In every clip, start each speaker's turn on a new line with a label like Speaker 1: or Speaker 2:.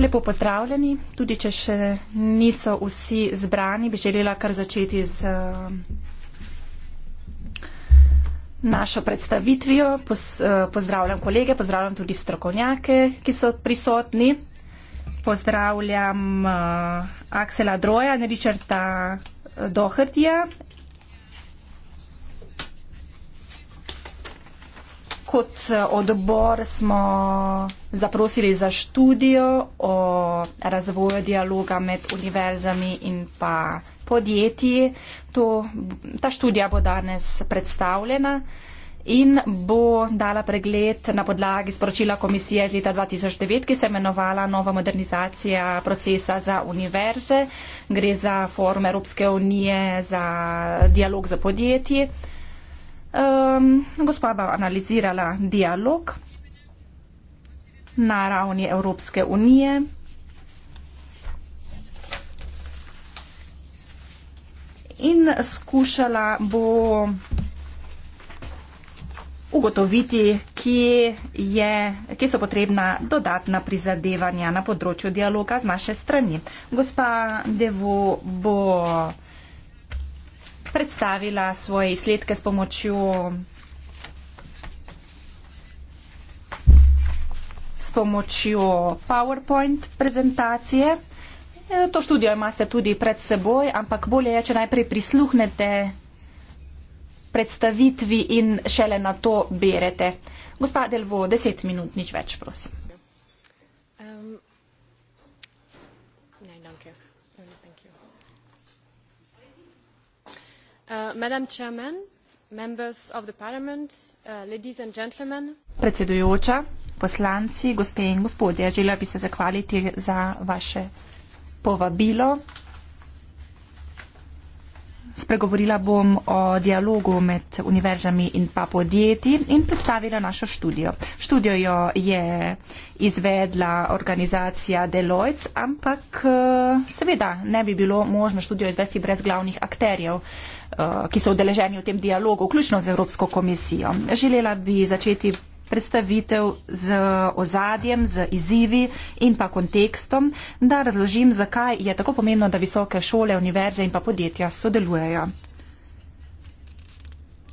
Speaker 1: Lepo pozdravljeni, tudi če še niso vsi zbrani, bi želela kar začeti z eh, našo predstavitvijo. Eh, pozdravljam kolege, pozdravljam tudi strokovnjake, ki so prisotni. Pozdravljam eh, Axela Droja in Richarda Dohertyja, kot eh, odbor smo zaprosili za študijo o razvoju dialoga med univerzami in pa podjetji. To, ta študija bo danes predstavljena in bo dala pregled na podlagi sporočila komisije iz leta 2009, ki se je imenovala Nova modernizacija procesa za univerze. Gre za forum Evropske unije za dialog za podjetji. Um, gospa bo analizirala dialog na ravni Evropske unije. In skušala bo ugotoviti, kje, je, kje so potrebna dodatna prizadevanja na področju dialoga z naše strani. Gospa Devo bo predstavila svoje izsledke s pomočjo, s pomočjo PowerPoint prezentacije. E, to študijo imate tudi pred seboj, ampak bolje je, če najprej prisluhnete predstavitvi in šele na to berete. Gospa Delvo, deset minut, nič več, prosim. Uh, uh, Predsedujoča, poslanci, gospe in gospodje, želela bi se zahvaliti za vaše povabilo. Spregovorila bom o dialogu med univerzami in pa podjetji in predstavila našo študijo. Študijo jo je izvedla organizacija Deloitte, ampak uh, seveda ne bi bilo možno študijo izvesti brez glavnih akterjev. Eh, ki so vdeleženi v tem dialogu, vključno z Evropsko komisijo. Želela bi začeti predstavitev z ozadjem, z izzivi in pa kontekstom, da razložim, zakaj je tako pomembno, da visoke šole, univerze in pa podjetja sodelujejo.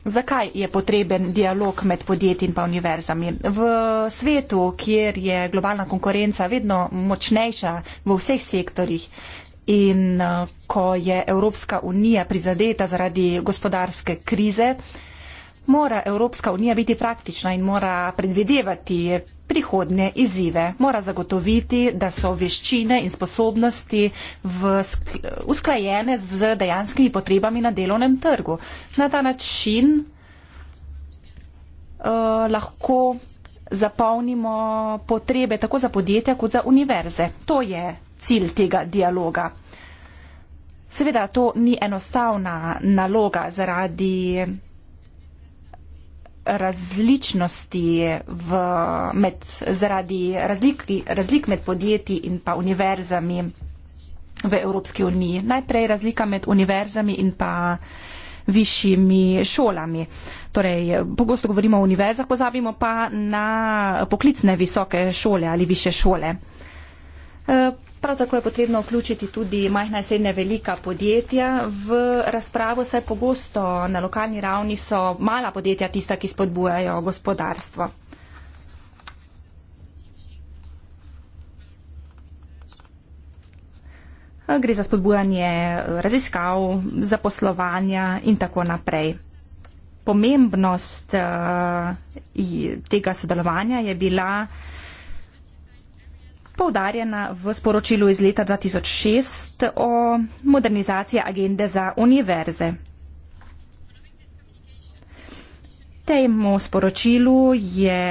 Speaker 1: Zakaj je potreben dialog med podjetji in pa univerzami? V svetu, kjer je globalna konkurenca vedno močnejša v vseh sektorjih, In eh, ko je Evropska unija prizadeta zaradi gospodarske krize, mora Evropska unija biti praktična in mora predvidevati prihodne izzive. Mora zagotoviti, da so veščine in sposobnosti v, usklajene z dejanskimi potrebami na delovnem trgu. Na ta način uh, lahko zapolnimo potrebe tako za podjetja kot za univerze. To je cilj tega dialoga. Seveda to ni enostavna naloga zaradi različnosti v, med, zaradi razlik, razlik med podjetji in pa univerzami v Evropski uniji. Najprej razlika med univerzami in pa višjimi šolami. Torej, pogosto govorimo o univerzah, pozabimo pa na poklicne visoke šole ali više šole. E, Prav tako je potrebno vključiti tudi majhna in srednja velika podjetja v razpravo, saj pogosto na lokalni ravni so mala podjetja tista, ki spodbujajo gospodarstvo. Gre za spodbujanje raziskav, zaposlovanja in tako naprej. Pomembnost eh, tega sodelovanja je bila poudarjena v sporočilu iz leta 2006 o modernizaciji agende za univerze. Temu sporočilu je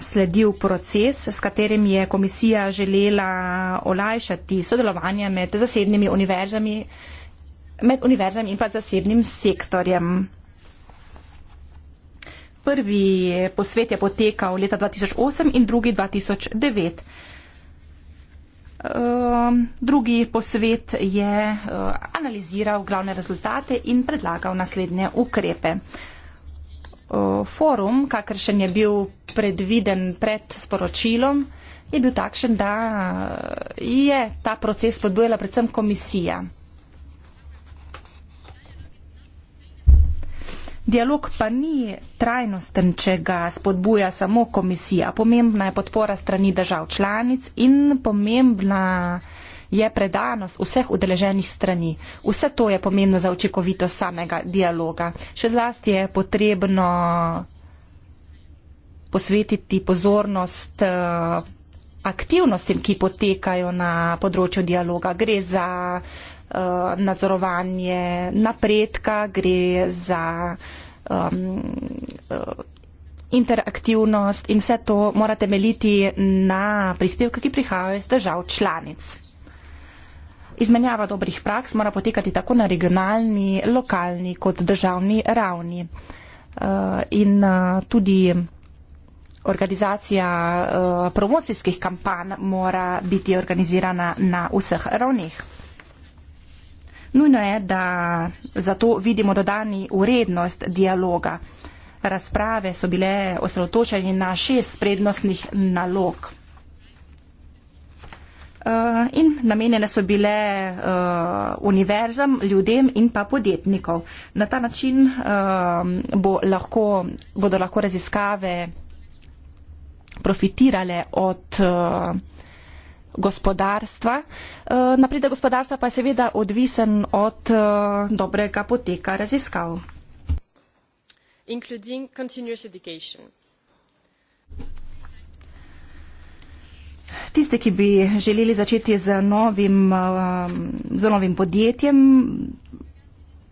Speaker 1: sledil proces, s katerim je komisija želela olajšati sodelovanje med zasebnimi univerzami, med univerzami in pa zasebnim sektorjem. Prvi posvet je potekal leta 2008 in drugi 2009. Ehm, drugi posvet je eh, analiziral glavne rezultate in predlagal naslednje ukrepe. Eh, forum, kakršen je bil predviden pred sporočilom, je bil takšen, da eh, je ta proces podbojala predvsem komisija. Dialog pa ni trajnosten, če ga spodbuja samo komisija. Pomembna je podpora strani držav članic in pomembna je predanost vseh udeleženih strani. Vse to je pomembno za očekovito samega dialoga. Še zlasti je potrebno posvetiti pozornost eh, aktivnostim, ki potekajo na področju dialoga. Gre za Eh, nadzorovanje napredka, gre za um, interaktivnost in vse to mora temeljiti na prispevke, ki prihajajo iz držav članic. Izmenjava dobrih praks mora potekati tako na regionalni, lokalni kot državni ravni. Eh, in tudi organizacija promocijskih kampanj mora biti organizirana na vseh ravneh. Nujno je, da zato vidimo dodani urednost dialoga. Razprave so bile osredotočene na šest prednostnih nalog. Eh, in namenjene so bile eh, univerzam, ljudem in pa podjetnikov. Na ta način eh, bo lahko, bodo lahko raziskave profitirale od gospodarstva. Eh, napredek gospodarstva pa je seveda odvisen od eh, dobrega poteka raziskav. Tiste, ki bi želeli začeti z novim, eh, z novim podjetjem,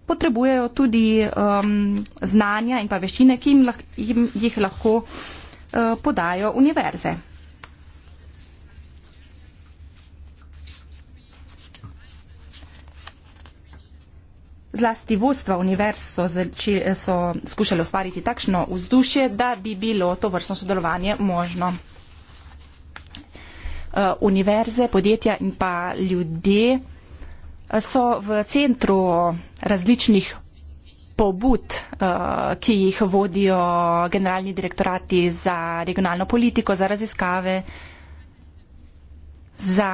Speaker 1: potrebujejo tudi um, znanja in pa veščine, ki jim, jim jih lahko uh, podajo univerze. zlasti vodstva univerz so, začel, so skušali ustvariti takšno vzdušje, da bi bilo to vrstno sodelovanje možno. Eh, univerze, podjetja in pa ljudje eh, so v centru različnih pobud, eh, ki jih vodijo generalni direktorati za regionalno politiko, za raziskave, za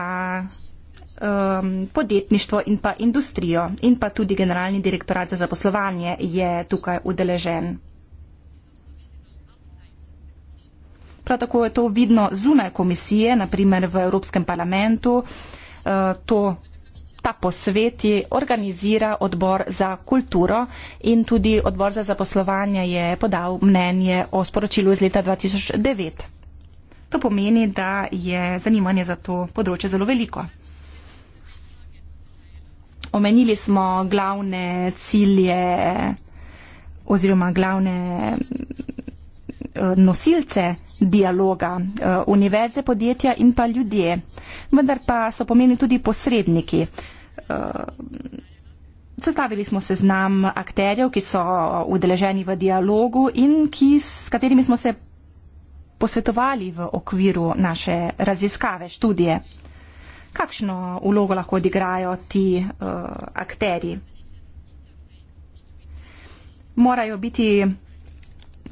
Speaker 1: um, podjetništvo in pa industrijo in pa tudi generalni direktorat za zaposlovanje je tukaj udeležen. Prav tako je to vidno zunaj komisije, naprimer v Evropskem parlamentu, uh, to, ta posvet je organizira odbor za kulturo in tudi odbor za zaposlovanje je podal mnenje o sporočilu iz leta 2009. To pomeni, da je zanimanje za to področje zelo veliko omenili smo glavne cilje oziroma glavne eh, nosilce dialoga, eh, univerze podjetja in pa ljudje. Vendar pa so pomeni tudi posredniki. Eh, sestavili smo seznam akterjev, ki so udeleženi v dialogu in ki, s katerimi smo se posvetovali v okviru naše raziskave, študije kakšno vlogo lahko odigrajo ti uh, eh, akteri. Morajo biti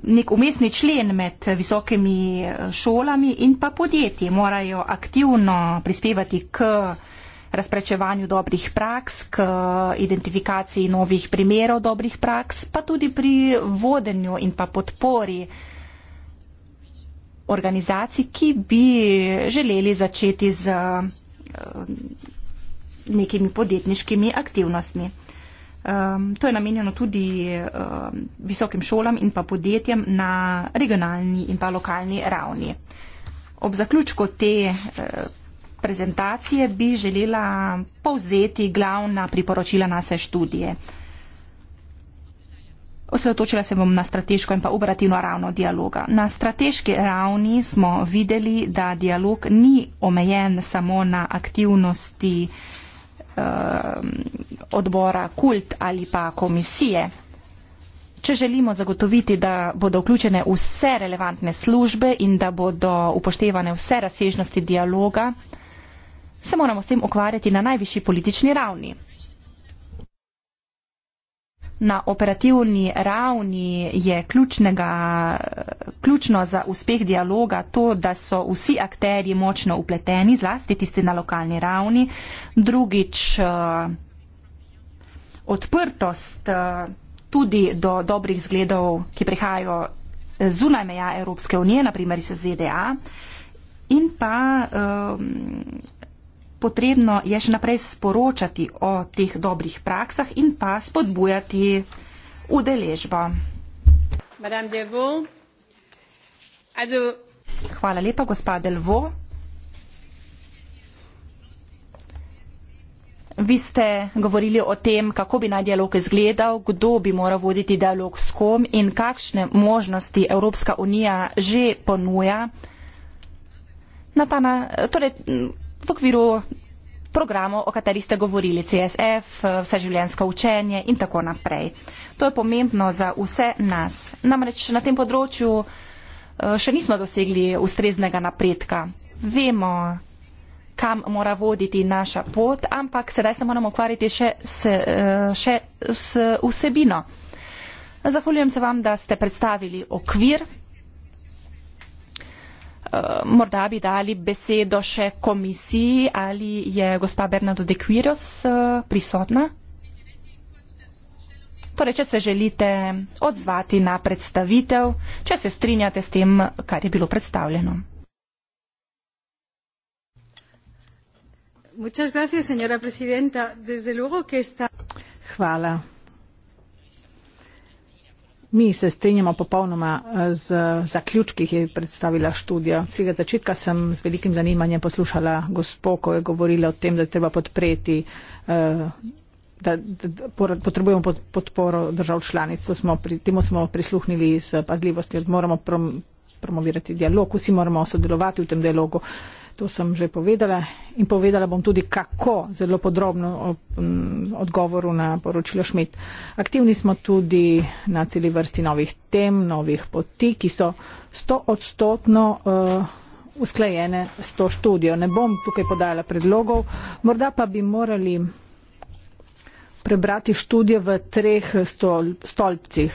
Speaker 1: nek umestni člen med visokimi eh, šolami in pa podjetji. Morajo aktivno prispevati k razprečevanju dobrih praks, k eh, identifikaciji novih primerov dobrih praks, pa tudi pri vodenju in pa podpori organizacij, ki bi želeli začeti z Eh, nekimi podjetniškimi aktivnostmi. Um, to je namenjeno tudi um, visokim šolam in pa podjetjem na regionalni in pa lokalni ravni. Ob zaključku te uh, prezentacije bi želela povzeti glavna priporočila naše študije. Uh, Osredotočila se bom na strateško in pa operativno ravno dialoga. Na strateški ravni smo videli, da dialog ni omejen samo na aktivnosti eh, odbora kult ali pa komisije. Če želimo zagotoviti, da bodo vključene vse relevantne službe in da bodo upoštevane vse razsežnosti dialoga, se moramo s tem ukvarjati na najvišji politični ravni na operativni ravni je ključno za uspeh dialoga to, da so vsi akterji močno upleteni, zlasti tisti na lokalni ravni. Drugič, eh, odprtost eh, tudi do dobrih zgledov, ki prihajajo eh, zunaj meja Evropske unije, naprimer iz ZDA. In pa um, potrebno je še naprej sporočati o teh dobrih praksah in pa spodbujati udeležbo. Hvala lepa, gospa Delvo. Vi ste govorili o tem, kako bi naj dialog izgledal, kdo bi moral voditi dialog s kom in kakšne možnosti Evropska unija že ponuja. Natana, torej, v okviru programov, o katerih ste govorili, CSF, vseživljenjsko učenje in tako naprej. To je pomembno za vse nas. Namreč na tem področju eh, še nismo dosegli ustreznega napredka. Vemo, kam mora voditi naša pot, ampak sedaj se moramo ukvarjati še, s, eh, še s vsebino. Zahvaljujem se vam, da ste predstavili okvir. Eh, morda bi dali besedo še komisiji, ali je gospa Bernardo de Quiros eh, prisotna? Torej, če se želite odzvati na predstavitev, če se strinjate s tem, kar je bilo predstavljeno.
Speaker 2: Hvala, Mi se strinjamo popolnoma eh, z zaključki, ki je predstavila študija. Od vsega začetka sem z velikim zanimanjem poslušala gospod, ko je govorila o tem, da treba podpreti, eh, da, da, da por, potrebujemo pod, podporo držav članic. To smo pri, temu smo prisluhnili s pazljivostjo, moramo prom, promovirati dialog, vsi moramo sodelovati v tem dialogu to sem že povedala in povedala bom tudi, kako zelo podrobno o odgovoru na poročilo Šmit. Aktivni smo tudi na celi vrsti novih tem, novih poti, ki so sto odstotno uh, usklajene s to študijo. Ne bom tukaj podajala predlogov, morda pa bi morali prebrati študijo v treh stol stolpcih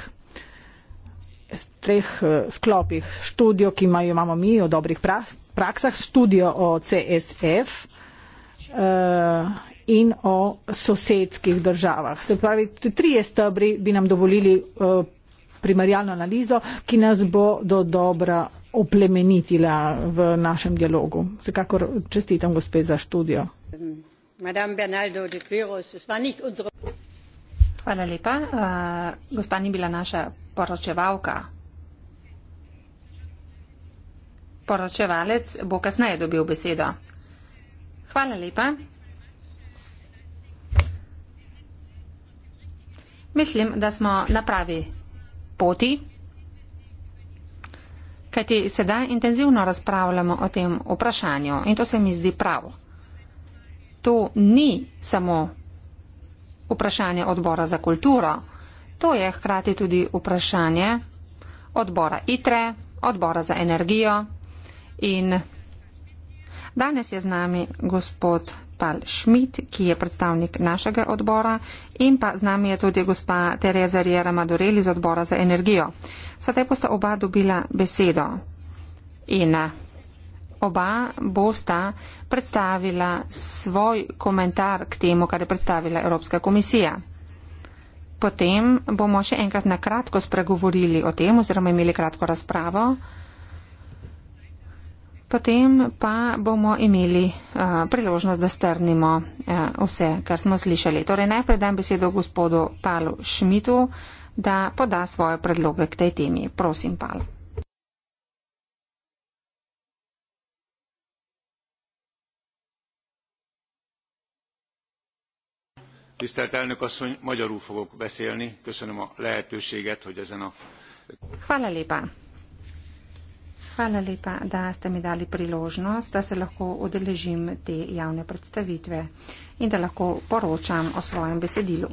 Speaker 2: treh eh, sklopih študijo, ki imajo, imamo mi o dobrih praksah, študijo o CSF uh, eh, in o sosedskih državah. Se pravi, trije stebri bi nam dovolili uh, eh, primarjalno analizo, ki nas bo do dobra oplemenitila v našem dialogu. Vsekakor čestitam gospe za študijo.
Speaker 3: Hvala lepa. Uh, gospa ni bila naša poročevalka Poročevalec bo kasneje dobil besedo. Hvala lepa. Mislim, da smo na pravi poti, kajti sedaj intenzivno razpravljamo o tem vprašanju in to se mi zdi prav. To ni samo vprašanje odbora za kulturo, to je hkrati tudi vprašanje odbora ITRE, odbora za energijo, In danes je z nami gospod Pal Šmit, ki je predstavnik našega odbora in pa z nami je tudi gospa Tereza Riera Madureli z odbora za energijo. Sedaj boste oba dobila besedo in oba bosta predstavila svoj komentar k temu, kar je predstavila Evropska komisija. Potem bomo še enkrat na kratko spregovorili o tem oziroma imeli kratko razpravo. Potem pa bomo imeli uh, priložnost, da strnimo uh, vse, kar smo slišali. Torej, najprej dam besedo gospodu Palu Šmitu, da poda svoje predloge k tej temi. Prosim, Pal.
Speaker 4: Tisztelt elnök asszony, magyarul fogok beszélni. Köszönöm a lehetőséget, hogy ezen a...
Speaker 3: Hvala lépa. Hvala lepa, da ste mi dali priložnost, da se lahko odeležim te javne predstavitve in da lahko poročam o svojem besedilu.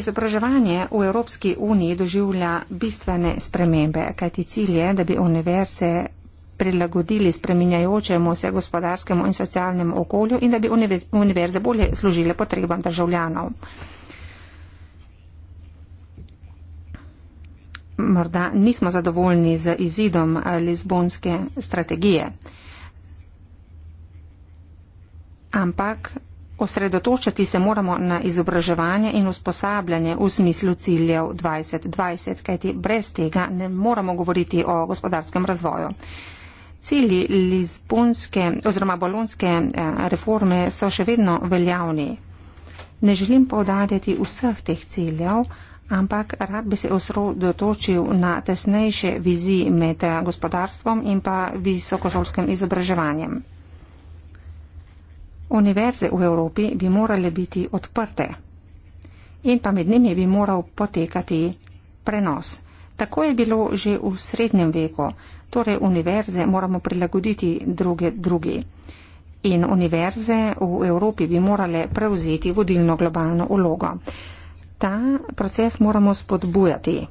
Speaker 3: Izobraževanje v Evropski uniji doživlja bistvene spremembe, kajti cilj je, da bi univerze prilagodili spreminjajočemu se gospodarskemu in socialnemu okolju in da bi univerze bolje služile potrebam državljanov. morda nismo zadovoljni z izidom eh, Lizbonske strategije, ampak osredotočati se moramo na izobraževanje in usposabljanje v smislu ciljev 2020, kajti brez tega ne moramo govoriti o gospodarskem razvoju. Cilji Lizbonske oziroma Bolonske eh, reforme so še vedno veljavni. Ne želim povdarjati vseh teh ciljev, ampak rad bi se osredotočil na tesnejše viziji med eh, gospodarstvom in pa visokošolskim izobraževanjem. Univerze v Evropi bi morale biti odprte in pa med njimi bi moral potekati prenos. Tako je bilo že v srednjem veku, torej univerze moramo prilagoditi druge drugi. In univerze v Evropi bi morale prevzeti vodilno globalno ulogo ta proces moramo spodbujati.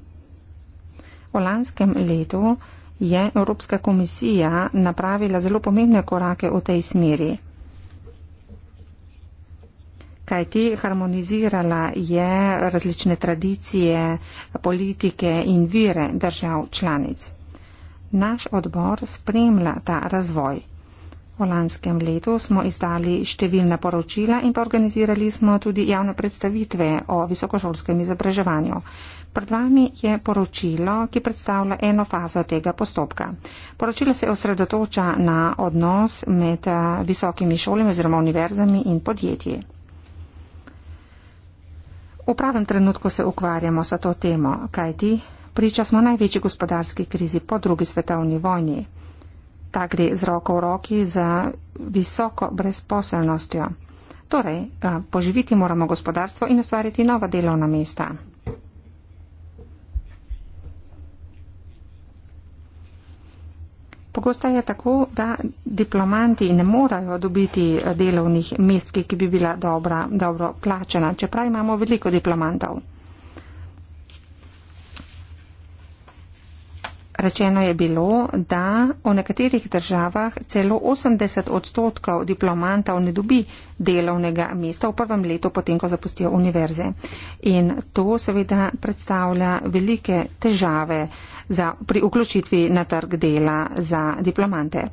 Speaker 3: V lanskem letu je Evropska komisija napravila zelo pomembne korake v tej smeri. Kajti harmonizirala je različne tradicije, politike in vire držav članic. Naš odbor spremlja ta razvoj. V lanskem letu smo izdali številna poročila in pa organizirali smo tudi javne predstavitve o visokošolskem izobraževanju. Pred vami je poročilo, ki predstavlja eno fazo tega postopka. Poročilo se osredotoča na odnos med eh, visokimi šolami oziroma univerzami in podjetji. V pravem trenutku se ukvarjamo sa to temo, kajti priča smo največji gospodarski krizi po drugi svetovni vojni. Ta gre z roko v roki za visoko brezposelnostjo. Torej, eh, poživiti moramo gospodarstvo in ustvariti nova delovna mesta. Pogosto je tako, da diplomanti ne morajo dobiti eh, delovnih mest, ki bi bila dobra, dobro plačena, čeprav imamo veliko diplomantov. Rečeno je bilo, da v nekaterih državah celo 80 odstotkov diplomantov ne dobi delovnega mesta v prvem letu, potem ko zapustijo univerze. In to seveda predstavlja velike težave za, pri vključitvi na trg dela za diplomante.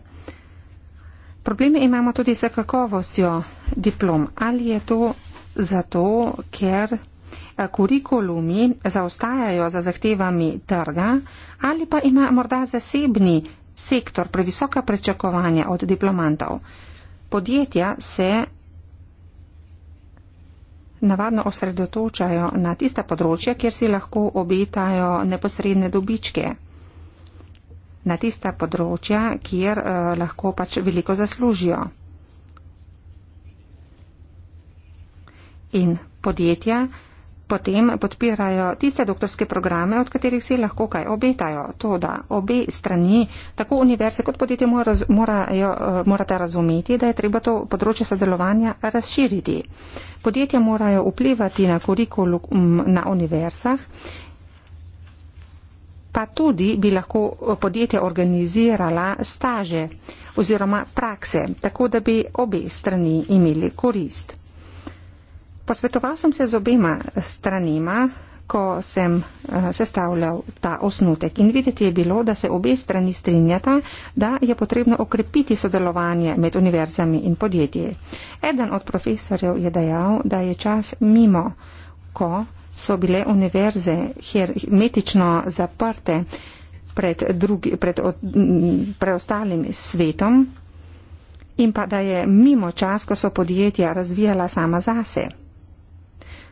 Speaker 3: Probleme imamo tudi s kakovostjo diplom. Ali je to zato, ker kurikulumi zaostajajo za zahtevami trga ali pa ima morda zasebni sektor previsoka prečakovanja od diplomantov. Podjetja se navadno osredotočajo na tista področja, kjer si lahko obetajo neposredne dobičke, na tista področja, kjer eh, lahko pač veliko zaslužijo. In podjetja potem podpirajo tiste doktorske programe, od katerih si lahko kaj obetajo. To, da obe strani, tako univerze kot podjetje, morajo, eh, morate razumeti, da je treba to področje sodelovanja razširiti. Podjetja morajo vplivati na kurikulum na univerzah. Pa tudi bi lahko eh, podjetje organizirala staže oziroma prakse, tako da bi obe strani imeli korist. Posvetoval sem se z obima stranima, ko sem eh, sestavljal ta osnutek in videti je bilo, da se obe strani strinjata, da je potrebno okrepiti sodelovanje med univerzami in podjetji. Eden od profesorjev je dejal, da je čas mimo, ko so bile univerze hermetično zaprte pred, drugi, pred od, preostalim svetom in pa da je mimo čas, ko so podjetja razvijala sama zase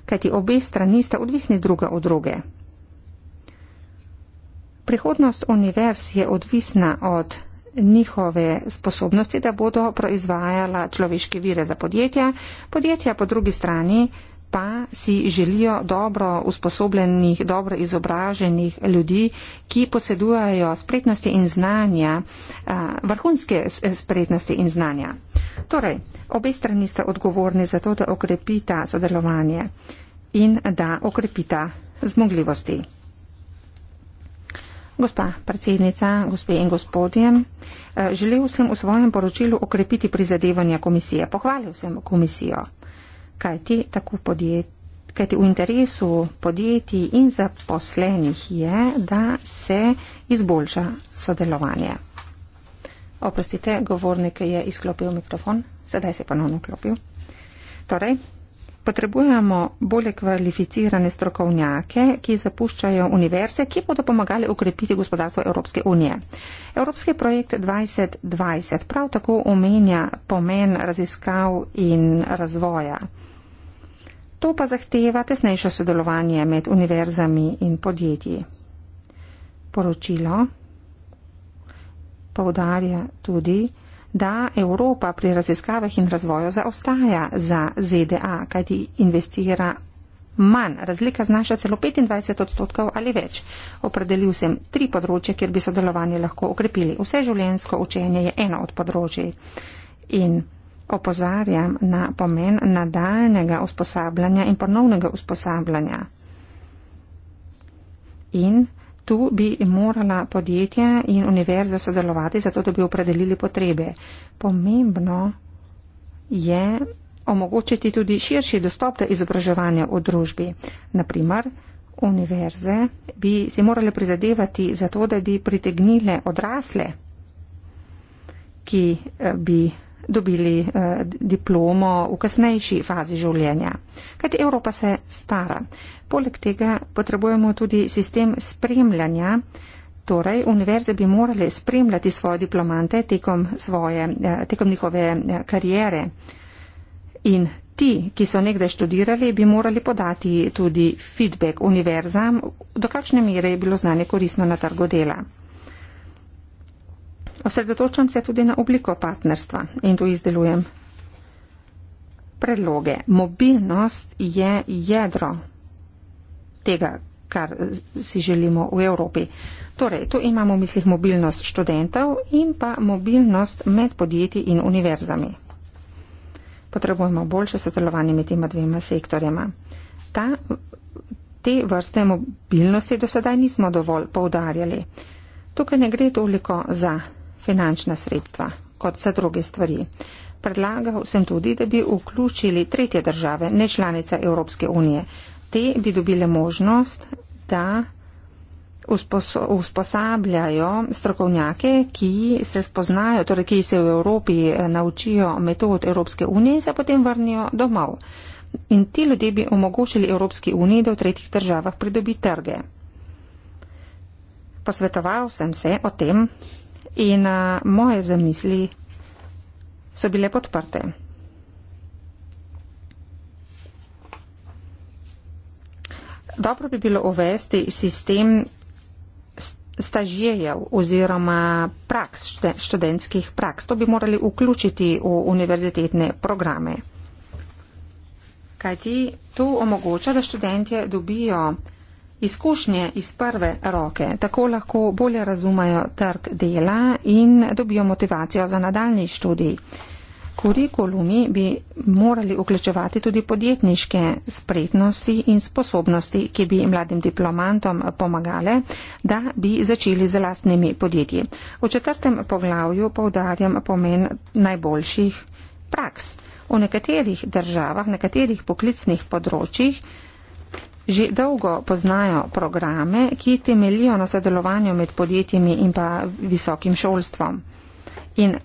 Speaker 3: kajti obe strani sta odvisni druga od druge. Prihodnost univerz je odvisna od njihove sposobnosti, da bodo proizvajala človeške vire za podjetja, podjetja po drugi strani pa si želijo dobro usposobljenih, dobro izobraženih ljudi, ki posedujejo spretnosti in znanja, eh, vrhunske spretnosti in znanja. Torej, obe strani sta odgovorni za to, da okrepita sodelovanje in da okrepita zmogljivosti. Gospa predsednica, gospe in gospodje, eh, želel sem v svojem poročilu okrepiti prizadevanja komisije. Pohvalil sem komisijo kajti, podjet, kajti v interesu podjetij in zaposlenih je, da se izboljša sodelovanje. Oprostite, govornik je izklopil mikrofon, sedaj se je ponovno vklopil. Torej, potrebujemo bolje kvalificirane strokovnjake, ki zapuščajo univerze, ki bodo pomagali ukrepiti gospodarstvo Evropske unije. Evropski projekt 2020 prav tako omenja pomen raziskav in razvoja. To pa zahteva tesnejše sodelovanje med univerzami in podjetji. Poročilo povdarja tudi, da Evropa pri raziskavah in razvoju zaostaja za ZDA, kajti investira manj. Razlika znaša celo 25 odstotkov ali več. Opredelil sem tri področje, kjer bi sodelovanje lahko okrepili. Vse življensko učenje je eno od področji. In opozarjam na pomen nadaljnega usposabljanja in ponovnega usposabljanja. In tu bi morala podjetja in univerze sodelovati, zato da bi opredelili potrebe. Pomembno je omogočiti tudi širši dostop do izobraževanja v družbi. Naprimer, univerze bi si morale prizadevati za to, da bi pritegnile odrasle, ki eh, bi dobili eh, diplomo v kasnejši fazi življenja. Kajti Evropa se stara. Poleg tega potrebujemo tudi sistem spremljanja, torej univerze bi morale spremljati svoje diplomante tekom, svoje, eh, tekom njihove eh, karijere. In ti, ki so nekdaj študirali, bi morali podati tudi feedback univerzam, do kakšne mere je bilo znanje koristno na trgu dela. Osredotočam se tudi na obliko partnerstva in tu izdelujem predloge. Mobilnost je jedro tega, kar si želimo v Evropi. Torej, tu imamo v mislih mobilnost študentov in pa mobilnost med podjetji in univerzami. Potrebujemo boljše sodelovanje med tema dvema sektorjema. Ta, te vrste mobilnosti do sedaj nismo dovolj poudarjali. Tukaj ne gre toliko za finančna sredstva, kot vse druge stvari. Predlagal sem tudi, da bi vključili tretje države, ne članica Evropske unije. Te bi dobile možnost, da usposabljajo strokovnjake, ki se spoznajo, torej ki se v Evropi eh, naučijo metod Evropske unije in se potem vrnijo domov. In ti ljudje bi omogočili Evropski uniji, da v tretjih državah pridobi trge. Posvetoval sem se o tem, in uh, moje zamisli so bile podprte. Dobro bi bilo uvesti sistem stažijev oziroma praks, študentskih praks. To bi morali vključiti v univerzitetne programe. Kaj ti to omogoča, da študentje dobijo izkušnje iz prve roke, tako lahko bolje razumejo trg dela in dobijo motivacijo za nadaljni študij. Kurikulumi bi morali vključevati tudi podjetniške spretnosti in sposobnosti, ki bi mladim diplomantom pomagale, da bi začeli z lastnimi podjetji. V četrtem poglavju povdarjam pomen najboljših praks. V nekaterih državah, nekaterih poklicnih področjih že dolgo poznajo programe, ki temelijo na sodelovanju med podjetjami in pa visokim šolstvom. In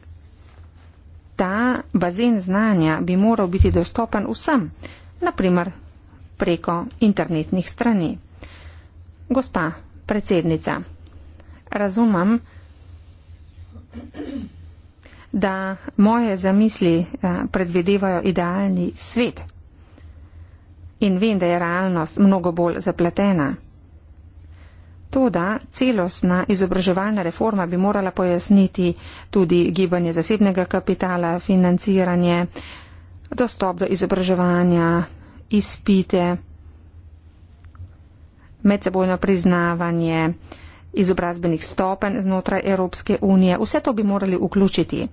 Speaker 3: ta bazen znanja bi moral biti dostopen vsem, naprimer preko internetnih strani. Gospa predsednica, razumem, da moje zamisli eh, predvidevajo idealni svet in vem, da je realnost mnogo bolj zapletena. Toda celostna izobraževalna reforma bi morala pojasniti tudi gibanje zasebnega kapitala, financiranje, dostop do izobraževanja, izpite, medsebojno priznavanje, izobrazbenih stopenj znotraj Evropske unije. Vse to bi morali vključiti.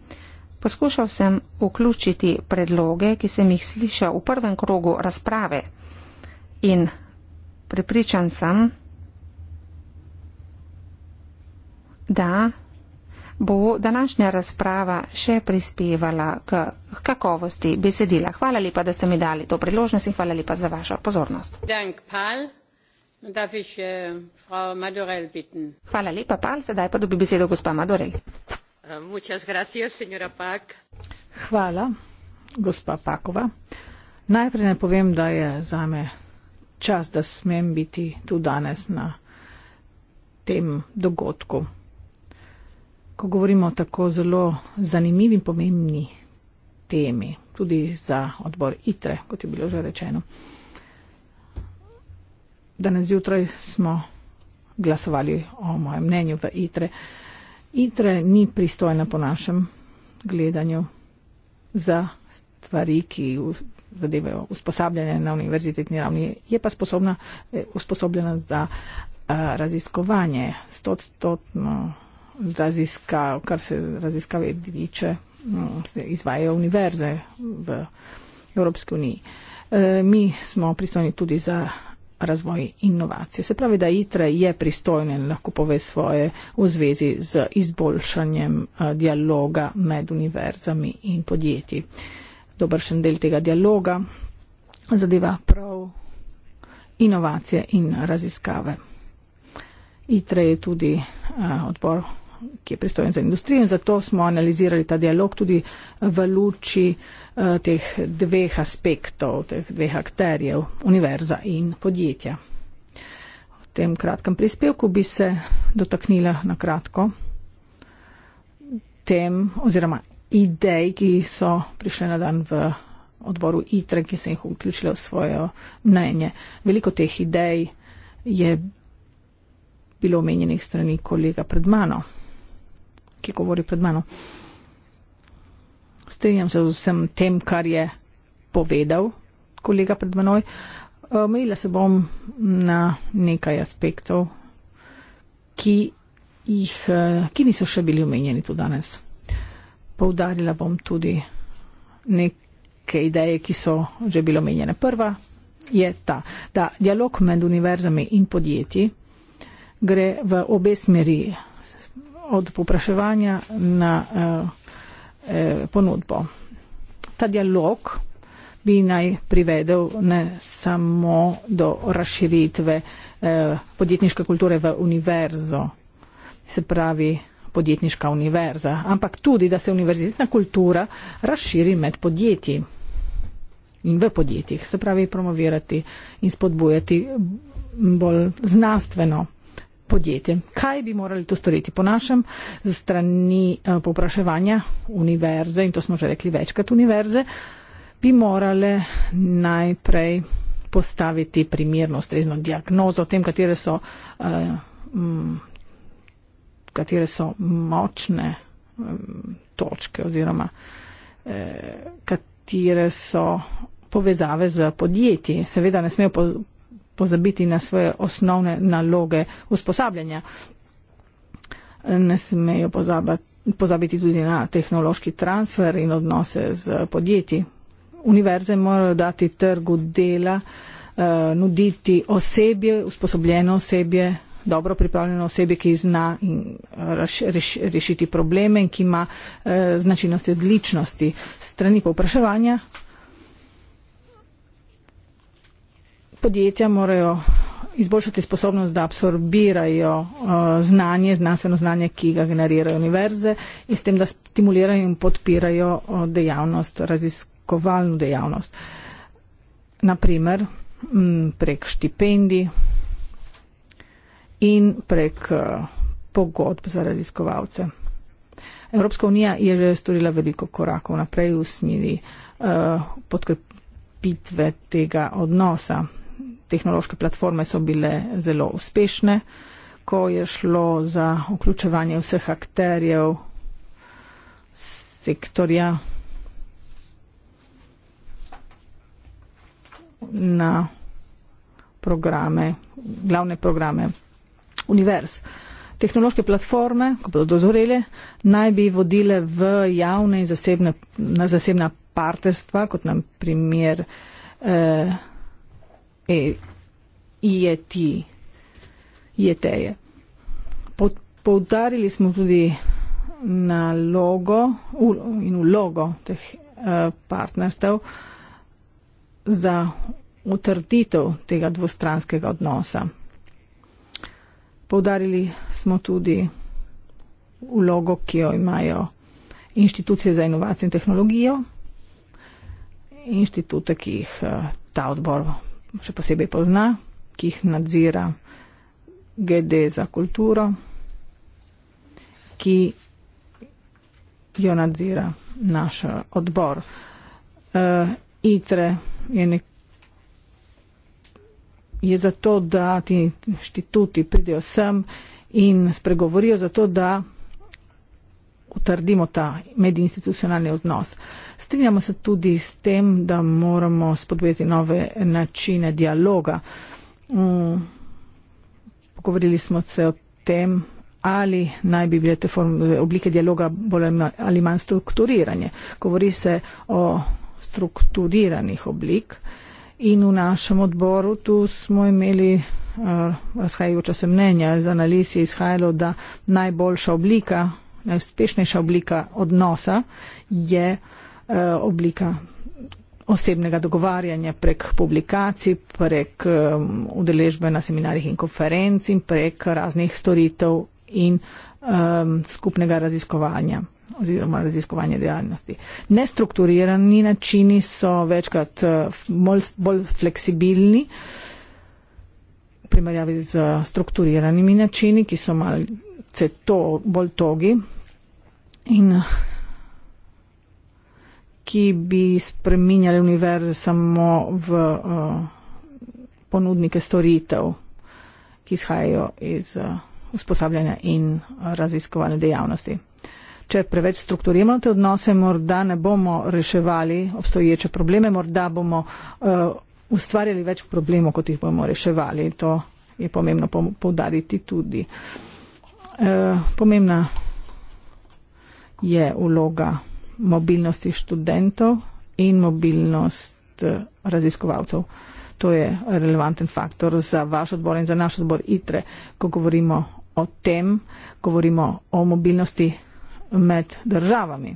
Speaker 3: Poskušal sem vključiti predloge, ki sem jih slišal v prvem krogu razprave in pripričan sem, da bo današnja razprava še prispevala k kakovosti besedila. Hvala lepa, da ste mi dali to priložnost in hvala lepa za vašo pozornost.
Speaker 2: Eh,
Speaker 3: hvala lepa, Pal. Sedaj pa dobi besedo gospa Madorel.
Speaker 2: Hvala, gospa Pakova. Najprej ne povem, da je zame čas, da smem biti tu danes na tem dogodku. Ko govorimo o tako zelo zanimivi in pomembni temi, tudi za odbor ITRE, kot je bilo že rečeno. Danes zjutraj smo glasovali o mojem mnenju v ITRE. Uh, Itre ni pristojna po našem gledanju za stvari, ki zadevajo usposabljanje na univerzitetni ravni. Je pa sposobna, eh, usposobljena za a, eh, raziskovanje, stotno raziskav, kar se raziskave diče, mm, se izvajajo univerze v Evropski uniji. E, mi smo pristojni tudi za razvoj inovacije. Se pravi, da ITRE je pristojen in lahko pove svoje v zvezi z izboljšanjem eh, dialoga med univerzami in podjetji. Dobršen del tega dialoga zadeva prav inovacije in raziskave. ITRE je tudi eh, odbor ki je pristojen za industrijo in zato smo analizirali ta dialog tudi v luči eh, teh dveh aspektov, teh dveh akterjev, univerza in podjetja. V tem kratkem prispevku bi se dotaknila na kratko tem oziroma idej, ki so prišle na dan v odboru ITRE, ki se jih vključila v svojo mnenje. Veliko teh idej je bilo omenjenih strani kolega pred mano ki govori pred mano. Strinjam se z vsem tem, kar je povedal kolega pred menoj. Eh, omejila se bom na nekaj aspektov, ki, jih, eh, ki niso še bili omenjeni tu danes. Poudarila bom tudi neke ideje, ki so že bile omenjene. Prva je ta, da dialog med univerzami in podjetji gre v obe smeri od popraševanja na eh, eh, ponudbo. Ta dialog bi naj privedel ne samo do razširitve eh, podjetniške kulture v univerzo, se pravi podjetniška univerza, ampak tudi, da se univerzitetna kultura razširi med podjetji in v podjetjih, se pravi promovirati in spodbujati bolj znanstveno podjetje. Kaj bi morali to storiti? Po našem strani eh, popraševanja univerze, in to smo že rekli večkrat univerze, bi morale najprej postaviti primirno, strezno diagnozo o tem, katere so, uh, m, katere so močne točke oziroma eh, katere so povezave z podjetji. Seveda ne smejo pozabiti na svoje osnovne naloge usposabljanja. Ne smejo pozabiti tudi na tehnološki transfer in odnose z podjetji. Univerze morajo dati trgu dela, eh, nuditi osebje, usposobljeno osebje, dobro pripravljeno osebje, ki zna eh, rešiti probleme in ki ima eh, značilnosti odličnosti strani povpraševanja podjetja morajo izboljšati sposobnost, da absorbirajo uh, znanje, znanstveno znanje, ki ga generirajo univerze in s tem, da stimulirajo in podpirajo uh, dejavnost, raziskovalno dejavnost. Naprimer, prek štipendij in prek uh, pogodb za raziskovalce. Evropska unija je že storila veliko korakov naprej v smeri uh, podkrepitve tega odnosa tehnološke platforme so bile zelo uspešne, ko je šlo za vključevanje vseh akterjev sektorja na programe, glavne programe univerz. Tehnološke platforme, ko bodo dozorele, naj bi vodile v javne in zasebne, na zasebna partnerstva, kot nam primer eh, IETI, e IETE-je. Poudarili smo tudi na logo in v logo teh e, partnerstev za utrditev tega dvostranskega odnosa. Poudarili smo tudi vlogo, ki jo imajo inštitucije za inovacijo in tehnologijo, inštitute, ki jih e, ta odbor še posebej pozna, ki jih nadzira GD za kulturo, ki jo nadzira naš odbor. Uh, ITRE je, nek, je zato, da ti inštituti pridejo sem in spregovorijo zato, da utrdimo ta medinstitucionalni odnos. Strinjamo se tudi s tem, da moramo spodbujati nove načine dialoga. Mm, pogovorili smo se o tem, ali naj bi bile te forme, oblike dialoga bolj ali manj strukturirane. Govori se o strukturiranih oblik in v našem odboru tu smo imeli uh, razhajajoča se mnenja. Z analizi je izhajalo, da najboljša oblika najuspešnejša oblika odnosa je eh, oblika osebnega dogovarjanja prek publikacij, prek eh, udeležbe na seminarjih in konferenc in prek raznih storitev in eh, skupnega raziskovanja oziroma raziskovanje dejavnosti. Nestrukturirani načini so večkrat bolj, bolj fleksibilni, primerjavi z strukturiranimi načini, ki so malo se to bolj togi in ki bi spreminjali univerze samo v uh, ponudnike storitev, ki izhajajo iz uh, usposabljanja in raziskovalne dejavnosti. Če preveč strukturiramo te odnose, morda ne bomo reševali obstoječe probleme, morda bomo uh, ustvarjali več problemov, kot jih bomo reševali. To je pomembno poudariti tudi. Uh, Eh, pomembna je vloga mobilnosti študentov in mobilnost eh, raziskovalcev. To je relevanten faktor za vaš odbor in za naš odbor ITRE, ko govorimo o tem, govorimo o mobilnosti med državami.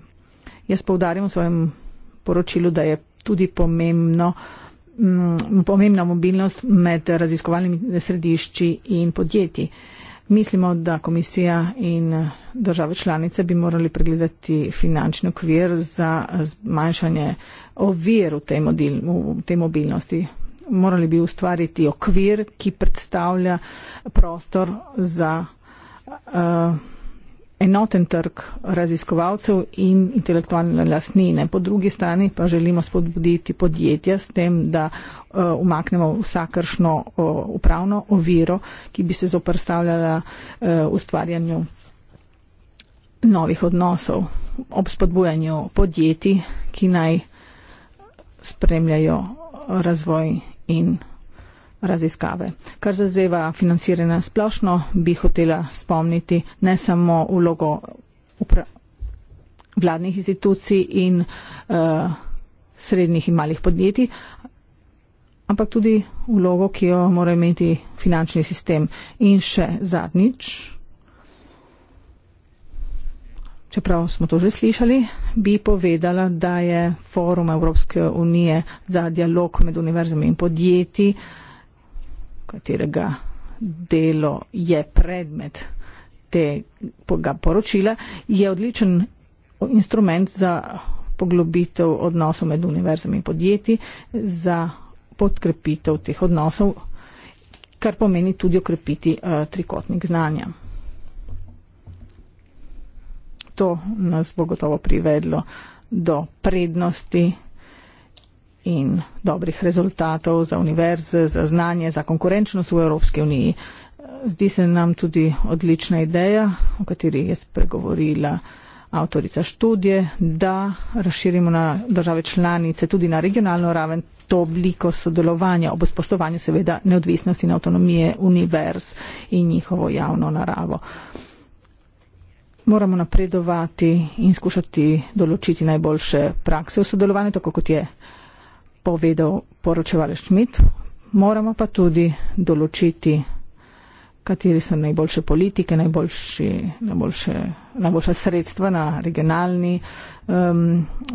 Speaker 2: Jaz povdarjam v svojem poročilu, da je tudi pomembno, m, mm, pomembna mobilnost med raziskovalnimi središči in podjetji. Mislimo, da komisija in eh, države članice bi morali pregledati finančni okvir za eh, zmanjšanje ovir v tej, modil, v tej mobilnosti. Morali bi ustvariti okvir, ki predstavlja prostor za. Uh, enoten trg raziskovalcev in intelektualne lastnine. Po drugi strani pa želimo spodbuditi podjetja s tem, da eh, umaknemo vsakršno eh, upravno oviro, ki bi se zoprstavljala eh, ustvarjanju novih odnosov ob spodbujanju podjetij, ki naj spremljajo razvoj in raziskave. Kar zazeva financiranje splošno, bi hotela spomniti ne samo ulogo vladnih institucij in uh, srednjih in malih podjetij, ampak tudi ulogo, ki jo mora imeti finančni sistem. In še zadnjič, čeprav smo to že slišali, bi povedala, da je forum Evropske unije za dialog med univerzami in podjetji uh, katerega delo je predmet tega poročila, je odličen instrument za poglobitev odnosov med univerzami in podjetji, za podkrepitev teh odnosov, kar pomeni tudi okrepiti uh, trikotnik znanja. To nas bo gotovo privedlo do prednosti, in dobrih rezultatov za univerze, za znanje, za konkurenčnost v Evropski uniji. Zdi se nam tudi odlična ideja, o kateri je spregovorila avtorica študije, da razširimo na države članice tudi na regionalno raven to obliko sodelovanja ob spoštovanju seveda neodvisnosti in avtonomije univerz in njihovo javno naravo. Moramo napredovati in skušati določiti najboljše prakse v sodelovanju, tako kot je povedal poročevalec Šmit, moramo pa tudi določiti, kateri so najboljše politike, najboljši, najboljše, najboljša sredstva na regionalni um,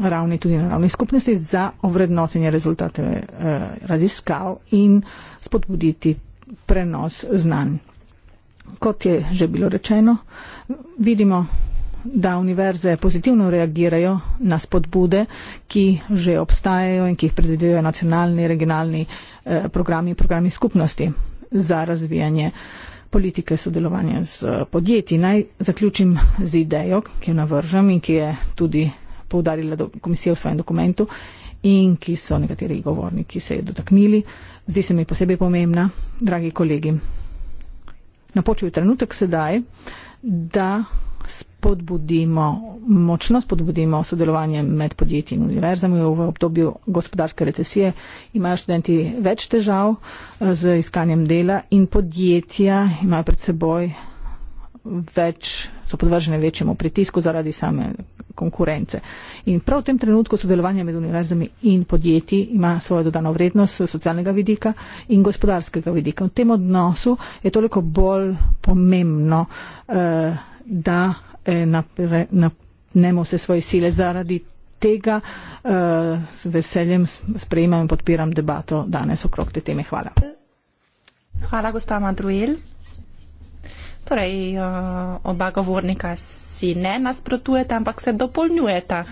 Speaker 2: ravni, tudi na ravni skupnosti, za ovrednotenje rezultate uh, raziskav in spodbuditi prenos znanj. Kot je že bilo rečeno, vidimo, da univerze pozitivno reagirajo na spodbude, ki že obstajajo in ki jih predvidejo nacionalni, regionalni eh, programi in programi skupnosti za razvijanje politike sodelovanja z eh, podjetji. Naj zaključim z idejo, ki jo navržam in ki je tudi poudarila komisija v svojem dokumentu in ki so nekateri govorniki se je dotaknili. Zdi se mi posebej pomembna, dragi kolegi. Napočil je trenutek sedaj, da spodbudimo, močno spodbudimo sodelovanje med podjetji in univerzami. V obdobju gospodarske recesije imajo študenti več težav eh, z iskanjem dela in podjetja imajo pred seboj več, so podvržene večjemu pritisku zaradi same konkurence. In prav v tem trenutku sodelovanje med univerzami in podjetji ima svojo dodano vrednost socialnega vidika in gospodarskega vidika. V tem odnosu je toliko bolj pomembno eh, da eh, napre, napnemo vse svoje sile. Zaradi tega eh, z veseljem sprejemam in podpiram debato danes okrog te teme. Hvala.
Speaker 1: Hvala, gospa Madruel. Torej, eh, oba govornika si ne nasprotujeta, ampak se dopolnjujeta.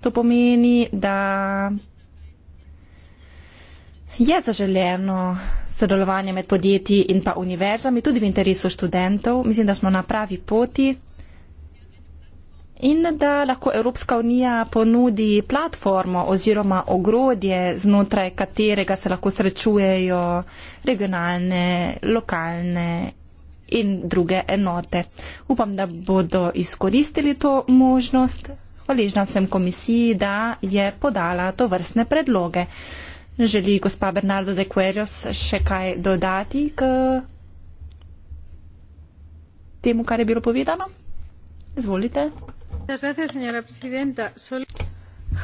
Speaker 1: To pomeni, da je zaželeno sodelovanje med podjetji in pa univerzami, tudi v interesu študentov. Mislim, da smo na pravi poti in da lahko Evropska unija ponudi platformo oziroma ogrodje, znotraj katerega se lahko srečujejo regionalne, lokalne in druge enote. Upam, da bodo izkoristili to možnost. Hvaležna sem komisiji, da je podala to vrstne predloge. Želi gospa Bernardo de Querios še kaj dodati k temu, kar je bilo povedano? Izvolite.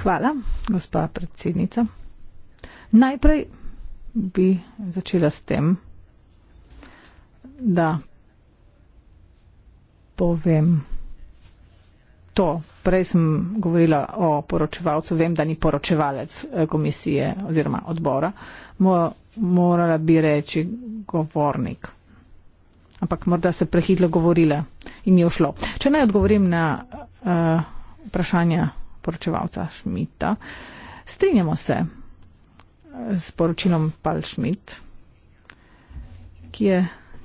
Speaker 2: Hvala, gospa predsednica. Najprej bi začela s tem, da povem to, Prej sem govorila o poročevalcu, vem, da ni poročevalec eh, komisije oziroma odbora. Mo, morala bi reči govornik. Ampak morda se prehitlo govorila in mi je ušlo. Če naj odgovorim na uh, eh, vprašanje poročevalca Šmita, strinjamo se eh, s poročilom Pal Šmit, ki je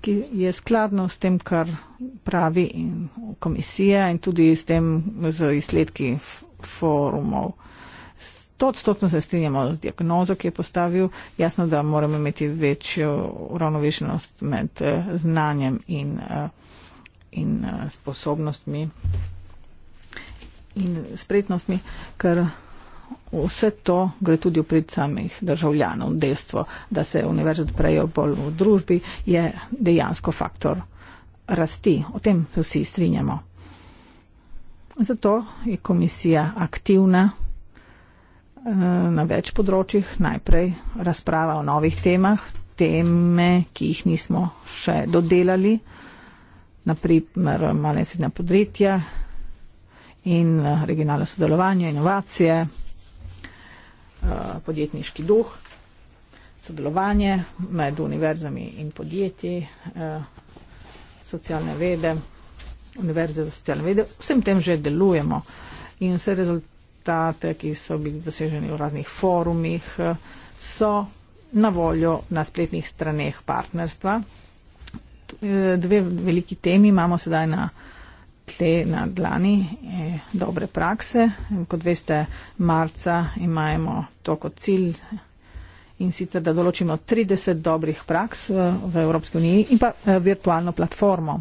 Speaker 2: ki je skladno s tem, kar pravi in komisija in tudi s tem z izsledki forumov. To odstotno se strinjamo z diagnozo, ki je postavil. Jasno, da moramo imeti večjo uravnovešenost med eh, znanjem in, eh, in eh, sposobnostmi in spretnostmi, ker vse to gre tudi v prid samih državljanov. Dejstvo, da se univerze odprejo bolj v družbi, je dejansko faktor rasti. O tem se vsi strinjamo. Zato je komisija aktivna eh, na več področjih. Najprej razprava o novih temah, teme, ki jih nismo še dodelali, naprimer malesedna podritja in eh, regionalno sodelovanje, inovacije. Eh, podjetniški duh, sodelovanje med univerzami in podjetji, eh, socialne vede, univerze za socialne vede. Vsem tem že delujemo in vse rezultate, ki so bili doseženi v raznih forumih, eh, so na voljo na spletnih straneh partnerstva. Dve veliki temi imamo sedaj na tle na dlani eh, dobre prakse. Kot veste, marca imamo to kot cilj in sicer, da določimo 30 dobrih praks v Evropski uniji in pa eh, virtualno platformo,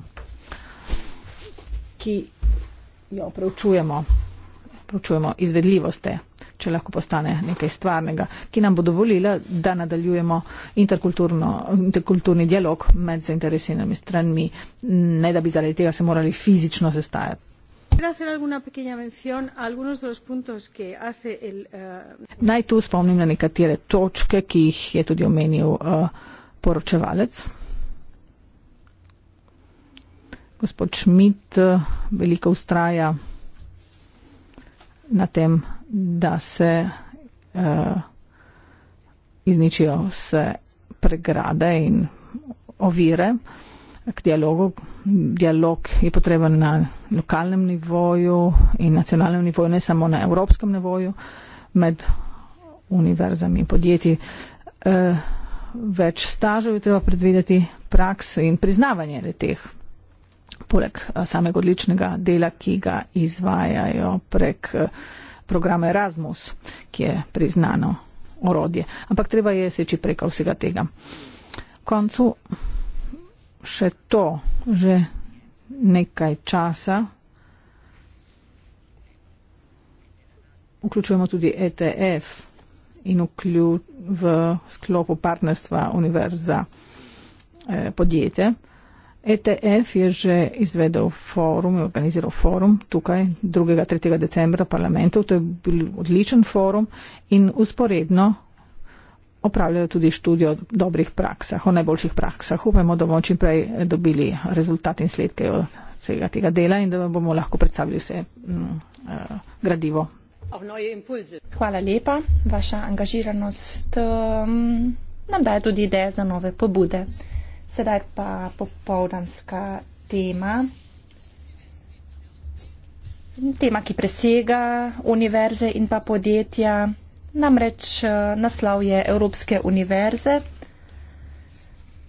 Speaker 2: ki jo preučujemo, preučujemo izvedljivost te če lahko postane nekaj stvarnega, ki nam bo dovolila, da nadaljujemo interkulturni dialog med zainteresiranimi stranmi, ne da bi zaradi tega se morali fizično sestajati. Eh, Naj tu spomnim na nekatere točke, ki jih je tudi omenil uh, poročevalec. Gospod Šmit uh, veliko ustraja na tem, da se uh, izničijo vse pregrade in ovire k dialogu. Dialog je potreben na lokalnem nivoju in nacionalnem nivoju, ne samo na evropskem nivoju med univerzami in podjetji. Uh, več stažev je treba predvideti, praks in priznavanje teh. Poleg eh, samega odličnega dela, ki ga izvajajo prek uh, program Erasmus, ki je priznano orodje. Ampak treba je seči preko vsega tega. V koncu še to, že nekaj časa. Vključujemo tudi ETF in vključ v sklopu partnerstva univerza eh, podjetje. ETF je že izvedel forum, organiziral forum tukaj 2. in 3. decembra parlamentov. To je bil odličen forum in usporedno opravljajo tudi študijo o dobrih praksah, o najboljših praksah. Upamo, da bomo čim prej dobili rezultat in sledke od vsega tega dela in da bomo lahko predstavili vse m, mm, eh, gradivo.
Speaker 1: Hvala lepa. Vaša angažiranost m, mm, nam daje tudi ideje za nove pobude. Sedaj pa popoldanska tema. Tema, ki presega univerze in pa podjetja. Namreč eh, naslov je Evropske univerze.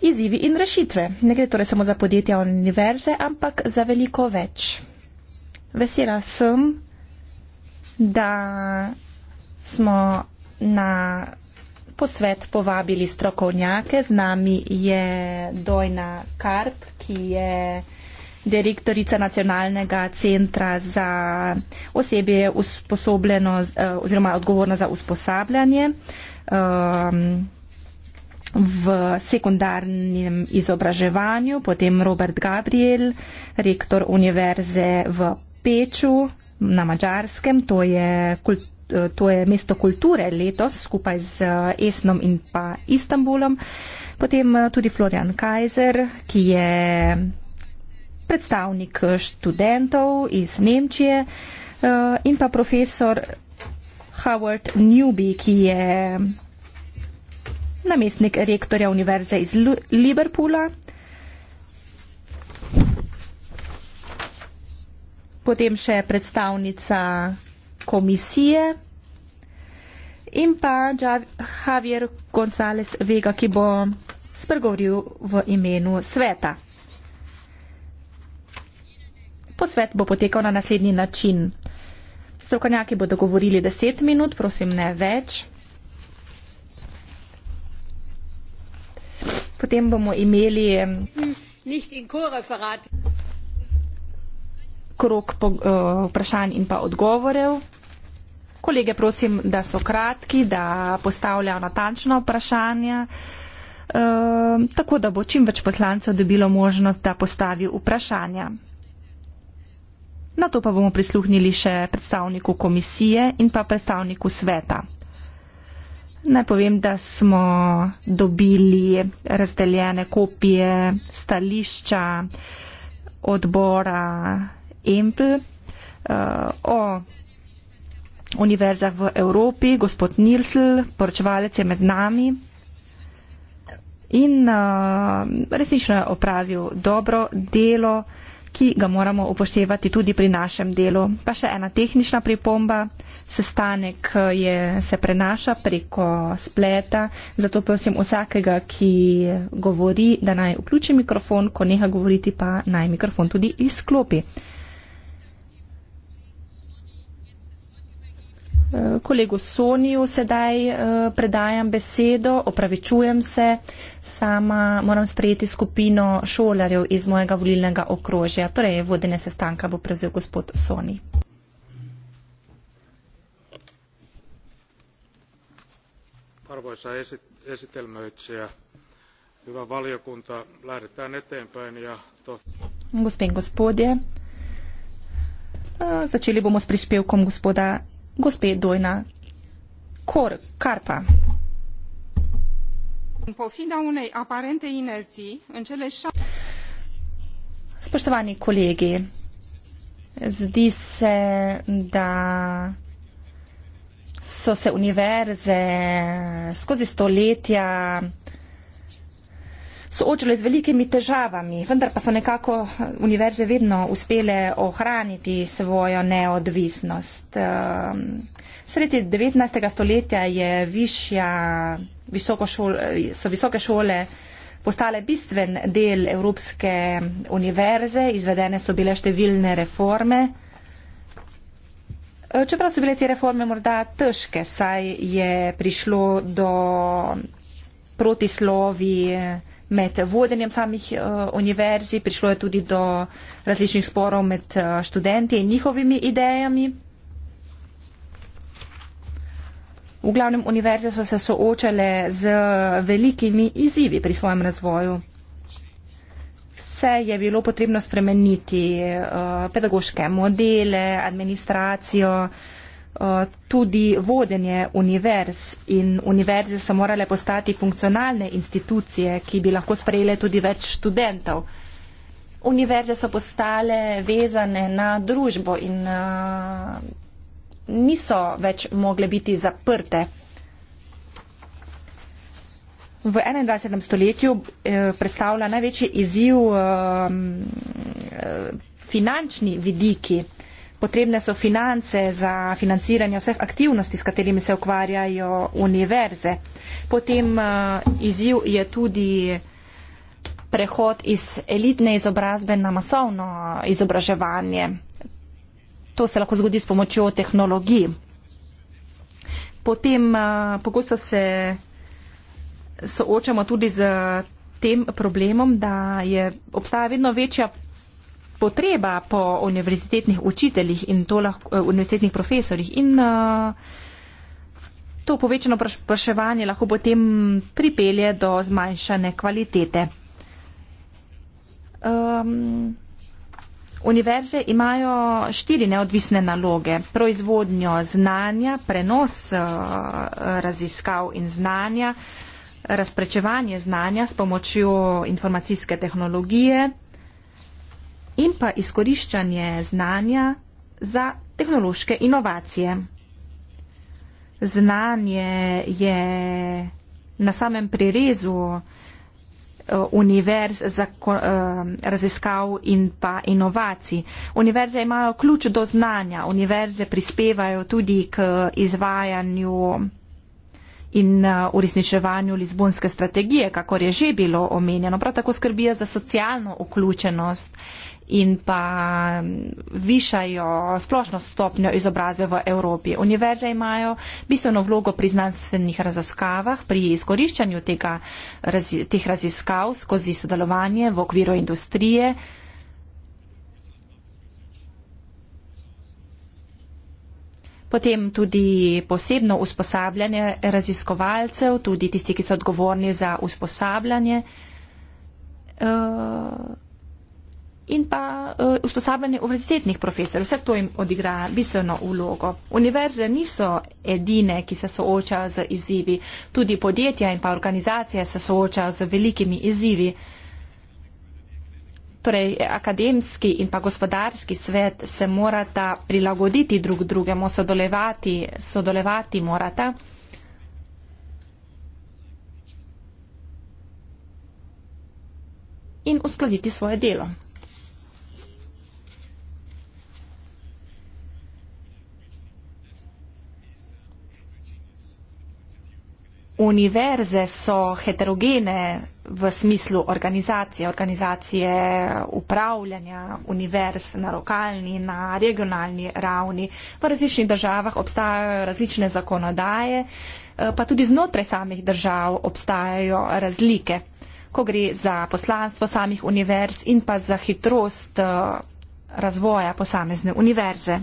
Speaker 1: Izivi in rešitve. Ne gre torej samo za podjetja univerze, ampak za veliko več. Vesela sem, da smo na posvet povabili strokovnjake. Z nami je Dojna Karp, ki je direktorica Nacionalnega centra za osebje usposobljeno eh, oziroma odgovorna za usposabljanje ehm, v sekundarnem izobraževanju, potem Robert Gabriel, rektor univerze v Peču na Mačarskem, to je kultur to je mesto kulture letos skupaj z eh, Esnom in pa Istanbulom. Potem eh, tudi Florian Kaiser, ki je predstavnik eh, študentov iz Nemčije in pa profesor Howard Newby, ki je namestnik rektorja univerze iz Liverpoola. Potem še predstavnica komisije in pa Javier González Vega, ki bo spregovoril v imenu sveta. Posvet bo potekal na naslednji način. Strokovnjaki bodo govorili 10 minut, prosim ne več. Potem bomo imeli krok po, uh, vprašanj in pa odgovorev. Kolege prosim, da so kratki, da postavljajo natančna vprašanja, e, tako da bo čim več poslancev dobilo možnost, da postavi vprašanja. Na to pa bomo prisluhnili še predstavniku komisije in pa predstavniku sveta. Naj povem, da smo dobili razdeljene kopije stališča odbora Empl uh, o univerzah v Evropi, gospod Nilsl, poročevalec je med nami in uh, resnično je opravil dobro delo, ki ga moramo upoštevati tudi pri našem delu. Pa še ena tehnična pripomba, sestanek eh, je, se prenaša preko spleta, zato prosim vsakega, ki govori, da naj vključi mikrofon, ko neha govoriti, pa naj mikrofon tudi izklopi. kolegu Soniju sedaj eh, predajam besedo, opravičujem se, sama moram sprejeti skupino šolarjev iz mojega volilnega okrožja, torej vodene sestanka bo prevzel gospod Soni.
Speaker 4: Arvoisa esitelmöitsijä, hyvä valiokunta, lähdetään eteenpäin ja
Speaker 1: Gospodje, eh, začeli bomo s prispevkom gospoda gospe Dojna Kor Karpa.
Speaker 3: Pofida unej aparente inerciji in čele ša...
Speaker 1: Spoštovani kolegi, zdi se, da so se univerze skozi stoletja soočale z velikimi težavami, vendar pa so nekako eh, univerze vedno uspele ohraniti svojo neodvisnost. Ehm, sredi 19. stoletja je višja, šol, eh, so visoke šole postale bistven del Evropske univerze, izvedene so bile številne reforme. Eh, čeprav so bile te reforme morda težke, saj je prišlo do protislovi med vodenjem samih uh, univerzij, prišlo je tudi do različnih sporov med uh, študenti in njihovimi idejami. V glavnem univerze so se soočale z velikimi izzivi pri svojem razvoju. Vse je bilo potrebno spremeniti, uh, pedagoške modele, administracijo, uh, Eh, tudi vodenje univerz in univerze so morale postati funkcionalne institucije, ki bi lahko sprejele tudi več študentov. Univerze so postale vezane na družbo in uh, niso več mogle biti zaprte. V 21. stoletju eh, predstavlja največji izziv eh, eh finančni vidiki. Potrebne so finance za financiranje vseh aktivnosti, s katerimi se ukvarjajo univerze. Potem eh, izziv je tudi prehod iz elitne izobrazbe na masovno eh, izobraževanje. To se lahko zgodi s pomočjo tehnologij. Potem eh, pogosto se soočamo tudi z tem problemom, da je, obstaja vedno večja potreba po univerzitetnih učiteljih in to lahko eh, univerzitetnih profesorjih in eh, to povečano spraševanje lahko potem pripelje do zmanjšane kvalitete. Um, Univerze imajo štiri neodvisne naloge. Proizvodnjo znanja, prenos eh, raziskav in znanja, razprečevanje znanja s pomočjo informacijske tehnologije, in pa izkoriščanje znanja za tehnološke inovacije. Znanje je na samem prerezu eh, univerz za eh, raziskav in pa inovacij. Univerze imajo ključ do znanja, univerze prispevajo tudi k izvajanju in eh, uresničevanju Lizbonske strategije, kako je že bilo omenjeno. Prav tako skrbijo za socialno vključenost in pa višajo splošno stopnjo izobrazbe v Evropi. Univerze imajo bistveno vlogo pri znanstvenih raziskavah, pri izkoriščanju tega, teh raziskav skozi sodelovanje v okviru industrije. Potem tudi posebno usposabljanje raziskovalcev, tudi tisti, ki so odgovorni za usposabljanje. Uh, in pa uh, usposabljanje univerzitetnih profesorjev. Vse to jim odigra bistveno vlogo. Univerze niso edine, ki se soočajo z izzivi. Tudi podjetja in pa organizacije se soočajo z velikimi izzivi. Torej, akademski in pa gospodarski svet se morata prilagoditi drug drugemu, sodelovati, sodelovati morata. in uskladiti svoje delo. Univerze so heterogene v smislu organizacije, organizacije upravljanja univerz na lokalni, na regionalni ravni. V različnih državah obstajajo različne zakonodaje, eh, pa tudi znotraj samih držav obstajajo razlike, ko gre za poslanstvo samih univerz in pa za hitrost eh, razvoja posamezne univerze.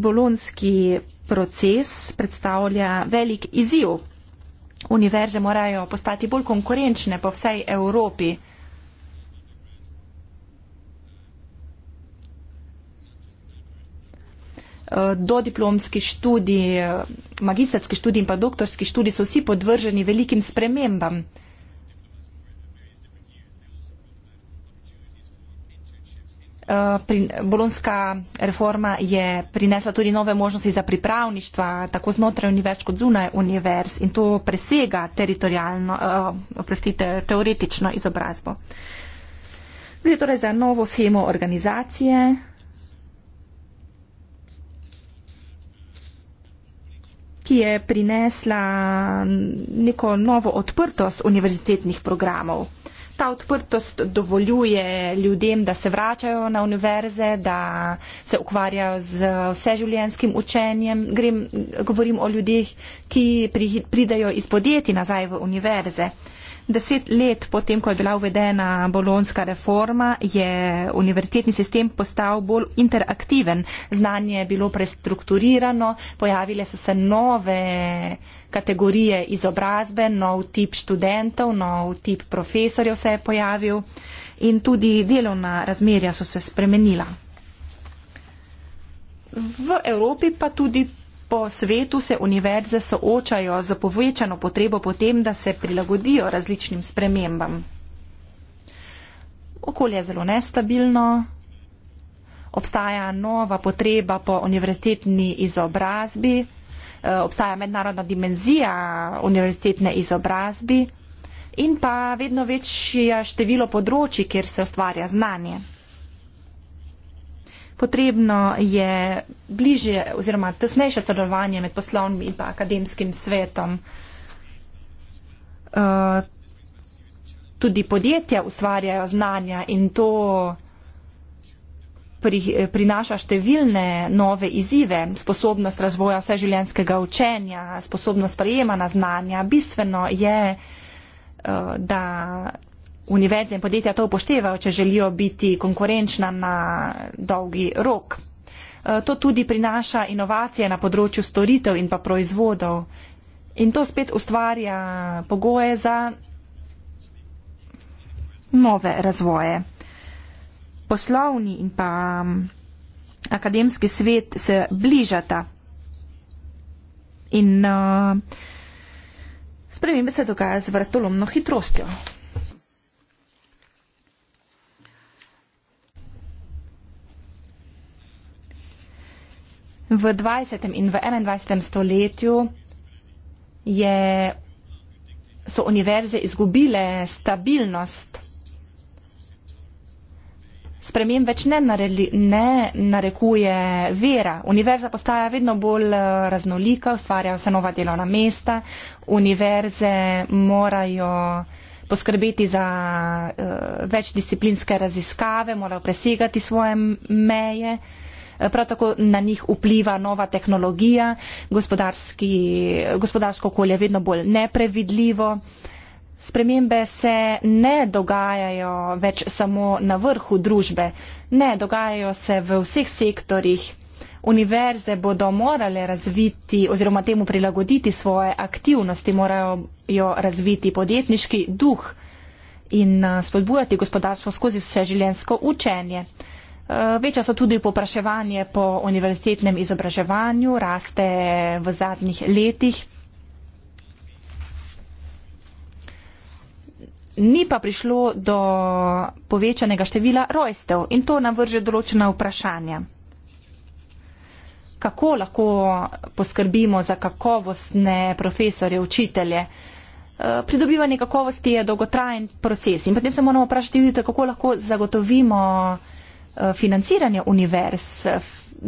Speaker 1: bolonski proces predstavlja velik izziv. Univerze morajo postati bolj konkurenčne po vsej Evropi. Eh, Do diplomski študij, eh, magistrski študij in pa doktorski študij so vsi podvrženi velikim spremembam. Eh, bolonska reforma je prinesla tudi nove možnosti za pripravništva, tako znotraj univerz kot zunaj univerz in to presega teritorijalno, eh, oprostite, teoretično izobrazbo. Gre torej za novo semo organizacije. ki je prinesla neko novo odprtost univerzitetnih programov. Uh, ta odprtost dovoljuje ljudem, da se vračajo na univerze, da se ukvarjajo z vseživljenjskim učenjem. Grem, govorim o ljudeh, ki pridajo iz podjetij nazaj v univerze. Deset let potem, ko je bila uvedena bolonska reforma, je univerzitetni sistem postal bolj interaktiven. Znanje je bilo prestrukturirano, pojavile so se nove kategorije izobrazbe, nov tip študentov, nov tip profesorjev se je pojavil in tudi delovna razmerja so se spremenila. V Evropi pa tudi Po svetu se univerze soočajo z povečano potrebo potem, da se prilagodijo različnim spremembam. Okolje je zelo nestabilno, obstaja nova potreba po univerzitetni izobrazbi, eh, obstaja mednarodna dimenzija univerzitetne izobrazbi in pa vedno večje število področji, kjer se ustvarja znanje potrebno je bližje oziroma tesnejše sodelovanje med poslovnim in pa akademskim svetom. Eh, tudi podjetja ustvarjajo znanja in to pri, prinaša številne nove izzive, sposobnost razvoja vseživljenskega učenja, sposobnost prejemanja znanja. Bistveno je, eh, da univerze in podjetja to upoštevajo, če želijo biti konkurenčna na dolgi rok. E, to tudi prinaša inovacije na področju storitev in pa proizvodov. In to spet ustvarja pogoje za nove razvoje. Poslovni in pa akademski svet se bližata. In uh, spremembe se dogajajo z vrtolomno hitrostjo. V 20. in v 21. stoletju je, so univerze izgubile stabilnost. Spremem več ne, nareli, ne narekuje vera. Univerza postaja vedno bolj eh, raznolika, ustvarjajo se nova delovna mesta, univerze morajo poskrbeti za uh, eh, večdisciplinske raziskave, morajo presegati svoje meje. Uh, prav tako na njih vpliva nova tehnologija, gospodarsko okolje vedno bolj neprevidljivo. Spremembe se ne dogajajo več samo na vrhu družbe, ne dogajajo se v vseh sektorjih. Univerze bodo morale razviti oziroma temu prilagoditi svoje aktivnosti, morajo jo razviti podjetniški duh in eh, spodbujati gospodarstvo skozi vse življensko učenje. Eh, veča so tudi popraševanje po univerzitetnem izobraževanju, raste v zadnjih letih. Ni pa prišlo do povečanega števila rojstev in to nam vrže določena vprašanja. Kako lahko poskrbimo za kakovostne profesore, učitelje? Eh, pridobivanje kakovosti je dolgotrajen proces in potem se moramo vprašati, kako lahko zagotovimo Eh, financiranje univerz,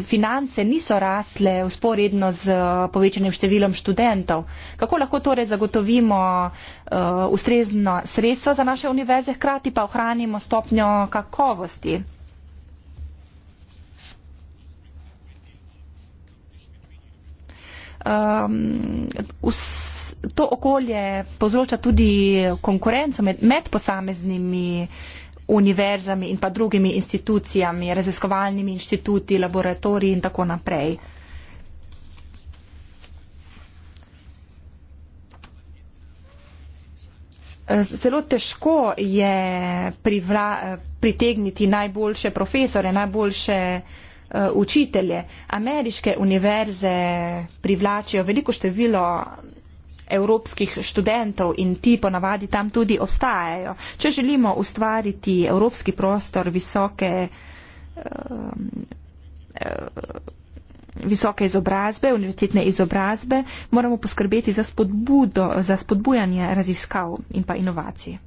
Speaker 1: finance niso rasle usporedno z eh, povečanjem številom študentov. Kako lahko torej zagotovimo eh, ustrezno sredstvo za naše univerze, hkrati pa ohranimo stopnjo kakovosti? Ehm, to okolje povzroča tudi konkurenco med posameznimi univerzami, univerzami in pa drugimi institucijami, raziskovalnimi inštituti, laboratoriji in tako naprej. Zelo težko je privla, pritegniti najboljše profesore, najboljše eh, učitelje. Ameriške univerze privlačijo veliko število evropskih študentov in ti ponavadi tam tudi obstajajo. Če želimo ustvariti evropski prostor visoke, um, uh, visoke izobrazbe, univerzitne izobrazbe, moramo poskrbeti za, spodbudo, za spodbujanje raziskav in pa inovacij.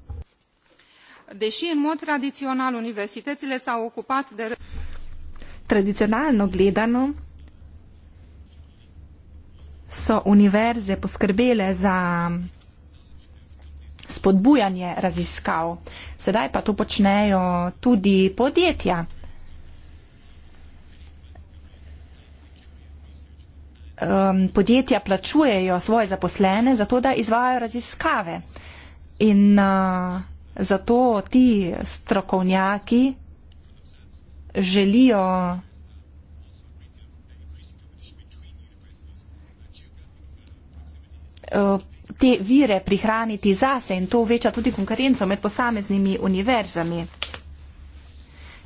Speaker 3: Deși în mod tradițional universitățile s-au ocupat de.
Speaker 1: Tradițional, gledano, so univerze poskrbele za spodbujanje raziskav. Sedaj pa to počnejo tudi podjetja. Um, podjetja plačujejo svoje zaposlene zato, da izvajo raziskave. In uh, zato ti strokovnjaki želijo Eh, te vire prihraniti zase in to veča tudi konkurenco med posameznimi univerzami.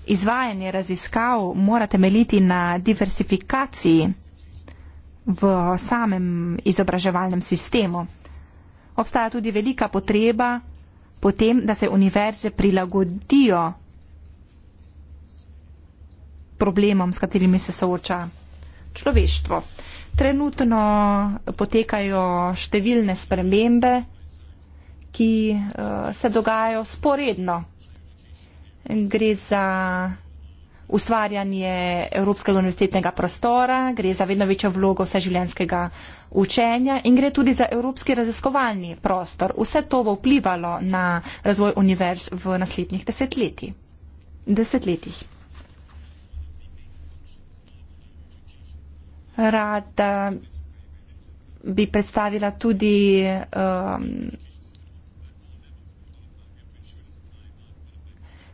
Speaker 1: Izvajanje raziskav mora temeljiti na diversifikaciji v samem izobraževalnem sistemu. Obstaja tudi velika potreba potem, da se univerze prilagodijo problemom, s katerimi se sooča človeštvo. Trenutno potekajo številne spremembe, ki eh, se dogajajo sporedno. Gre za ustvarjanje Evropskega univerzitetnega prostora, gre za vedno večjo vlogo vseživljenskega učenja in gre tudi za Evropski raziskovalni prostor. Vse to bo vplivalo na razvoj univerz v naslednjih desetletjih. desetletjih. rada bi predstavila tudi um,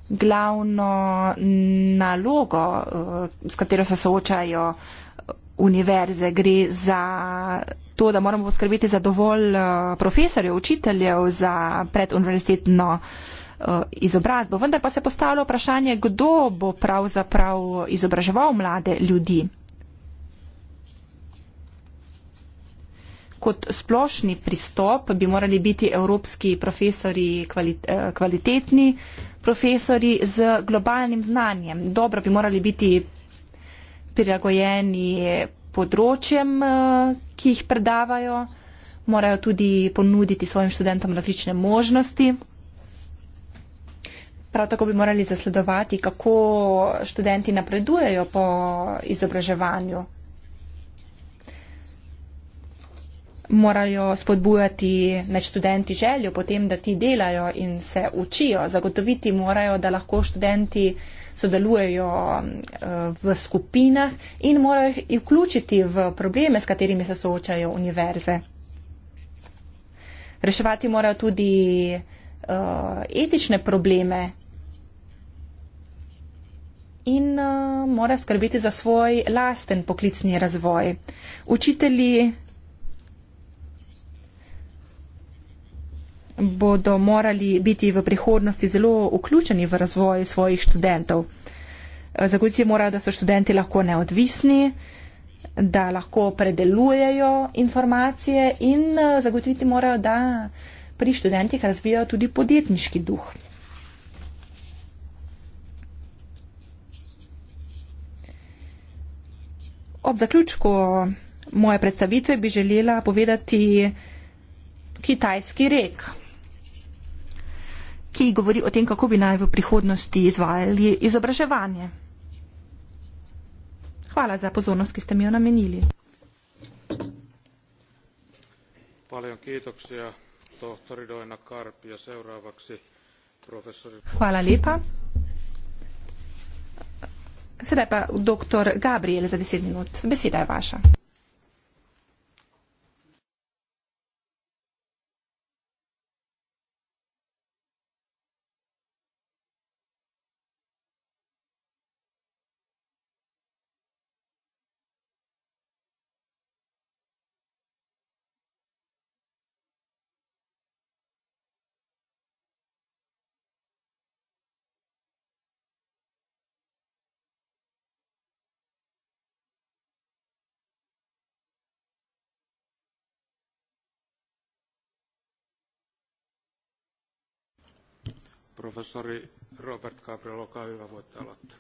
Speaker 1: glavno nalogo, uh, s katero se soočajo univerze. Gre za to, da moramo poskrbeti za dovolj uh, profesorjev, učiteljev za preduniverzitetno uh, izobrazbo. Vendar pa se postavlja vprašanje, kdo bo pravzaprav izobraževal mlade ljudi. kot splošni pristop bi morali biti evropski profesori eh, kvalitetni, profesori z globalnim znanjem. Dobro bi morali biti prilagojeni področjem, eh, ki jih predavajo, morajo tudi ponuditi svojim študentom različne možnosti. Prav tako bi morali zasledovati, kako študenti napredujejo po izobraževanju. morajo spodbujati med študenti željo potem, da ti delajo in se učijo. Zagotoviti morajo, da lahko študenti sodelujejo eh, v skupinah in morajo jih vključiti v probleme, s katerimi se soočajo univerze. Reševati morajo tudi uh, etične probleme in uh, morajo skrbeti za svoj lasten poklicni razvoj. Učitelji bodo morali biti v prihodnosti zelo vključeni v razvoj svojih študentov. Zagotoviti morajo, da so študenti lahko neodvisni, da lahko predelujejo informacije in eh, zagotoviti morajo, da pri študentih razvijajo tudi podjetniški duh. Ob zaključku moje predstavitve bi želela povedati kitajski rek ki govori o tem, kako bi naj v prihodnosti izvajali izobraževanje. Hvala za pozornost, ki ste mi jo namenili.
Speaker 4: Paljon kiitoksia, tohtori Doina Karp ja seuraavaksi professori...
Speaker 1: Hvala lepa. Sedaj pa doktor Gabriel za deset minut. Beseda je vaša.
Speaker 4: professori Robert Gabriel, olkaa hyvä, voitte aloittaa.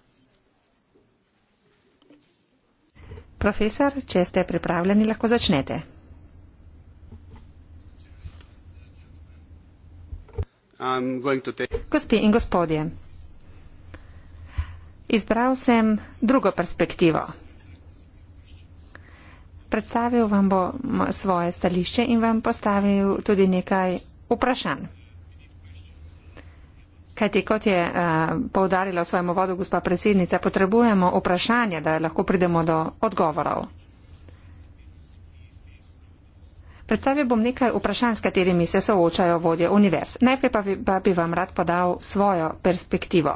Speaker 3: Profesor, če ste pripravljeni, lahko začnete. Gospi in gospodje, izbral sem drugo perspektivo. Predstavil vam bom svoje stališče in vam postavil tudi nekaj vprašanj. Kajti, kot je uh, eh, povdarila v svojem vodu gospa predsednica, potrebujemo vprašanja, da lahko pridemo do odgovorov. Predstavil bom nekaj vprašanj, s katerimi se soočajo vodje univerz. Najprej pa bi, pa bi vam rad podal svojo perspektivo.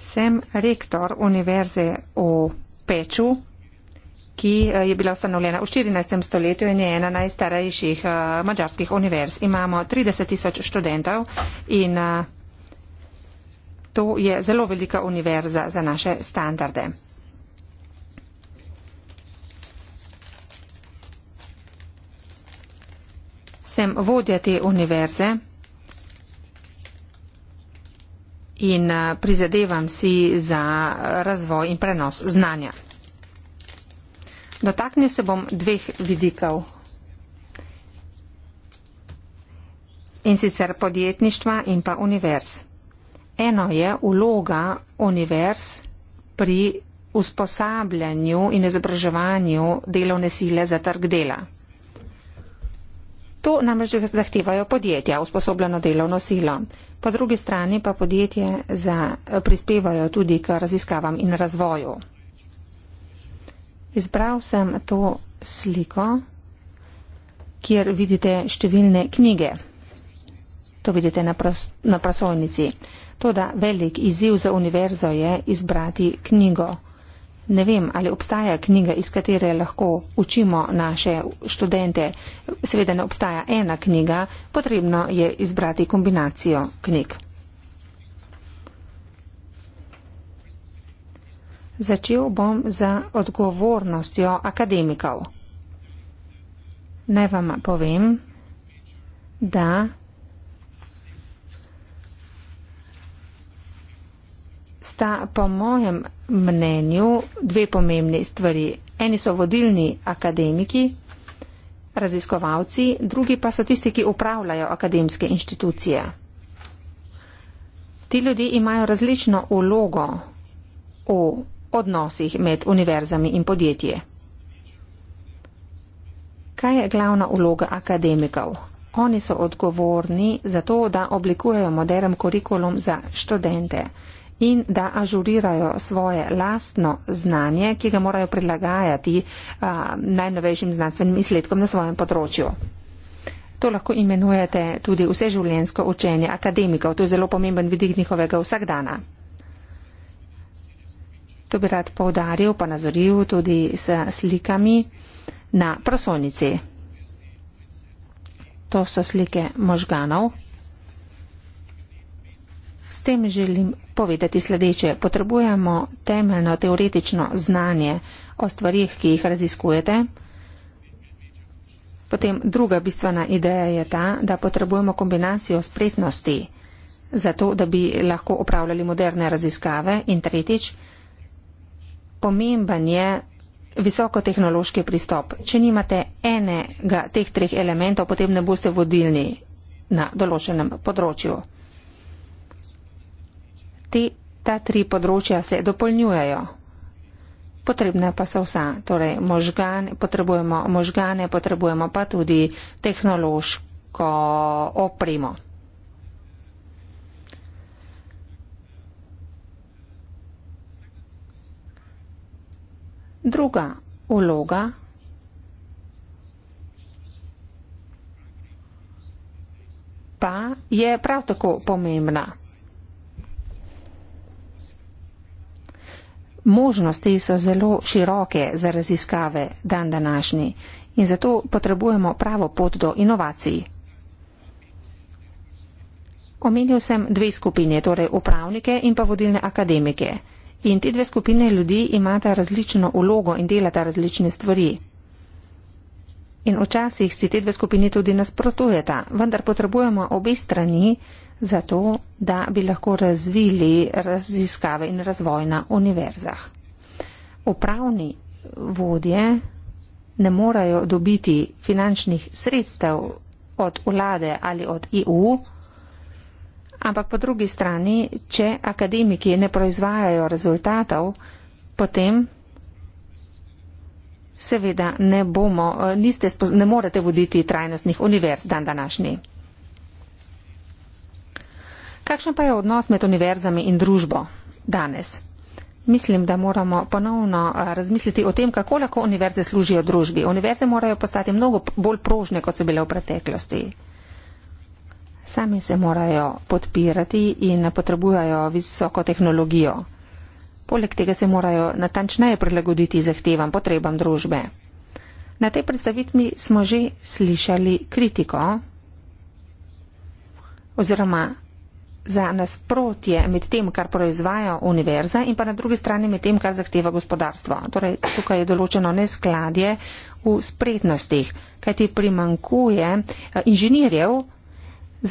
Speaker 3: Sem rektor univerze v Peču, ki eh, je bila ustanovljena v 14. stoletju in je ena najstarejših uh, eh, mađarskih univerz. Imamo 30 tisoč študentov in uh, to je zelo velika univerza za naše standarde. Sem vodja te univerze in eh, prizadevam si za razvoj in prenos znanja. Dotaknil se bom dveh vidikov in sicer podjetništva in pa univerz. Eno je vloga univerz pri usposabljanju in izobraževanju delovne sile za trg dela. To namreč zahtevajo podjetja, usposobljeno delovno silo. Po drugi strani pa podjetje za, prispevajo tudi k raziskavam in razvoju. Izbral sem to sliko, kjer vidite številne knjige. To vidite na, pros na prosojnici. Toda velik izziv za univerzo je izbrati knjigo. Ne vem, ali obstaja knjiga, iz katere lahko učimo naše študente. Seveda ne obstaja ena knjiga, potrebno je izbrati kombinacijo knjig. Začel bom z odgovornostjo akademikov. Naj vam povem, da sta po mojem mnenju dve pomembni stvari. Eni so vodilni akademiki, raziskovalci, drugi pa so tisti, ki upravljajo akademske inštitucije. Ti ljudje imajo različno ulogo v odnosih med univerzami in podjetje. Kaj je glavna uloga akademikov? Oni so odgovorni za to, da oblikujejo modern kurikulum za študente in da ažurirajo svoje lastno znanje, ki ga morajo prilagajati a, najnovejšim znanstvenim izsledkom na svojem področju. To lahko imenujete tudi vse življenjsko učenje akademikov. To je zelo pomemben vidik njihovega vsakdana. To bi rad povdaril, pa nazoril tudi s slikami na prosojnici. To so slike možganov. S tem želim povedati sledeče. Potrebujemo temeljno teoretično znanje o stvarih, ki jih raziskujete. Potem druga bistvena ideja je ta, da potrebujemo kombinacijo spretnosti za to, da bi lahko upravljali moderne raziskave. In tretjič, pomemben je visokotehnološki pristop. Če nimate enega teh treh elementov, potem ne boste vodilni na določenem področju te, ta tri področja se dopolnjujejo. Potrebna pa so vsa, torej možgane, potrebujemo možgane, potrebujemo pa tudi tehnološko opremo. Druga vloga pa je prav tako pomembna. možnosti so zelo široke za raziskave dan današnji in zato potrebujemo pravo pot do inovacij. Omenil sem dve skupine, torej upravnike in pa vodilne akademike. In te dve skupine ljudi imata različno ulogo in delata različne stvari. In včasih si te dve skupine tudi nasprotujeta, vendar potrebujemo obe strani, zato, da bi lahko razvili raziskave in razvoj na univerzah. Upravni vodje ne morajo dobiti finančnih sredstev od vlade ali od EU, ampak po drugi strani, če akademiki ne proizvajajo rezultatov, potem seveda ne, bomo, eh, spo, ne morete voditi trajnostnih univerz dan današnji. Kakšen pa je odnos med univerzami in družbo danes? Mislim, da moramo ponovno eh, razmisliti o tem, kako lahko univerze služijo družbi. Univerze morajo postati mnogo bolj prožne, kot so bile v preteklosti. Sami se morajo podpirati in potrebujejo visoko tehnologijo. Poleg tega se morajo natančneje prilagoditi zahtevam, potrebam družbe. Na tej predstavitvi smo že slišali kritiko oziroma za nasprotje med tem, kar proizvaja univerza in pa na drugi strani med tem, kar zahteva gospodarstvo. Torej, tukaj je določeno neskladje v spretnostih, kajti primankuje eh, inženirjev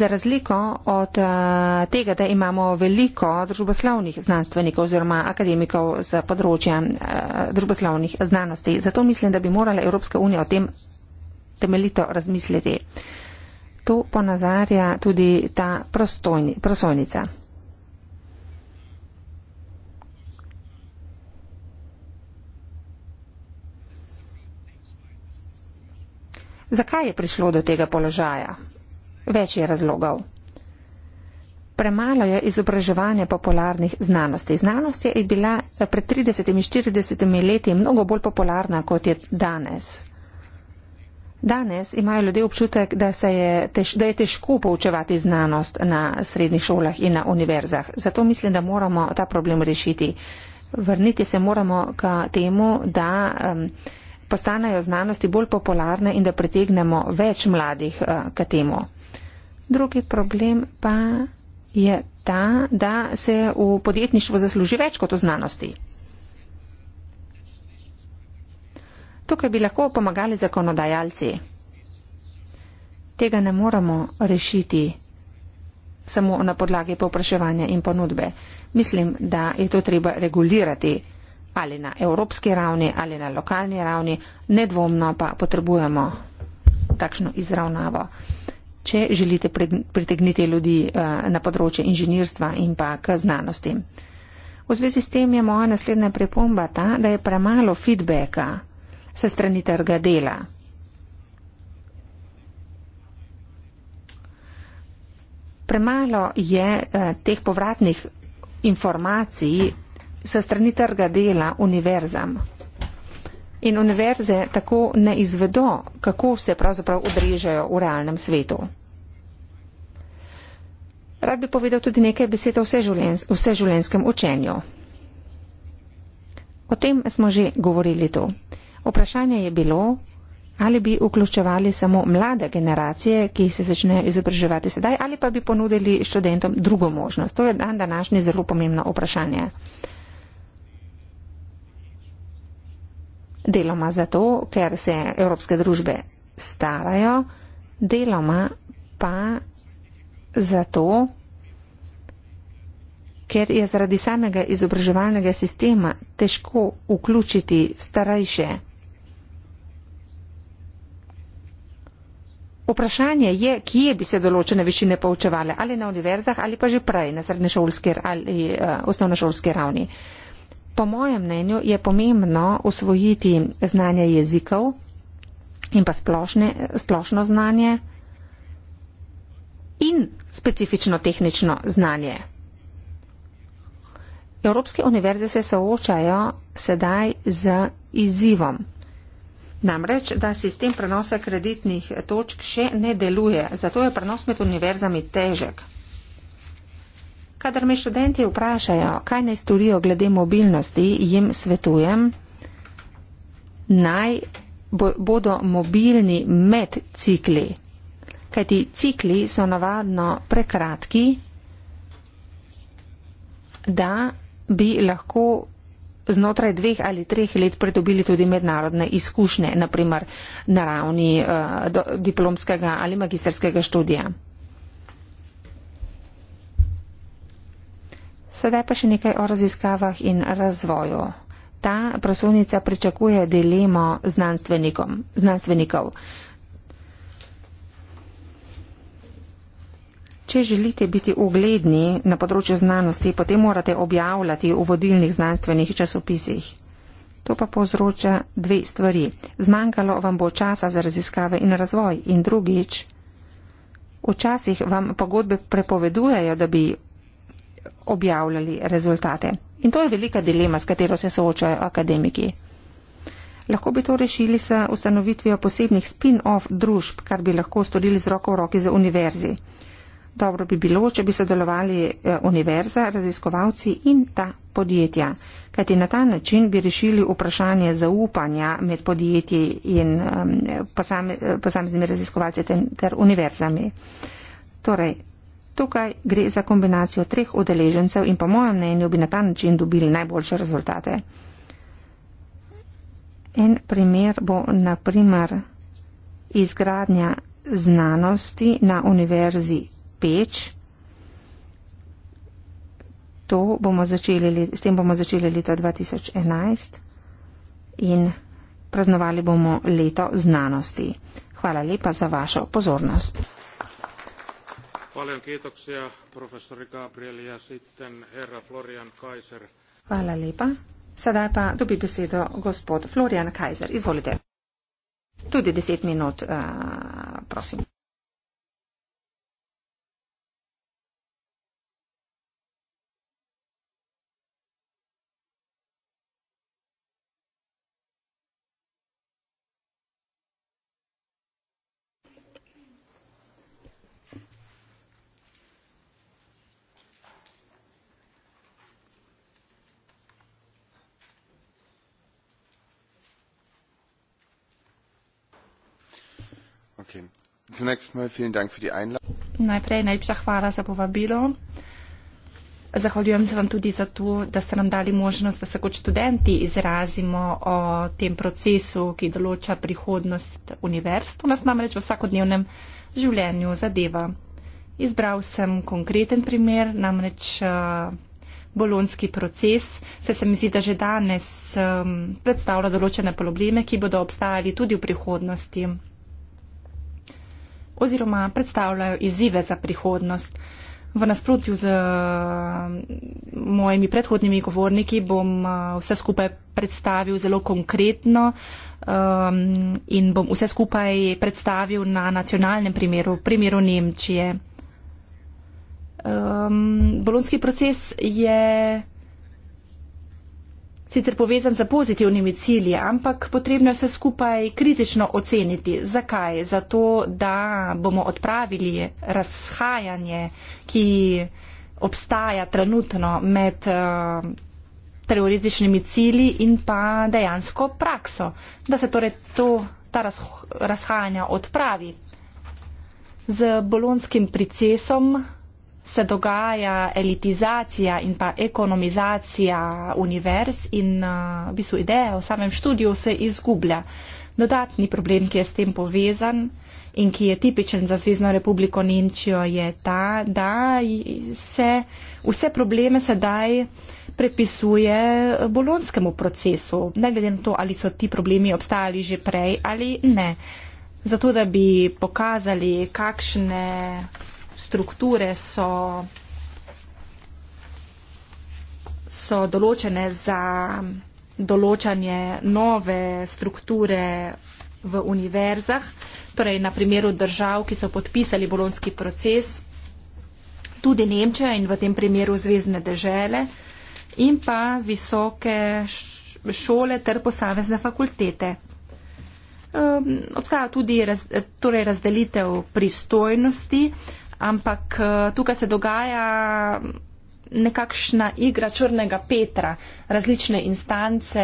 Speaker 3: za razliko od eh, tega, da imamo veliko družboslovnih znanstvenikov oziroma akademikov z področja eh, družboslovnih znanosti. Zato mislim, da bi morala Evropska unija o tem temeljito razmisliti to ponazarja tudi ta prosojnica. Zakaj je prišlo do tega položaja? Več je razlogov. Premalo je izobraževanja popularnih znanosti. Znanost je bila pred 30-40 leti mnogo bolj popularna, kot je danes. Danes imajo ljudje občutek, da, je tež, da je težko poučevati znanost na srednjih šolah in na univerzah. Zato mislim, da moramo ta problem rešiti. Vrniti se moramo k temu, da um, postanejo znanosti bolj popularne in da pritegnemo več mladih uh, k temu. Drugi problem pa je ta, da se v podjetništvu zasluži več kot v znanosti. Tukaj bi lahko pomagali zakonodajalci. Tega ne moramo rešiti samo na podlagi povpraševanja in ponudbe. Mislim, da je to treba regulirati ali na evropski ravni ali na lokalni ravni. Nedvomno pa potrebujemo takšno izravnavo. Če želite pritegniti ljudi eh, na področje inženirstva in pa k znanosti. V zvezi s tem je moja naslednja pripomba ta, da je premalo feedbacka se strani trga dela. Premalo je eh, teh povratnih informacij se strani trga dela univerzam. In univerze tako ne izvedo, kako se pravzaprav odrežejo v realnem svetu. Rad bi povedal tudi nekaj besed o vseživljenskem učenju. O tem smo že govorili tu. Vprašanje je bilo, ali bi vključevali samo mlade generacije, ki se začnejo izobraževati sedaj, ali pa bi ponudili študentom drugo možnost. To je dan današnje zelo pomembno vprašanje. Deloma zato, ker se evropske družbe starajo, deloma pa zato, ker je zaradi samega izobraževalnega sistema težko vključiti starejše. Vprašanje je, kje bi se določene višine poučevale, ali na univerzah ali pa že prej na srednješolski ali uh, osnovnošolski ravni. Po mojem mnenju je pomembno usvojiti znanje jezikov in pa splošne, splošno znanje in specifično tehnično znanje. Evropske univerze se soočajo sedaj z izzivom. Namreč, da sistem prenosa kreditnih točk še ne deluje, zato je prenos med univerzami težek. Kadar me študenti vprašajo, kaj naj storijo glede mobilnosti, jim svetujem, naj bodo mobilni med cikli, kajti cikli so navadno prekratki, da bi lahko znotraj dveh ali treh let pridobili tudi mednarodne izkušnje, naprimer na ravni uh, diplomskega ali magisterskega študija. Sedaj pa še nekaj o raziskavah in razvoju. Ta prosovnica pričakuje dilemo znanstvenikom, znanstvenikov. Če želite biti ugledni na področju znanosti, potem morate objavljati v vodilnih znanstvenih časopisih. To pa povzroča dve stvari. Zmanjkalo vam bo časa za raziskave in razvoj. In drugič, včasih vam pogodbe prepovedujejo, da bi objavljali rezultate. In to je velika dilema, s katero se soočajo akademiki. Lahko bi to rešili s ustanovitvijo posebnih spin-off družb, kar bi lahko storili z roko v roki za univerzi dobro bi bilo, če bi sodelovali eh, univerza, raziskovalci in ta podjetja. Kajti na ta način bi rešili vprašanje zaupanja med podjetji in um, posameznimi raziskovalci ter, ter univerzami. Torej, tukaj gre za kombinacijo treh udeležencev in po mojem mnenju bi na ta način dobili najboljše rezultate. En primer bo naprimer izgradnja znanosti na univerzi peč. To bomo začeli, s tem bomo začeli leto 2011 in praznovali bomo leto znanosti. Hvala lepa za vašo pozornost. Ja Hvala lepa. Sedaj pa dobi besedo gospod Florian Kajzer. Izvolite. Tudi deset minut, uh, prosim.
Speaker 4: zunächst mal vielen Dank für die Einladung.
Speaker 1: Najprej najlepša hvala za povabilo. Zahvaljujem se vam tudi za to, da ste nam dali možnost, da se kot študenti izrazimo o tem procesu, ki določa prihodnost univerz. To nas namreč v vsakodnevnem življenju zadeva. Izbral sem konkreten primer, namreč eh, bolonski proces, saj se mi zdi, da že danes eh, predstavlja določene probleme, ki bodo obstajali tudi v prihodnosti oziroma predstavljajo izzive za prihodnost. V nasprotju z um, mojimi predhodnimi govorniki bom uh, vse skupaj predstavil zelo konkretno um, in bom vse skupaj predstavil na nacionalnem primeru, primeru Nemčije. Um, bolonski proces je sicer povezan z pozitivnimi cilji, ampak potrebno je vse skupaj kritično oceniti. Zakaj? Zato, da bomo odpravili razhajanje, ki obstaja trenutno med uh, eh, teoretičnimi cilji in pa dejansko prakso, da se torej to, ta razh razhajanja odpravi. Z bolonskim procesom se dogaja elitizacija in pa ekonomizacija univerz in uh, v bistvu ideja o samem študiju se izgublja. Dodatni problem, ki je s tem povezan in ki je tipičen za Zvezdno republiko Nemčijo, je ta, da se vse probleme sedaj prepisuje bolonskemu procesu, ne glede na to, ali so ti problemi obstajali že prej ali ne. Zato, da bi pokazali, kakšne strukture so, so določene za določanje nove strukture v univerzah, torej na primeru držav, ki so podpisali bolonski proces, tudi Nemčija in v tem primeru zvezdne dežele in pa visoke šole ter posamezne fakultete. Um, obstaja tudi raz, torej razdelitev pristojnosti, ampak eh, tukaj se dogaja nekakšna igra črnega Petra. Različne instance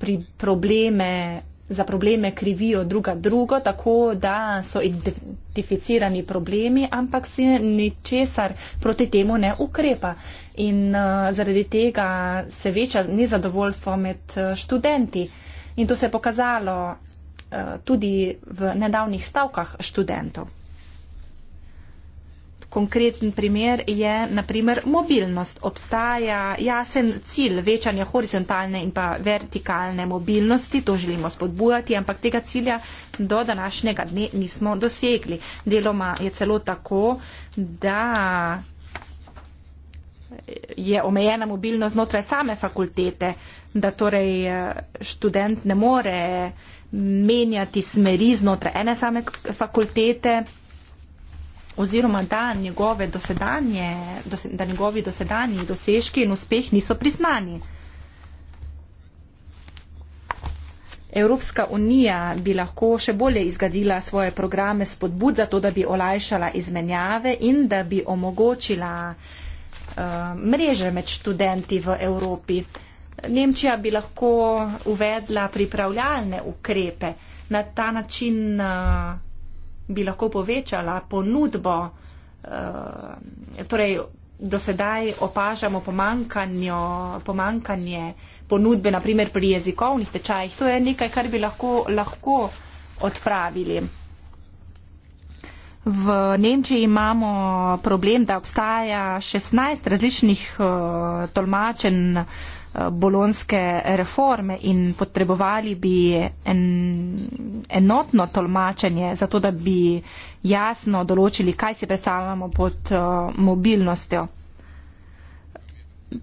Speaker 1: pri probleme, za probleme krivijo druga drugo, tako da so identificirani problemi, ampak se ničesar proti temu ne ukrepa. In eh, zaradi tega se veča nezadovoljstvo med eh, študenti. In to se je pokazalo tudi v nedavnih stavkah študentov. Konkreten primer je naprimer mobilnost. Obstaja jasen cilj večanja horizontalne in pa vertikalne mobilnosti, to želimo spodbujati, ampak tega cilja do današnjega dne nismo dosegli. Deloma je celo tako, da je omejena mobilnost znotraj same fakultete, da torej eh, študent ne more menjati smeri znotraj ene same fakultete oziroma da, njegove dosedanje, da njegovi dosedanji dosežki in uspeh niso priznani. Evropska unija bi lahko še bolje izgradila svoje programe spodbud za to, da bi olajšala izmenjave in da bi omogočila eh, mreže med študenti v Evropi. Nemčija bi lahko uvedla pripravljalne ukrepe. Na ta način eh, bi lahko povečala ponudbo, eh, torej dosedaj opažamo pomankanje ponudbe, naprimer pri jezikovnih tečajih. To je nekaj, kar bi lahko, lahko odpravili. V Nemčiji imamo problem, da obstaja 16 različnih uh, tolmačenj uh, bolonske reforme in potrebovali bi en, enotno tolmačenje, zato da bi jasno določili, kaj si predstavljamo pod uh, mobilnostjo.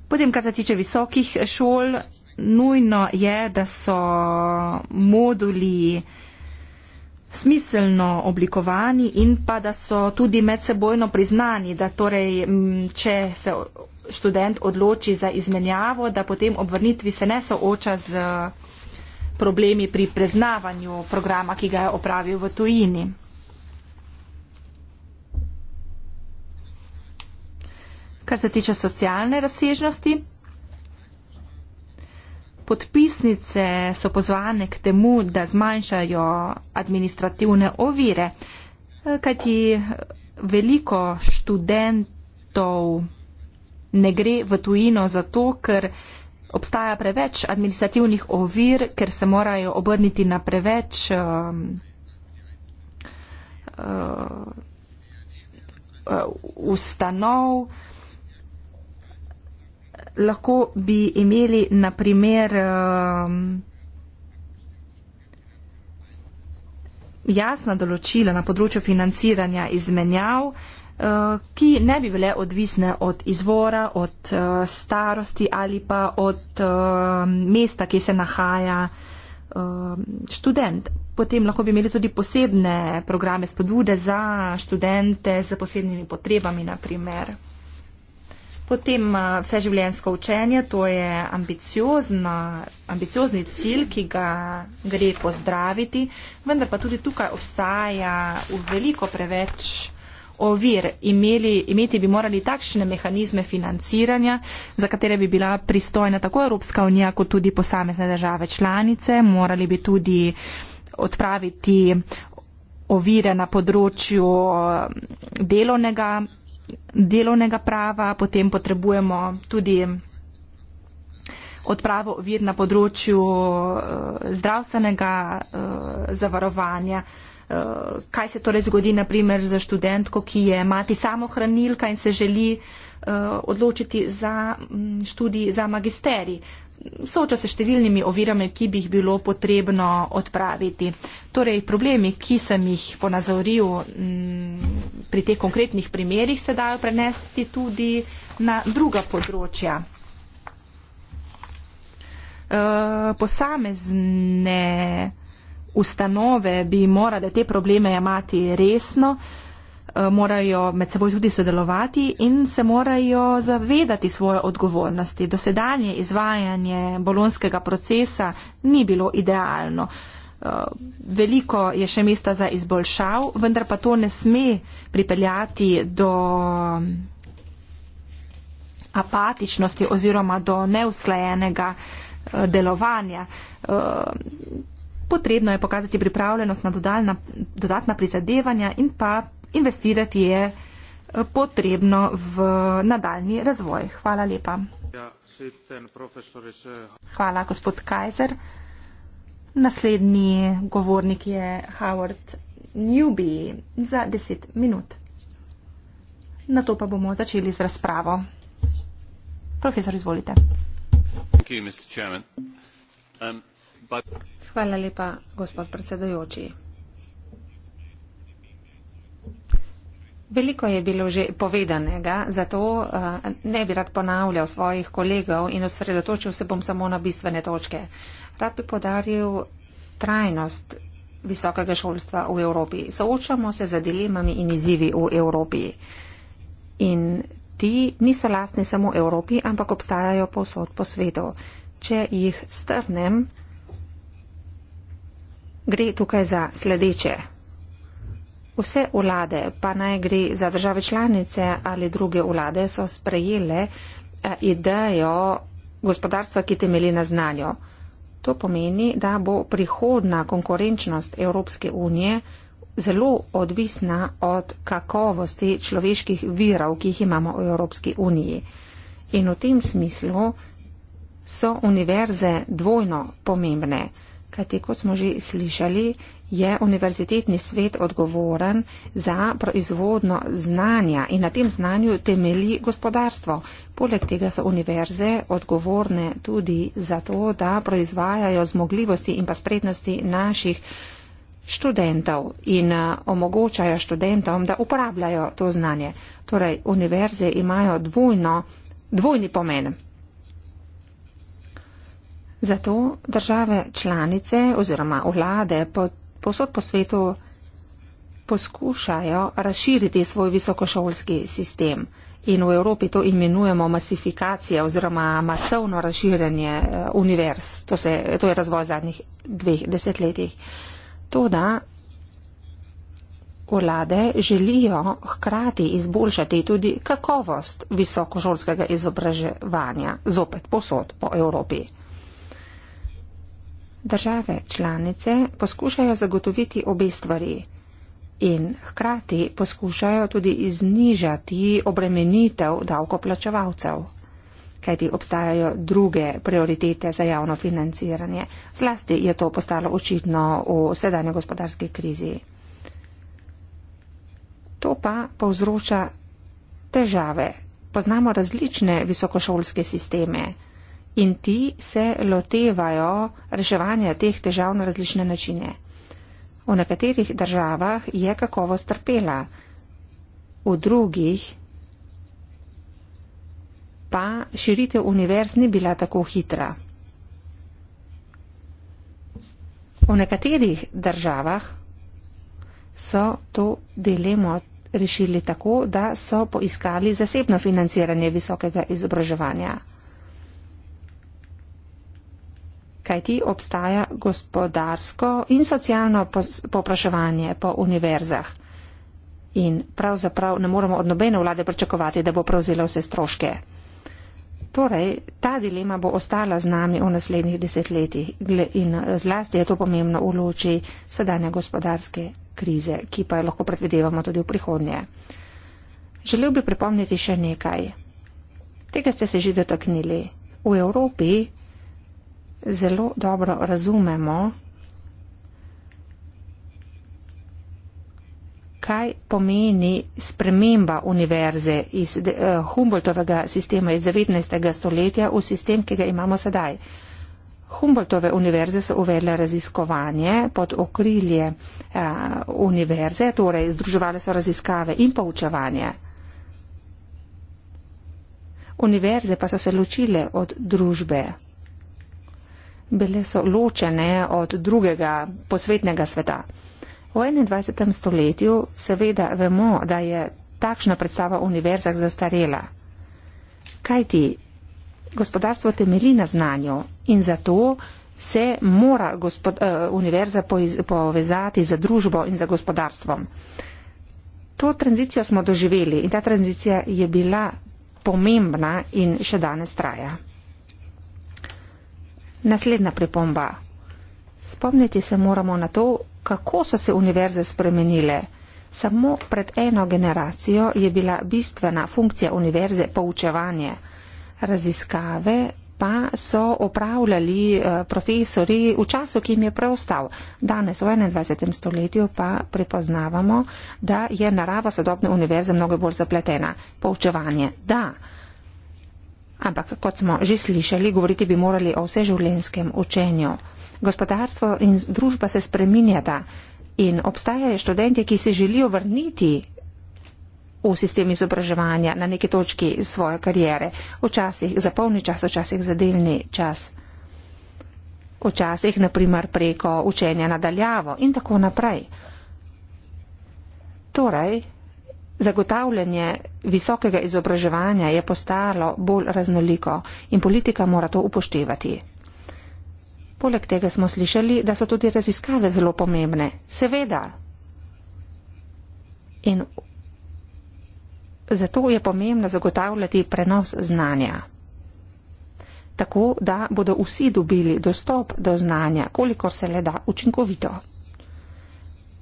Speaker 1: Potem, kar se tiče visokih šol, nujno je, da so moduli smiselno oblikovani in pa da so tudi medsebojno priznani, da torej, če se študent odloči za izmenjavo, da potem ob vrnitvi se ne sooča z eh, problemi pri preznavanju programa, ki ga je opravil v tujini. Kar se tiče socialne razsežnosti, podpisnice so pozvane k temu, da zmanjšajo administrativne ovire, eh, kajti eh, veliko študentov ne gre v tujino zato, ker obstaja preveč administrativnih ovir, ker se morajo obrniti na preveč um, uh, uh ustanov. Lahko bi imeli na primer um, jasna določila na področju financiranja izmenjav, uh, Eh, ki ne bi bile odvisne od izvora, od eh, starosti ali pa od eh, mesta, ki se nahaja študent. Potem lahko bi imeli tudi posebne programe spodbude za študente z posebnimi potrebami, naprimer. Potem vseživljenjsko učenje, to je ambiciozni cilj, ki ga gre pozdraviti, vendar pa tudi tukaj obstaja veliko preveč uh, ovir imeli, imeti bi morali takšne mehanizme financiranja, za katere bi bila pristojna tako Evropska unija kot tudi posamezne države članice. Morali bi tudi odpraviti ovire na področju eh, delovnega, delovnega prava, potem potrebujemo tudi odpravo ovir na področju eh, zdravstvenega eh, zavarovanja. Eh, kaj se torej zgodi naprimer za študentko, ki je mati samohranilka in se želi eh, odločiti za mm, študij za magisterij. Soča se številnimi ovirami, ki bi jih bilo potrebno odpraviti. Torej, problemi, ki sem jih ponazoril mm, pri teh konkretnih primerjih, se dajo prenesti tudi na druga področja. Eh, posamezne ustanove bi morale te probleme imati resno, eh, morajo med seboj tudi sodelovati in se morajo zavedati svoje odgovornosti. Dosedanje izvajanje bolonskega procesa ni bilo idealno. Eh, veliko je še mesta za izboljšav, vendar pa to ne sme pripeljati do mm, apatičnosti oziroma do neusklajenega eh, delovanja. Potrebno je pokazati pripravljenost na dodalna, dodatna prizadevanja in pa investirati je eh, potrebno v nadaljni razvoj. Hvala lepa.
Speaker 4: Ja, eh, Hvala,
Speaker 1: gospod Kajzer. Naslednji govornik je Howard Newby za 10 minut. Na to pa bomo začeli
Speaker 3: z razpravo. Profesor, izvolite.
Speaker 5: Thank you, Mr.
Speaker 3: Hvala lepa, gospod predsedujoči. Veliko je bilo že povedanega, zato eh, ne bi rad ponavljal svojih kolegov in osredotočil se bom samo na bistvene točke. Rad bi podaril trajnost visokega šolstva v Evropi. Soočamo se za dilemami in izzivi v Evropi. In ti niso lastni samo Evropi, ampak obstajajo povsod po svetu. Če jih strnem, gre tukaj za sledeče. Vse vlade, pa naj gre za države članice ali druge vlade, so sprejele eh, idejo gospodarstva, ki temeli na znanju. To pomeni, da bo prihodna konkurenčnost Evropske unije zelo odvisna od kakovosti človeških virov, ki jih imamo v Evropski uniji. In v tem smislu so univerze dvojno pomembne kajti kot smo že slišali, je univerzitetni svet odgovoren za proizvodno znanja in na tem znanju temeli gospodarstvo. Poleg tega so univerze odgovorne tudi za to, da proizvajajo zmogljivosti in pa spretnosti naših študentov in eh, omogočajo študentom, da uporabljajo to znanje. Torej, univerze imajo dvojno, dvojni pomen. Zato države članice oziroma vlade posod po svetu poskušajo razširiti svoj visokošolski sistem. In v Evropi to imenujemo masifikacija oziroma masovno razširjanje eh, univerz. To, se, to je razvoj zadnjih dveh desetletij. To, da vlade želijo hkrati izboljšati tudi kakovost visokošolskega izobraževanja, zopet posod po Evropi države članice poskušajo zagotoviti obe stvari in hkrati poskušajo tudi znižati obremenitev davkoplačevalcev, kajti obstajajo druge prioritete za javno financiranje. Zlasti je to postalo očitno v sedanje gospodarske krizi. To pa povzroča težave. Poznamo različne visokošolske sisteme in ti se lotevajo reševanja teh težav na različne načine. V nekaterih državah je kakovost trpela, v drugih pa širitev univerz ni bila tako hitra. V nekaterih državah so to dilemo rešili tako, da so poiskali zasebno financiranje visokega izobraževanja. kaj ti obstaja gospodarsko in socialno popraševanje po univerzah. In pravzaprav ne moremo od nobene vlade pričakovati, da bo prevzela vse stroške. Torej, ta dilema bo ostala z nami v naslednjih desetletjih in eh, zlasti je to pomembno v luči sedanje gospodarske krize, ki pa jo lahko predvidevamo tudi v prihodnje. Želel bi pripomniti še nekaj. Tega ste se že dotaknili. V Evropi zelo dobro razumemo, kaj pomeni sprememba univerze iz eh, Humboldtovega sistema iz 19. stoletja v sistem, ki ga imamo sedaj. Humboldtove univerze so uvedle raziskovanje pod okrilje a, eh, univerze, torej združevale so raziskave in poučevanje. Univerze pa so se ločile od družbe bile so ločene od drugega posvetnega sveta. V 21. stoletju seveda vemo, da je takšna predstava o univerzah zastarela. Kaj ti? Gospodarstvo temeli na znanju in zato se mora gospod, uh, univerza povezati za družbo in za gospodarstvom. To tranzicijo smo doživeli in ta tranzicija je bila pomembna in še danes traja. Naslednja pripomba. Spomniti se moramo na to, kako so se univerze spremenile. Samo pred eno generacijo je bila bistvena funkcija univerze poučevanje. Raziskave pa so opravljali eh, profesori v času, ki jim je preostal. Danes v 21. stoletju pa prepoznavamo, da je narava sodobne univerze mnogo bolj zapletena. Poučevanje. Da. Ampak, kot smo že slišali, govoriti bi morali o vseživljenskem učenju. Gospodarstvo in družba se spreminjata in obstajajo študente, ki se želijo vrniti v sistem izobraževanja na neki točki svoje karijere. Včasih za polni čas, včasih za delni čas. Včasih, naprimer, preko učenja nadaljavo in tako naprej. Torej, Zagotavljanje visokega izobraževanja je postalo bolj raznoliko in politika mora to upoštevati. Poleg tega smo slišali, da so tudi raziskave zelo pomembne. Seveda. In zato je pomembno zagotavljati prenos znanja. Tako, da bodo vsi dobili dostop do znanja, kolikor se le da učinkovito.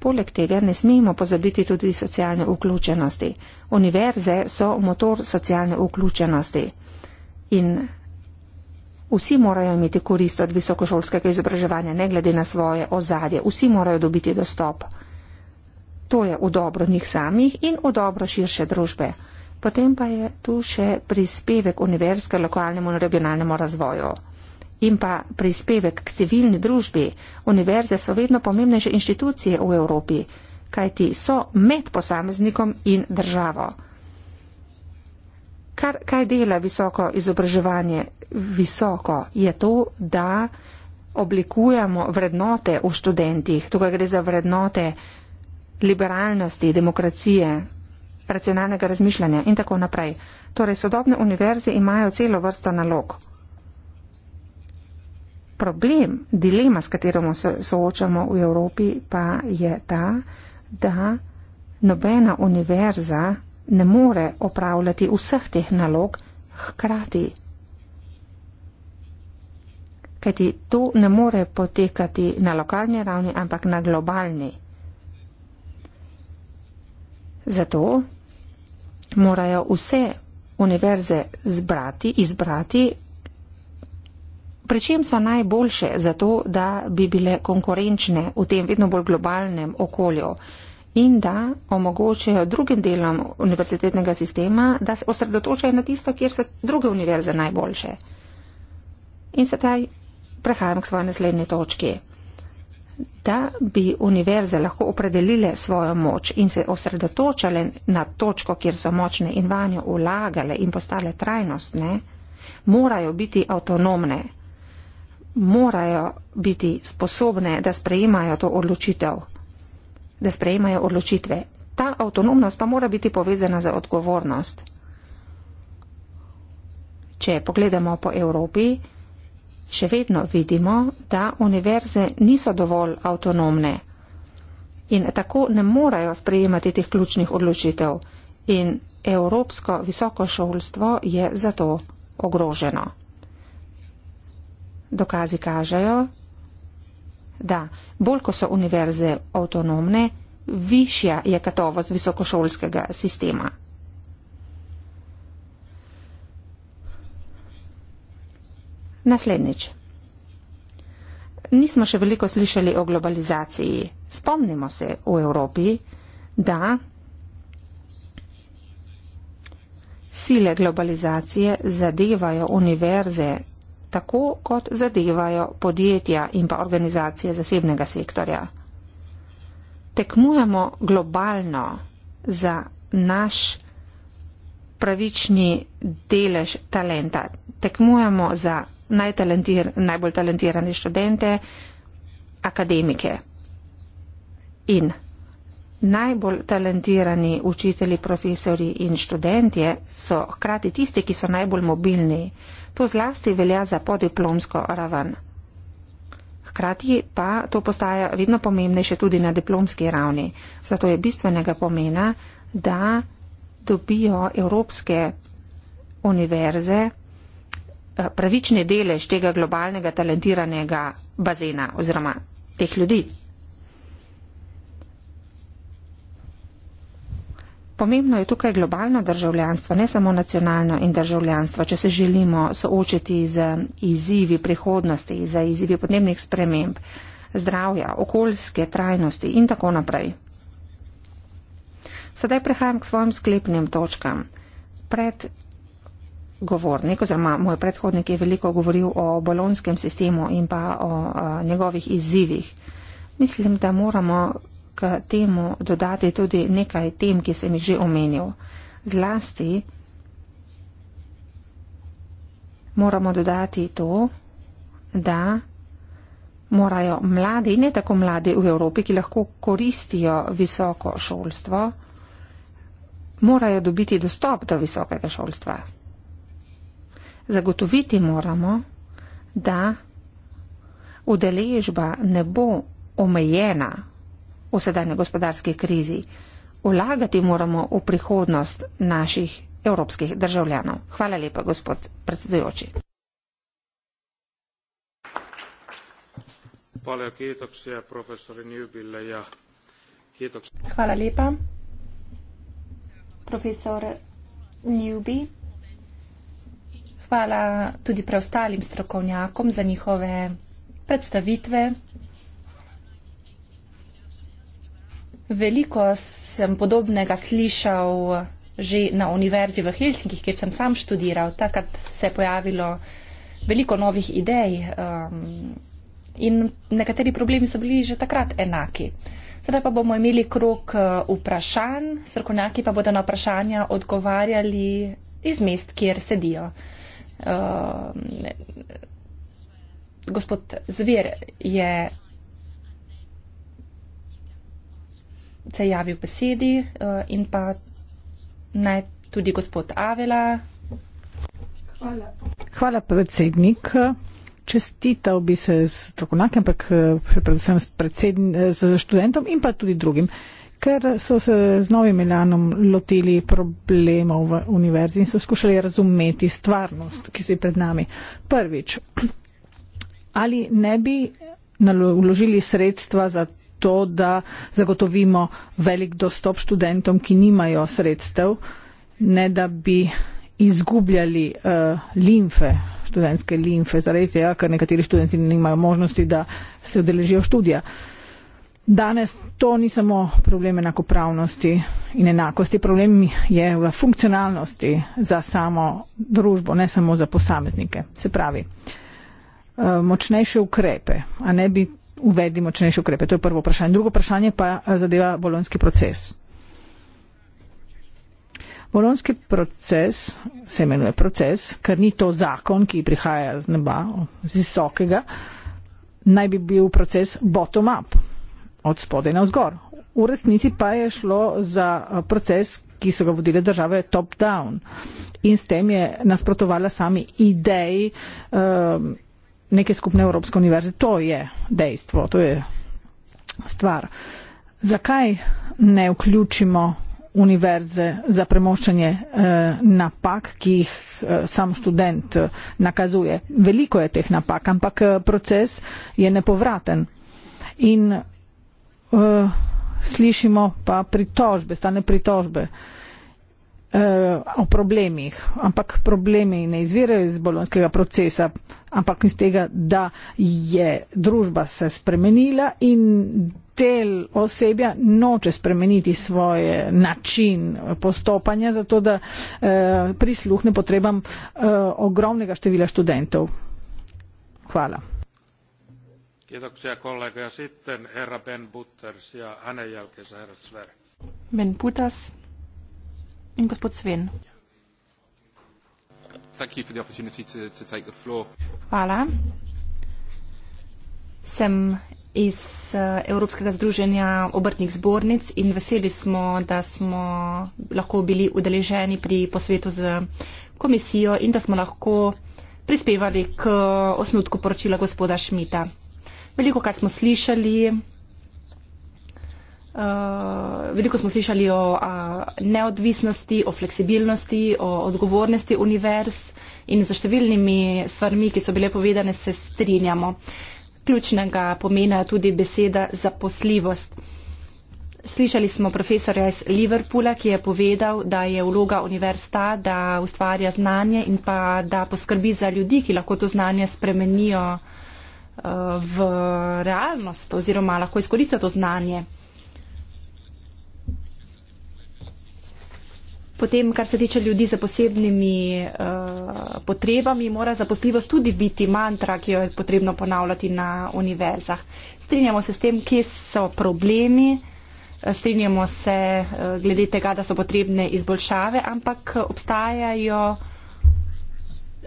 Speaker 3: Poleg tega ne smemo pozabiti tudi socialne vključenosti. Univerze so motor socialne vključenosti in vsi morajo imeti korist od visokošolskega izobraževanja, ne glede na svoje ozadje. Vsi morajo dobiti dostop. To je v dobro njih samih in v dobro širše družbe. Potem pa je tu še prispevek univerzke lokalnemu in regionalnemu razvoju in pa prispevek k civilni družbi. Univerze so vedno pomembnejše inštitucije v Evropi, kajti so med posameznikom in državo. Kar, kaj dela visoko izobraževanje? Visoko je to, da oblikujemo vrednote v študentih. Tukaj gre za vrednote liberalnosti, demokracije, racionalnega razmišljanja in tako naprej. Torej, sodobne univerze imajo celo vrsto nalog problem, dilema, s katero se soočamo v Evropi, pa je ta, da nobena univerza ne more opravljati vseh teh nalog hkrati. Kajti to ne more potekati na lokalni ravni, ampak na globalni. Zato morajo vse univerze zbrati, izbrati pri čem so najboljše za to, da bi bile konkurenčne v tem vedno bolj globalnem okolju in da omogočajo drugim delom univerzitetnega sistema, da se osredotočajo na tisto, kjer so druge univerze najboljše. In sedaj prehajam k svoji naslednji točki. Da bi univerze lahko opredelile svojo moč in se osredotočale na točko, kjer so močne in vanjo ulagale in postale trajnostne, morajo biti avtonomne morajo biti sposobne, da sprejemajo to odločitev, da sprejemajo odločitve. Ta avtonomnost pa mora biti povezana za odgovornost. Če pogledamo po Evropi, še vedno vidimo, da univerze niso dovolj avtonomne in tako ne morajo sprejemati teh ključnih odločitev. In evropsko visoko šolstvo je zato ogroženo dokazi kažejo, da bolj ko so univerze avtonomne, višja je kakovost visokošolskega sistema. Naslednjič. Nismo še veliko slišali o globalizaciji. Spomnimo se v Evropi, da sile globalizacije zadevajo univerze tako kot zadevajo podjetja in pa organizacije zasebnega sektorja. Tekmujemo globalno za naš pravični delež talenta. Tekmujemo za najtalentir, najbolj talentirane študente, akademike. In Najbolj talentirani učitelji, profesori in študentje so hkrati tisti, ki so najbolj mobilni. To zlasti velja za podiplomsko raven. Hkrati pa to postaja vedno pomembnejše tudi na diplomski ravni. Zato je bistvenega pomena, da dobijo evropske univerze eh, pravični delež tega globalnega talentiranega bazena oziroma teh ljudi. Pomembno je tukaj globalno državljanstvo, ne samo nacionalno in državljanstvo, če se želimo soočiti z izzivi prihodnosti, z izzivi podnebnih sprememb, zdravja, okoljske trajnosti in tako naprej. Sedaj prehajam k svojim sklepnim točkam. Pred govornik oziroma moj predhodnik je veliko govoril o bolonskem sistemu in pa o a, njegovih izzivih. Mislim, da moramo k temu dodati tudi nekaj tem, ki sem jih že omenil. Zlasti moramo dodati to, da morajo mladi, ne tako mladi v Evropi, ki lahko koristijo visoko šolstvo, morajo dobiti dostop do visokega šolstva. Zagotoviti moramo, da udeležba ne bo omejena v sedajni gospodarski krizi. Vlagati moramo v prihodnost naših evropskih državljanov. Hvala lepa, gospod predsedujoči.
Speaker 4: Ja
Speaker 1: hvala lepa, profesor Ljubi. Hvala tudi preostalim strokovnjakom za njihove predstavitve. Veliko sem podobnega slišal že na univerzi v Helsinki, kjer sem sam študiral. Takrat se je pojavilo veliko novih idej um, in nekateri problemi so bili že takrat enaki. Sedaj pa bomo imeli krok uh, vprašanj, srkonjaki pa bodo na vprašanja odgovarjali iz mest, kjer sedijo. Uh, gospod Zver je se javi v besedi uh, in pa naj tudi gospod Avela.
Speaker 2: Hvala. Hvala, predsednik. Čestital bi se z trokonakem, ampak eh, predvsem s predsedn, z eh, študentom in pa tudi drugim, ker so se z novim Milanom lotili problemov v univerzi in so skušali razumeti stvarnost, ki so pred nami. Prvič, ali ne bi vložili sredstva za to, da zagotovimo velik dostop študentom, ki nimajo sredstev, ne da bi izgubljali uh, eh, linfe, študentske linfe, zaradi tega, ja, ker nekateri študenti nimajo možnosti, da se odeležijo študija. Danes to ni samo problem enakopravnosti in enakosti, problem je v funkcionalnosti za samo družbo, ne samo za posameznike. Se pravi, eh, močnejše ukrepe, a ne bi uvedli močnejše ukrepe. To je prvo vprašanje. Drugo vprašanje pa eh, zadeva bolonski proces. Bolonski proces se imenuje proces, ker ni to zakon, ki prihaja z neba, z visokega, naj bi bil proces bottom-up, od spodaj na vzgor. V resnici pa je šlo za eh, proces, ki so ga vodile države top-down in s tem je nasprotovala sami ideji. Um, neke skupne evropske univerze. To je dejstvo, to je stvar. Zakaj ne vključimo univerze za premoščanje eh, napak, ki jih eh, sam študent eh, nakazuje? Veliko je teh napak, ampak eh, proces je nepovraten. In eh, slišimo pa pritožbe, stane pritožbe. Eh, Eh, o problemih, ampak problemi ne izvirajo iz bolonskega procesa, ampak iz tega, da je družba se spremenila in del osebja noče spremeniti svoj način postopanja, zato da eh, prisluhne potrebam eh, ogromnega števila študentov. Hvala.
Speaker 4: Kitoksia, kollega. Ja sitten herra Ben Butters ja hänen jälkeensä herra Sverre.
Speaker 1: Ben Butters in gospod Sven. Hvala. Sem iz eh, Evropskega združenja obrtnih zbornic in veseli smo, da smo lahko bili udeleženi pri posvetu z komisijo in da smo lahko prispevali k osnutku poročila gospoda Šmita. Veliko, kar smo slišali, Eh, veliko smo slišali o uh, neodvisnosti, o fleksibilnosti, o odgovornosti univerz in za številnimi stvarmi, ki so bile povedane, se strinjamo. Ključnega pomena je tudi beseda zaposljivost. Slišali smo profesorja iz Liverpoola, ki je povedal, da je vloga univerzita, da ustvarja znanje in pa da poskrbi za ljudi, ki lahko to znanje spremenijo uh, v realnost oziroma lahko izkoristijo to znanje. Potem, kar se tiče ljudi za posebnimi uh, potrebami, mora zaposljivost tudi biti mantra, ki jo je potrebno ponavljati na univerzah. Strinjamo se s tem, kje so problemi, eh, strinjamo se uh, glede tega, da so potrebne izboljšave, ampak obstajajo.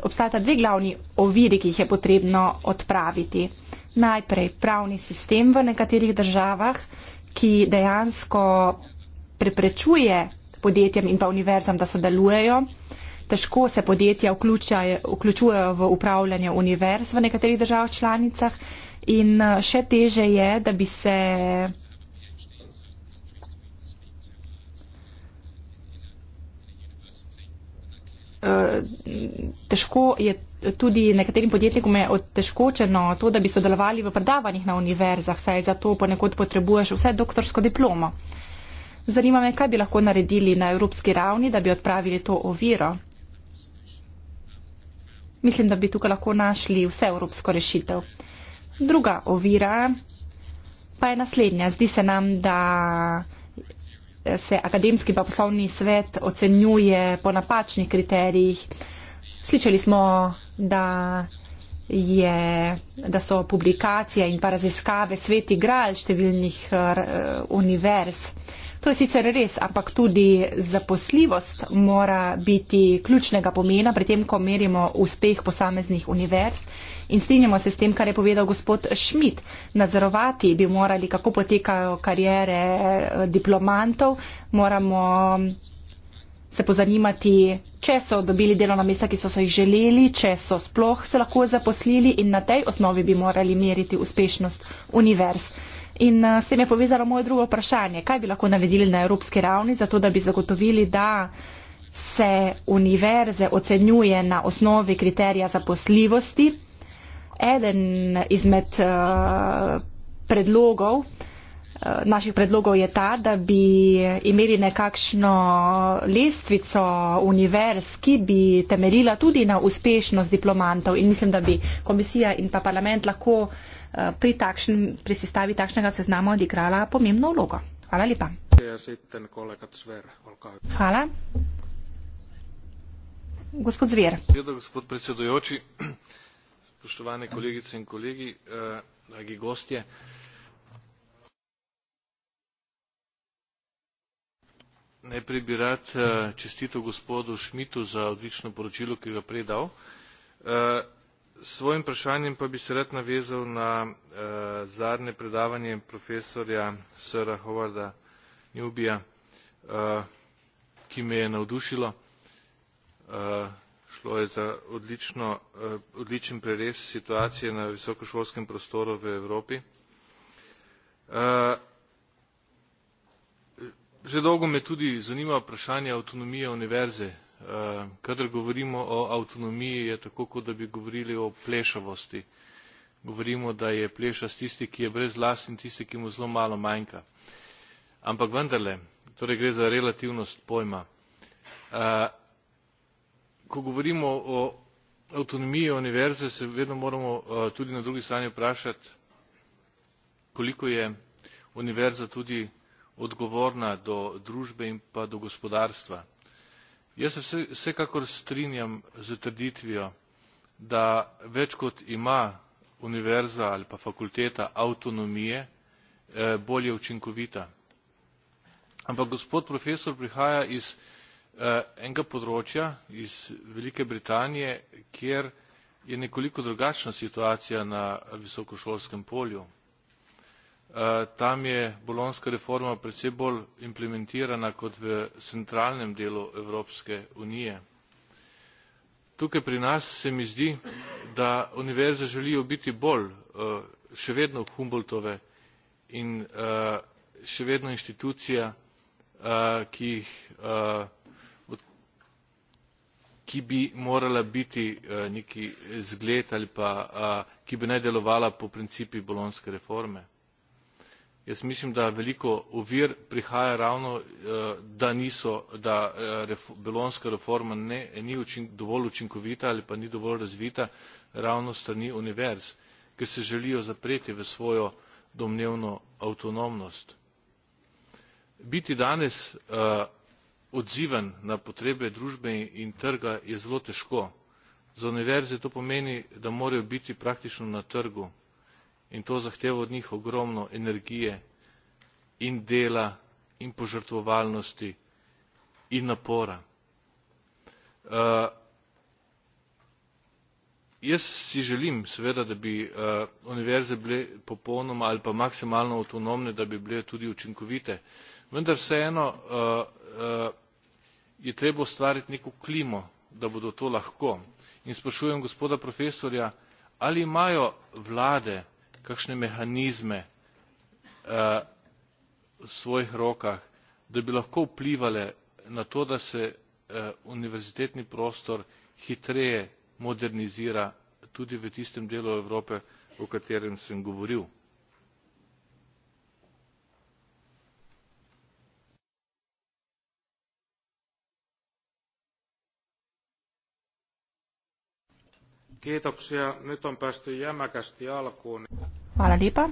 Speaker 1: Obstajata dve glavni oviri, ki jih je potrebno odpraviti. Najprej pravni sistem v nekaterih državah, ki dejansko preprečuje podjetjem in pa univerzam, da sodelujejo. Težko se podjetja vključujejo v upravljanje univerz v nekaterih državah članicah in eh, še teže je, da bi se. Eh, težko je tudi nekaterim podjetnikom je otežkočeno to, da bi sodelovali v predavanjih na univerzah, saj za to ponekod potrebuješ vse doktorsko diplomo. Zanima me, kaj bi lahko naredili na evropski ravni, da bi odpravili to oviro. Mislim, da bi tukaj lahko našli vse evropsko rešitev. Druga ovira pa je naslednja. Zdi se nam, da se akademski pa poslovni svet ocenjuje po napačnih kriterijih. Slišali smo, da je, da so publikacije in pa raziskave sveti gral številnih eh, univerz. To je sicer res, ampak tudi zaposljivost mora biti ključnega pomena pri tem, ko merimo uspeh posameznih univerz. In strinjamo se s tem, kar je povedal gospod Schmidt. Nadzorovati bi morali, kako potekajo karijere eh, diplomantov, moramo se pozanimati, če so dobili delovna mesta, ki so se jih želeli, če so sploh se lahko zaposlili in na tej osnovi bi morali meriti uspešnost univerz. In eh, s tem je povezalo moje drugo vprašanje, kaj bi lahko naredili na evropski ravni, zato da bi zagotovili, da se univerze ocenjuje na osnovi kriterija zaposljivosti. Eden izmed uh, predlogov uh, Eh, naših predlogov je ta, da bi imeli nekakšno lestvico univerz, ki bi temeljila tudi na uspešnost diplomantov in mislim, da bi komisija in pa parlament lahko eh, pri, takšen, pri sestavi takšnega seznama odigrala pomembno vlogo. Hvala lepa. Ja, Hvala. Gospod Zver.
Speaker 5: Sveda, gospod predsedujoči, spoštovane kolegice in kolegi, eh, dragi gostje. najprej bi rad eh, čestital gospodu schmidtu za odlično poročilo ki ga je prej dal eh, s svojim vprašanjem pa bi se rad navezal na eh, zadnje predavanje profesorja sira howarda newbija ki me je navdušilo šlo je za odlično odličen prerez situacije na visokošolskem prostoru v evropi Že dolgo me tudi zanima vprašanje avtonomije univerze. Eh, kadar govorimo o avtonomiji, je tako, kot da bi govorili o plešavosti. Govorimo, da je plešas tisti, ki je brez las in tisti, ki mu zelo malo manjka. Ampak vendarle, torej gre za relativnost pojma. Eh, ko govorimo o avtonomiji univerze, se vedno moramo eh, tudi na drugi strani vprašati, koliko je univerza tudi odgovorna do družbe in pa do gospodarstva. jaz se vsekakor strinjam z trditvijo da več kot ima univerza ali pa fakulteta avtonomije eh, bolje učinkovita. ampak gospod profesor prihaja iz eh, enega področja iz velike britanije kjer je nekoliko drugačna situacija na visokošolskem polju. Eh, tam je bolonjska reforma precej bolj implementirana kot v centralnem delu evropske unije. tukaj pri nas se mi zdi da univerze želijo biti bolj eh, še vedno humboldtove in eh, še vedno inštitucija ki jih ki bi morala biti neki zgled ali pa ki bi naj delovala po principih bolonjske reforme jaz mislim da veliko ovir prihaja ravno eh, da niso da eh, bolonjska reforma ni dovolj učinkovita ali pa ni dovolj razvita ravno s strani univerz ker se želijo zapreti v svojo domnevno avtonomnost. biti danes eh, odziven na potrebe družbe in trga je zelo težko. za univerze to pomeni da morajo biti praktično na trgu in to zahteva od njih ogromno energije in dela in požrtvovalnosti in napora. Uh, jaz si želim seveda, da bi uh, univerze bile popolnoma ali pa maksimalno avtonomne, da bi bile tudi učinkovite. Vendar vseeno uh, uh, je treba ustvariti neko klimo, da bodo to lahko. In sprašujem gospoda profesorja, ali imajo vlade kakšne mehanizme eh, v svojih rokah, da bi lahko vplivali na to, da se eh, univerzitetni prostor hitreje modernizira tudi v tistem delu Evrope, o katerem sem govoril.
Speaker 4: Kiitoksia. Nyt on päästy jämäkästi alkuun.
Speaker 1: Hvala lepa.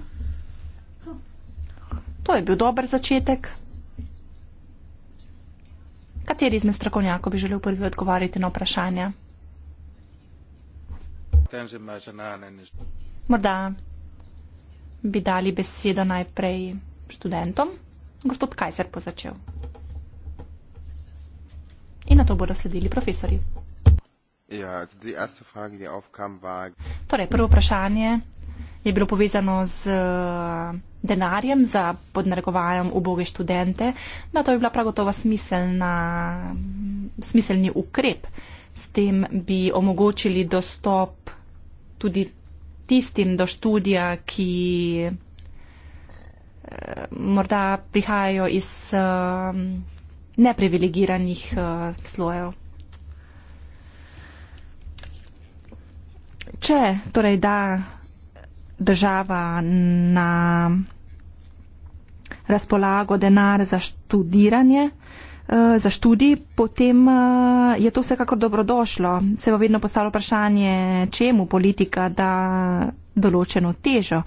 Speaker 1: To je bil dober začetek. Kateri izmed strokovnjakov bi želel prvi odgovarjati na vprašanja? Morda bi dali besedo najprej študentom. Gospod Kajser bo začel. In na to bodo sledili profesori.
Speaker 4: Ja, tudi erste Frage, die aufkam, war...
Speaker 1: Torej, prvo vprašanje je bilo povezano z eh, denarjem za podnaregovajem uboge študente. Da, to je bi bila prav gotova smiselna, smiselni ukrep. S tem bi omogočili dostop tudi tistim do študija, ki eh, morda prihajajo iz eh, neprivilegiranih slojev. če torej da država na razpolago denar za študiranje, eh, za študij, potem eh, je to vsekakor dobrodošlo. Se bo vedno postalo vprašanje, čemu politika da določeno težo.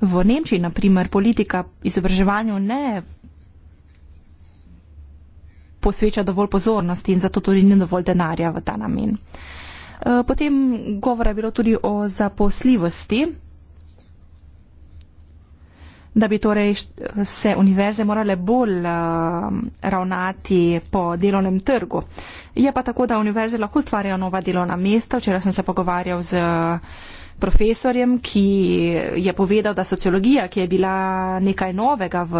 Speaker 1: V Nemčiji, na primer, politika izobraževanju ne posveča dovolj pozornosti in zato tudi ni dovolj denarja v ta namen. Eh, potem govora je bilo tudi o zaposljivosti, da bi torej se univerze morale bolj eh, ravnati po delovnem trgu. Je pa tako, da univerze lahko ustvarjajo nova delovna mesta. Včeraj sem se pogovarjal z profesorjem, ki je povedal, da sociologija, ki je bila nekaj novega v,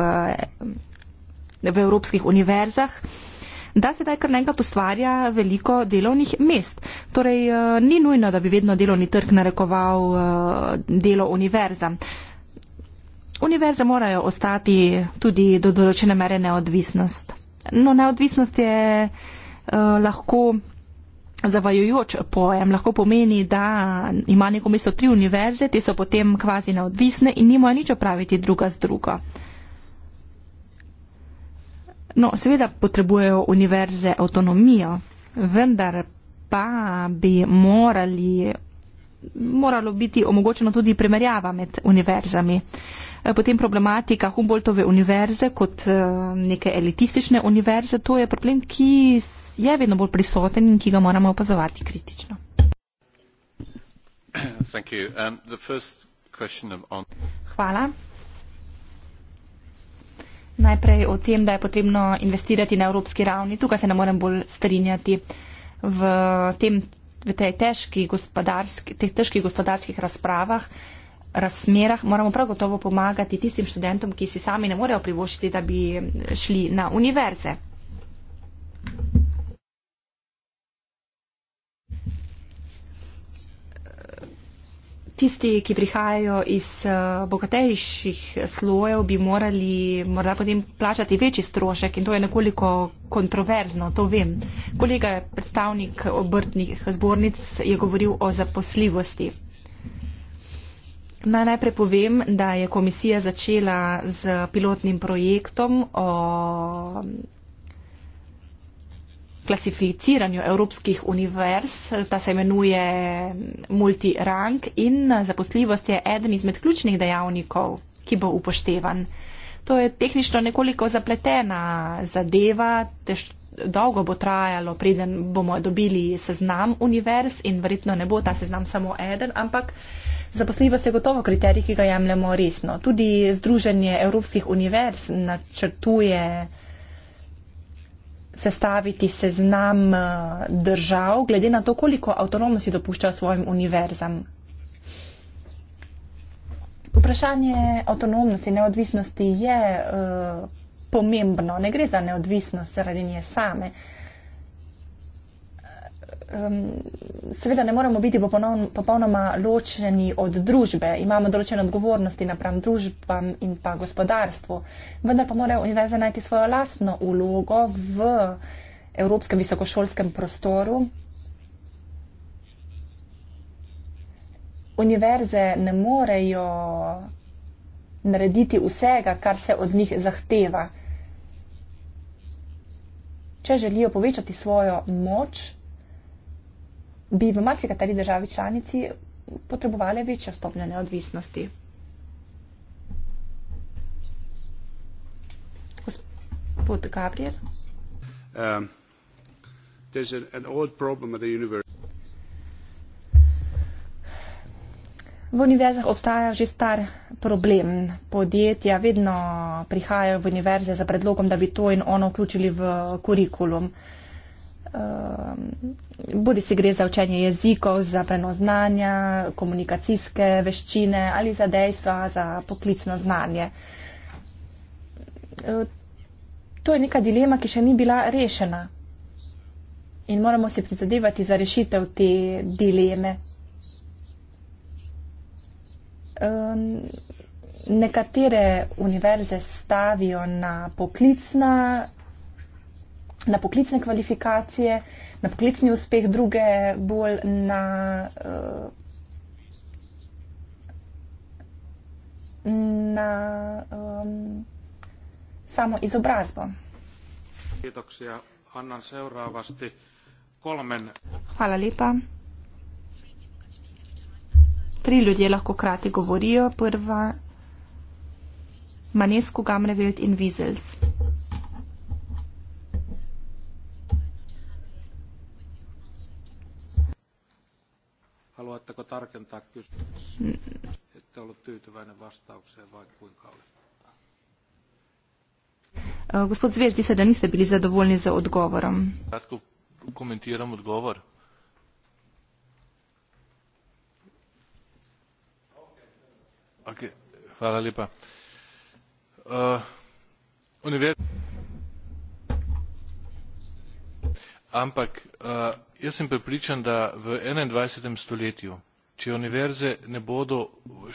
Speaker 1: v evropskih univerzah, da se daj kar naenkrat ustvarja veliko delovnih mest. Torej, eh, ni nujno, da bi vedno delovni trg narekoval eh, delo univerza. Univerze morajo ostati tudi do določene mere neodvisnost. No, neodvisnost je eh, lahko zavajojoč pojem, lahko pomeni, da ima neko mesto tri univerze, te so potem kvazi neodvisne in nimajo nič opraviti druga z drugo. No, seveda potrebujejo univerze avtonomijo, vendar pa bi morali, moralo biti omogočeno tudi primerjava med univerzami. Eh, potem problematika Humboldtove univerze kot eh, neke elitistične univerze, to je problem, ki je vedno bolj prisoten in ki ga moramo opazovati kritično. Um, Hvala najprej o tem, da je potrebno investirati na evropski ravni. Tukaj se ne morem bolj strinjati v, tem, v tej težki teh težkih gospodarskih razpravah, razmerah. Moramo prav gotovo pomagati tistim študentom, ki si sami ne morejo privoščiti, da bi šli na univerze. tisti, ki prihajajo iz eh, bogatejših slojev, bi morali morda potem plačati večji strošek in to je nekoliko kontroverzno, to vem. Kolega predstavnik obrtnih zbornic je govoril o zaposljivosti. Naj najprej povem, da je komisija začela z pilotnim projektom o klasificiranju evropskih univerz, ta se imenuje multirank in zaposljivost je eden izmed ključnih dejavnikov, ki bo upoštevan. To je tehnično nekoliko zapletena zadeva, tež, dolgo bo trajalo, preden bomo dobili seznam univerz in verjetno ne bo ta seznam samo eden, ampak zaposljivost je gotovo kriterij, ki ga jemljemo resno. Tudi Združenje evropskih univerz načrtuje sestaviti seznam eh, držav, glede na to, koliko avtonomnosti dopuščajo svojim univerzam? Vprašanje avtonomnosti, neodvisnosti je uh, pomembno. Ne gre za neodvisnost zaradi nje same, uh, um, seveda ne moremo biti popolnom, popolnoma ločeni od družbe, imamo določene odgovornosti napram družbam in pa gospodarstvu, vendar pa mora univerza najti svojo lastno ulogo v evropskem visokošolskem prostoru. Univerze ne morejo narediti vsega, kar se od njih zahteva. Če želijo povečati svojo moč, bi v marsikateri državi članici potrebovali večjo stopnjo neodvisnosti. Gospod Gabriel. Um, V univerzah obstaja že star problem. Podjetja vedno prihajajo v univerze za predlogom, da bi to in ono vključili v kurikulum. Uh, Ehm, bodi si gre za učenje jezikov, za prenos znanja, komunikacijske veščine ali za dejstva, za poklicno znanje. Ehm, to je neka dilema, ki še ni bila rešena. In moramo si prizadevati za rešitev te dileme. Ehm, nekatere univerze stavijo na poklicna na poklicne kvalifikacije, na poklicni uspeh, druge bolj na. Uh, Na um, samo izobrazbo. Hvala lepa. Tri ljudje lahko krati govorijo. Prva, Manesko, Gamrevelt in Wiesels.
Speaker 4: Haluatteko tarkentaa kysymyksiä? Ette ollut tyytyväinen
Speaker 5: vastaukseen vai kuinka olette?
Speaker 1: Eh, gospod Zver, ti se, da niste bili zadovoljni z odgovorom.
Speaker 5: Kratko komentiram odgovor. Ok, hvala lepa. Eh, Univerza. Ampak eh, jaz sem prepričan da v enaindvajset stoletju če univerze ne bodo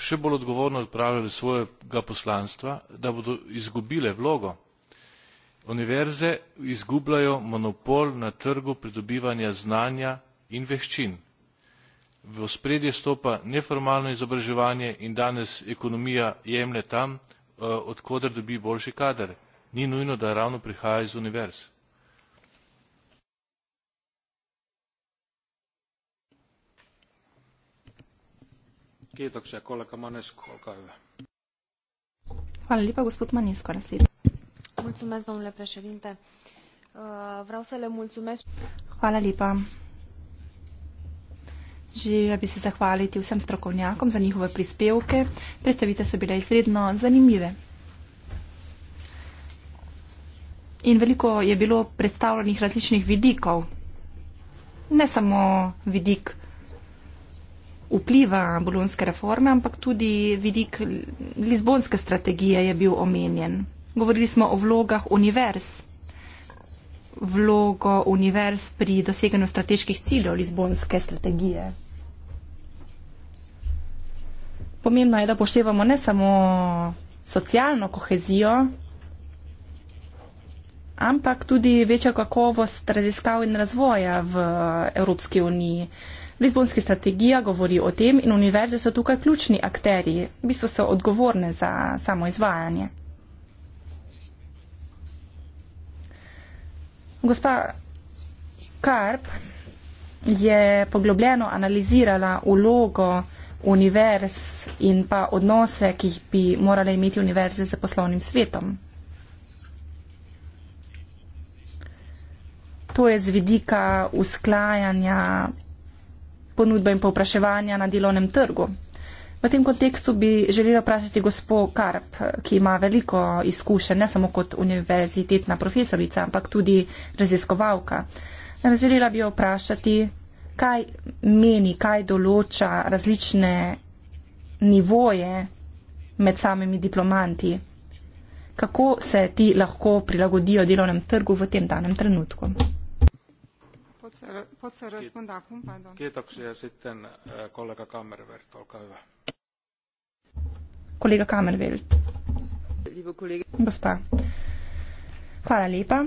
Speaker 5: še bolj odgovorno opravljale svojega poslanstva da bodo izgubile vlogo univerze izgubljajo monopol na trgu pridobivanja znanja in veščin v ospredje stopa neformalno izobraževanje in danes ekonomija jemlje tam eh, odkoder dobi boljši kader ni nujno da ravno prihaja iz univerz
Speaker 4: Uh,
Speaker 1: Hvala lepa. Želela bi se zahvaliti vsem strokovnjakom za njihove prispevke. Predstavitve so bile izredno zanimive. In veliko je bilo predstavljenih različnih vidikov. Ne samo vidik vpliva bolonske reforme, ampak tudi vidik lizbonske strategije je bil omenjen. Govorili smo o vlogah univerz, vlogo univerz pri doseganju strateških ciljev lizbonske strategije. Pomembno je, da poštevamo ne samo socialno kohezijo, ampak tudi večjo kakovost raziskav in razvoja v Evropski uniji. Uh, Lizbonska strategija govori o tem in univerze so tukaj ključni akteri, v bistvu so odgovorne za samo izvajanje. Gospa Karp je poglobljeno analizirala ulogo univerz in pa odnose, ki jih bi morale imeti univerze z poslovnim svetom. To je z vidika usklajanja ponudbe in povpraševanja na delovnem trgu. V tem kontekstu bi želela vprašati gospo Karp, ki ima veliko izkušenj, ne samo kot univerzitetna profesorica, ampak tudi raziskovalka. Želela bi jo vprašati, kaj meni, kaj določa različne nivoje med samimi diplomanti, kako se ti lahko prilagodijo delovnem trgu v tem danem trenutku.
Speaker 4: Kiitoksia. Sitten äh, kollega Kammervert, olkaa hyvä.
Speaker 1: Kollega Kammervert. Gospa. Hvala lepa.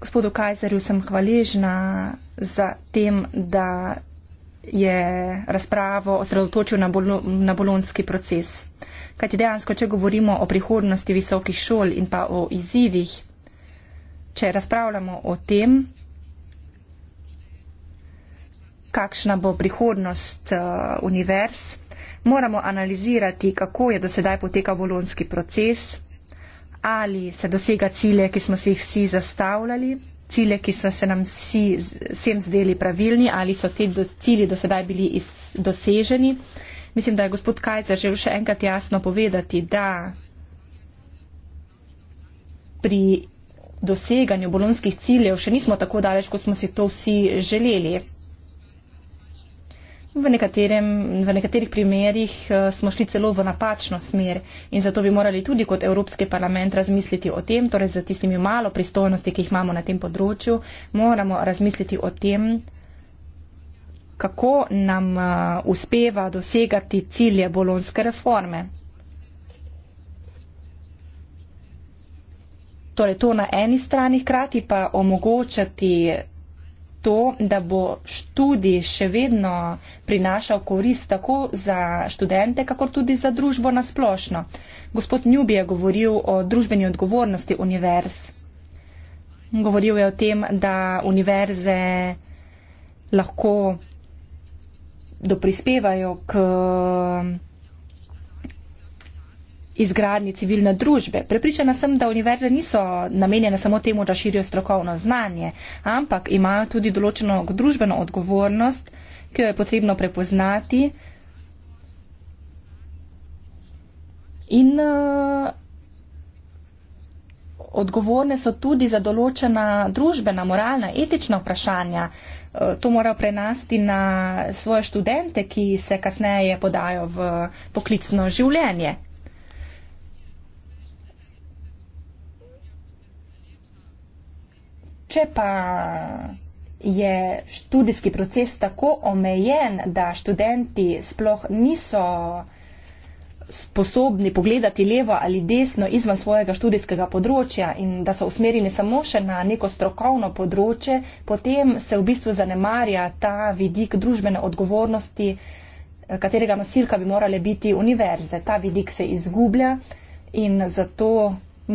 Speaker 1: Gospodu Kajzerju sem hvaležna za tem, da je razpravo osredotočil na, bol na bolonski proces. Kajti dejansko, če govorimo o prihodnosti visokih šol in pa o izzivih, če razpravljamo o tem, kakšna bo prihodnost uh, univerz, moramo analizirati, kako je do sedaj potekal bolonski proces, ali se dosega cilje, ki smo si jih vsi zastavljali, cilje, ki so se nam vsi, vsem zdeli pravilni, ali so te do, cilje do sedaj bili iz, doseženi. Mislim, da je gospod Kajzer želel še enkrat jasno povedati, da pri doseganju bolonskih ciljev še nismo tako daleč, kot smo si to vsi želeli. V, nekaterem, v nekaterih primerjih eh, smo šli celo v napačno smer in zato bi morali tudi kot Evropski parlament razmisliti o tem, torej za tistimi malo pristojnosti, ki jih imamo na tem področju, moramo razmisliti o tem, kako nam eh, uspeva dosegati cilje bolonske reforme. torej to na eni strani, hkrati pa omogočati to, da bo študij še vedno prinašal korist tako za študente, kako tudi za družbo nasplošno. Gospod Njubi je govoril o družbeni odgovornosti univerz. Govoril je o tem, da univerze lahko doprispevajo k izgradnji civilne družbe. Prepričana sem, da univerze niso namenjene samo temu, da širijo strokovno znanje, ampak imajo tudi določeno družbeno odgovornost, ki jo je potrebno prepoznati in uh, odgovorne so tudi za določena družbena, moralna, etična vprašanja. Eh, to morajo prenasti na svoje študente, ki se kasneje podajo v poklicno življenje. Če pa je študijski proces tako omejen, da študenti sploh niso sposobni pogledati levo ali desno izven svojega študijskega področja in da so usmerjeni samo še na neko strokovno področje, potem se v bistvu zanemarja ta vidik družbene odgovornosti, eh, katerega nosilka bi morale biti univerze. Ta vidik se izgublja in zato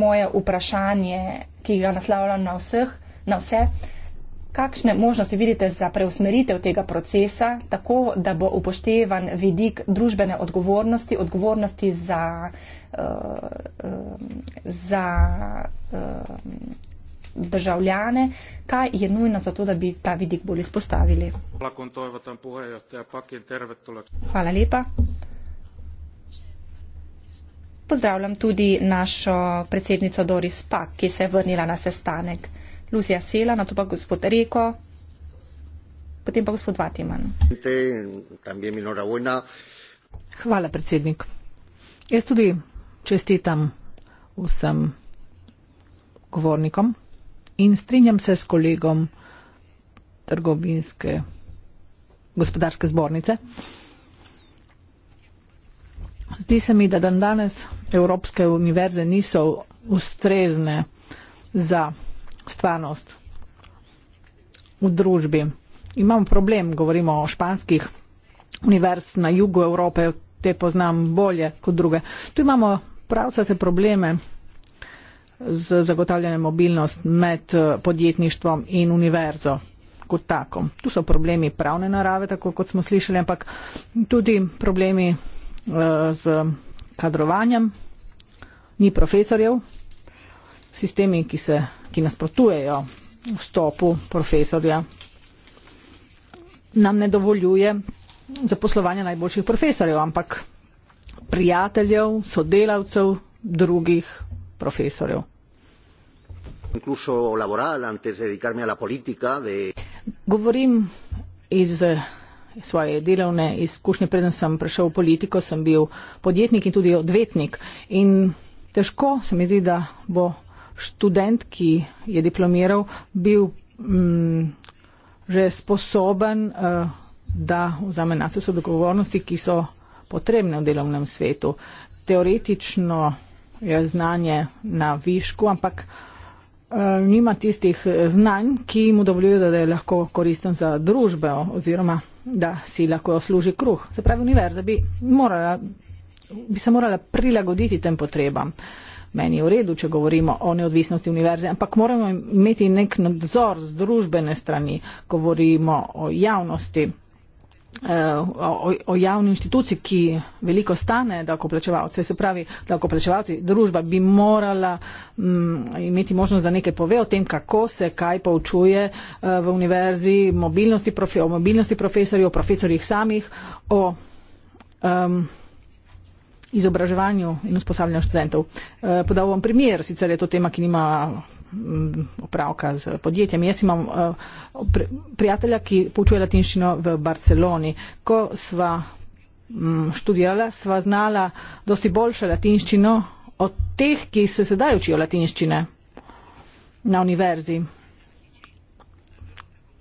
Speaker 1: moje vprašanje, ki ga naslavljam na vseh, na vse. Kakšne možnosti vidite za preusmeritev tega procesa, tako da bo upoštevan vidik družbene odgovornosti, odgovornosti za, uh, uh, za uh, državljane? Kaj je nujno za to, da bi ta vidik bolj izpostavili? Hvala lepa. Pozdravljam tudi našo predsednico Doris Pak, ki se je vrnila na sestanek. Luzija Sela, nato pa gospod Reko,
Speaker 2: potem pa gospod Vatiman. Hvala, predsednik. Jaz tudi čestitam vsem govornikom in strinjam se s kolegom trgovinske gospodarske zbornice. Zdi se mi, da dan danes Evropske univerze niso ustrezne za stvarnost v družbi. Imamo problem, govorimo o španskih univerz na jugu Evrope, te poznam bolje kot druge. Tu imamo pravcate probleme z zagotavljanjem mobilnost med eh, podjetništvom in univerzo kot takom. Tu so problemi pravne narave, tako kot smo slišali, ampak tudi problemi eh, z kadrovanjem, ni profesorjev, sistemi, ki se ki nasprotujejo vstopu profesorja, nam ne dovoljuje zaposlovanja najboljših profesorjev, ampak prijateljev, sodelavcev drugih profesorjev.
Speaker 4: Incluso laboral, antes dedicarme a la politika. De...
Speaker 2: Govorim iz svoje delovne izkušnje, preden sem prišel v politiko, sem bil podjetnik in tudi odvetnik. In težko se mi zdi, da bo študent, ki je diplomiral, bil m, mm, že sposoben, uh, da vzame na se so dogovornosti, ki so potrebne v delovnem svetu. Teoretično je znanje na višku, ampak uh, nima tistih eh, znanj, ki mu dovoljujo, da je lahko koristen za družbe oziroma da si lahko služi kruh. Se pravi, univerza bi, morala, bi se morala prilagoditi tem potrebam. Uh, meni je v redu, če govorimo o neodvisnosti univerze, ampak moramo imeti nek nadzor z družbene strani, govorimo o javnosti, eh, o, o javni inštituciji, ki veliko stane davkoplačevalce. Se pravi, davkoplačevalci, družba bi morala m, mm, imeti možnost, da nekaj pove o tem, kako se kaj poučuje eh, v univerzi, mobilnosti profi, o mobilnosti profesorjev, o profesorjih samih, o. Um, izobraževanju in usposabljanju študentov. Eh, podal vam primer, sicer je to tema, ki nima mm, opravka z podjetjem. Jaz imam eh, prijatelja, ki poučuje latinščino v Barceloni. Ko sva mm, študirala, sva znala dosti boljše latinščino od teh, ki se sedaj učijo latinščine na univerzi.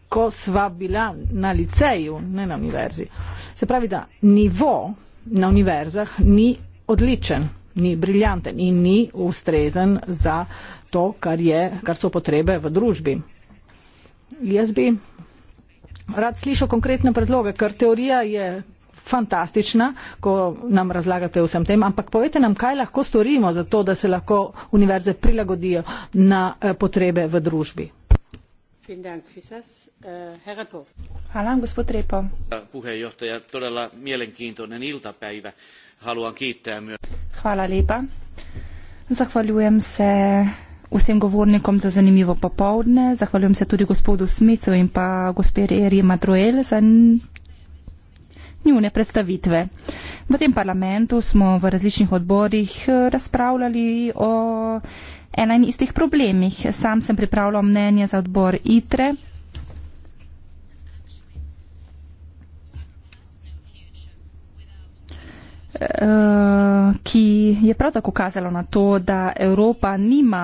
Speaker 2: Ko sva bila na liceju, ne na univerzi. Se pravi, da nivo na univerzah ni odličen, ni briljanten in ni ustrezen za to, kar, je, kar so potrebe v družbi. Jaz bi rad slišal konkretne predloge, ker teorija je fantastična, ko nam razlagate vsem tem, ampak povete nam, kaj lahko storimo za to, da se lahko univerze prilagodijo na eh, potrebe v družbi. Vielen Dank, Fisas. Eh,
Speaker 1: hvala lepa zahvaljujem se vsem govornikom za zanimivo popovdne, zahvaljujem se tudi gospodu Smicu in pa gospodi Madruel za njune predstavitve. V tem parlamentu smo v različnih odborih eh, razpravljali o ena in istih problemih. Sam sem pripravljal mnenje za odbor ITRE, Eh, ki je prav tako kazalo na to, da Evropa nima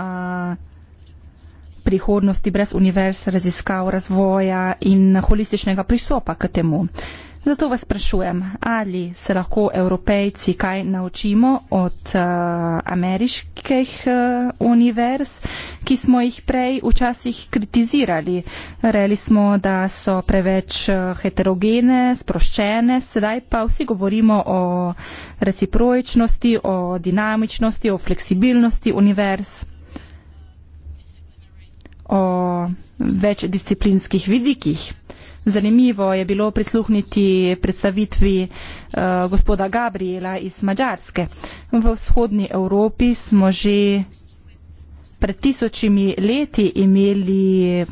Speaker 1: prihodnosti brez univerz, raziskav, razvoja in holističnega prisopa k temu. Uh, Zato vas sprašujem, ali se lahko evropejci kaj naučimo od uh, ameriških uh, univerz, ki smo jih prej včasih kritizirali. Reli smo, da so preveč eh, heterogene, sproščene, sedaj pa vsi govorimo o recipročnosti, o dinamičnosti, o fleksibilnosti univerz o večdisciplinskih vidikih. Zanimivo je bilo prisluhniti predstavitvi uh, gospoda Gabriela iz Mačarske. V vzhodni Evropi smo že pred tisočimi leti imeli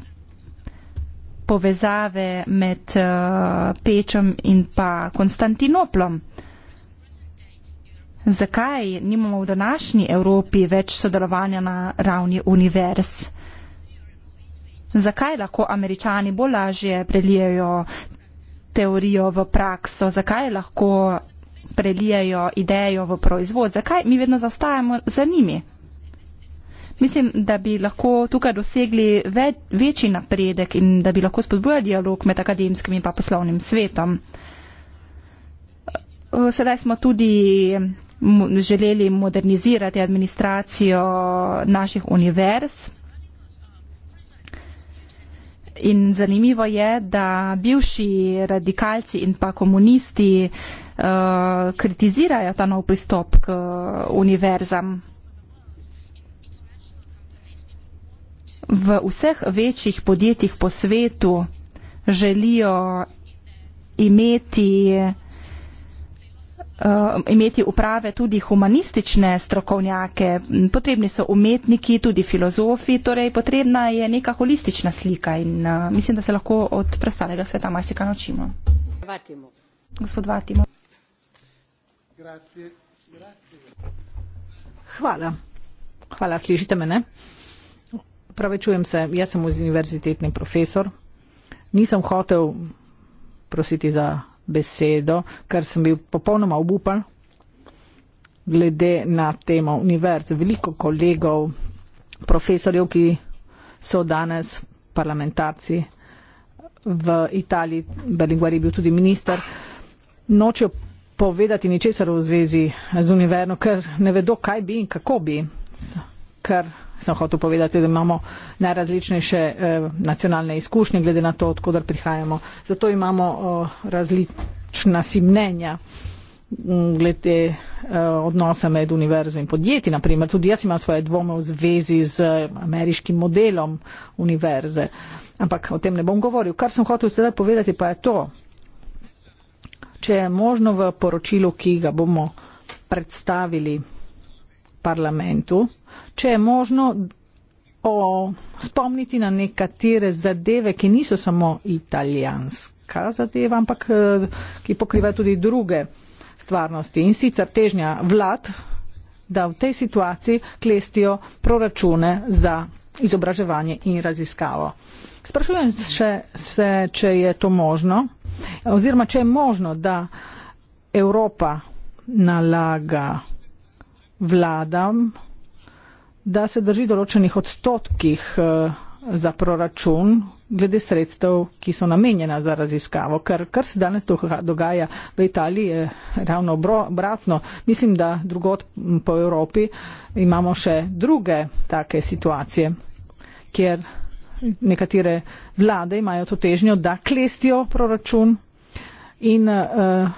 Speaker 1: povezave med uh, eh, Pečem in pa Konstantinoplom. Zakaj nimamo v današnji Evropi več sodelovanja na ravni univerz? Uh, zakaj lahko američani bolj lažje prelijejo teorijo v prakso, zakaj lahko prelijejo idejo v proizvod, zakaj mi vedno zaostajamo za njimi. Mislim, da bi lahko tukaj dosegli ve večji napredek in da bi lahko spodbujali dialog med akademskim in pa poslovnim svetom. Sedaj smo tudi želeli modernizirati administracijo naših univerz. In zanimivo je, da bivši radikalci in pa komunisti uh, kritizirajo ta nov pristop k univerzam. V vseh večjih podjetjih po svetu želijo imeti uh, Eh, imeti uprave tudi humanistične strokovnjake, potrebni so umetniki, tudi filozofi, torej potrebna je neka holistična slika in uh, mislim, da se lahko od prestalega sveta marsika
Speaker 2: naučimo. Vatimo. Gospod Vatimo. Grazie. Grazie. Hvala. Hvala, slišite me, ne? Pravečujem se, jaz sem univerzitetni profesor, nisem hotel prositi za besedo, ker sem bil popolnoma obupan glede na temo univerz. Veliko kolegov, profesorjev, ki so danes parlamentarci v Italiji, Berlinguar je bil tudi minister, nočejo povedati ničesar v zvezi z univerno, ker ne vedo, kaj bi in kako bi, ker sem hotel povedati, da imamo najrazličnejše eh, nacionalne izkušnje, glede na to, odkudar prihajamo. Zato imamo eh, različna si mnenja mm, glede eh, odnosa med univerzo in podjetji. Naprimer, tudi jaz imam svoje dvome v zvezi z eh, ameriškim modelom univerze. Ampak o tem ne bom govoril. Kar sem hotel sedaj povedati, pa je to, če je možno v poročilu, ki ga bomo predstavili parlamentu, če je možno o, spomniti na nekatere zadeve, ki niso samo italijanska zadeva, ampak eh, ki pokriva tudi druge stvarnosti in sicer težnja vlad, da v tej situaciji klestijo proračune za izobraževanje in raziskavo. Sprašujem še se, če je to možno, oziroma če je možno, da Evropa nalaga vladam, da se drži določenih odstotkih eh, za proračun glede sredstev, ki so namenjena za raziskavo. Ker kar se danes dogaja v Italiji, je ravno obratno. Mislim, da drugot po Evropi imamo še druge take situacije, kjer nekatere vlade imajo to težnjo, da klestijo proračun in uh,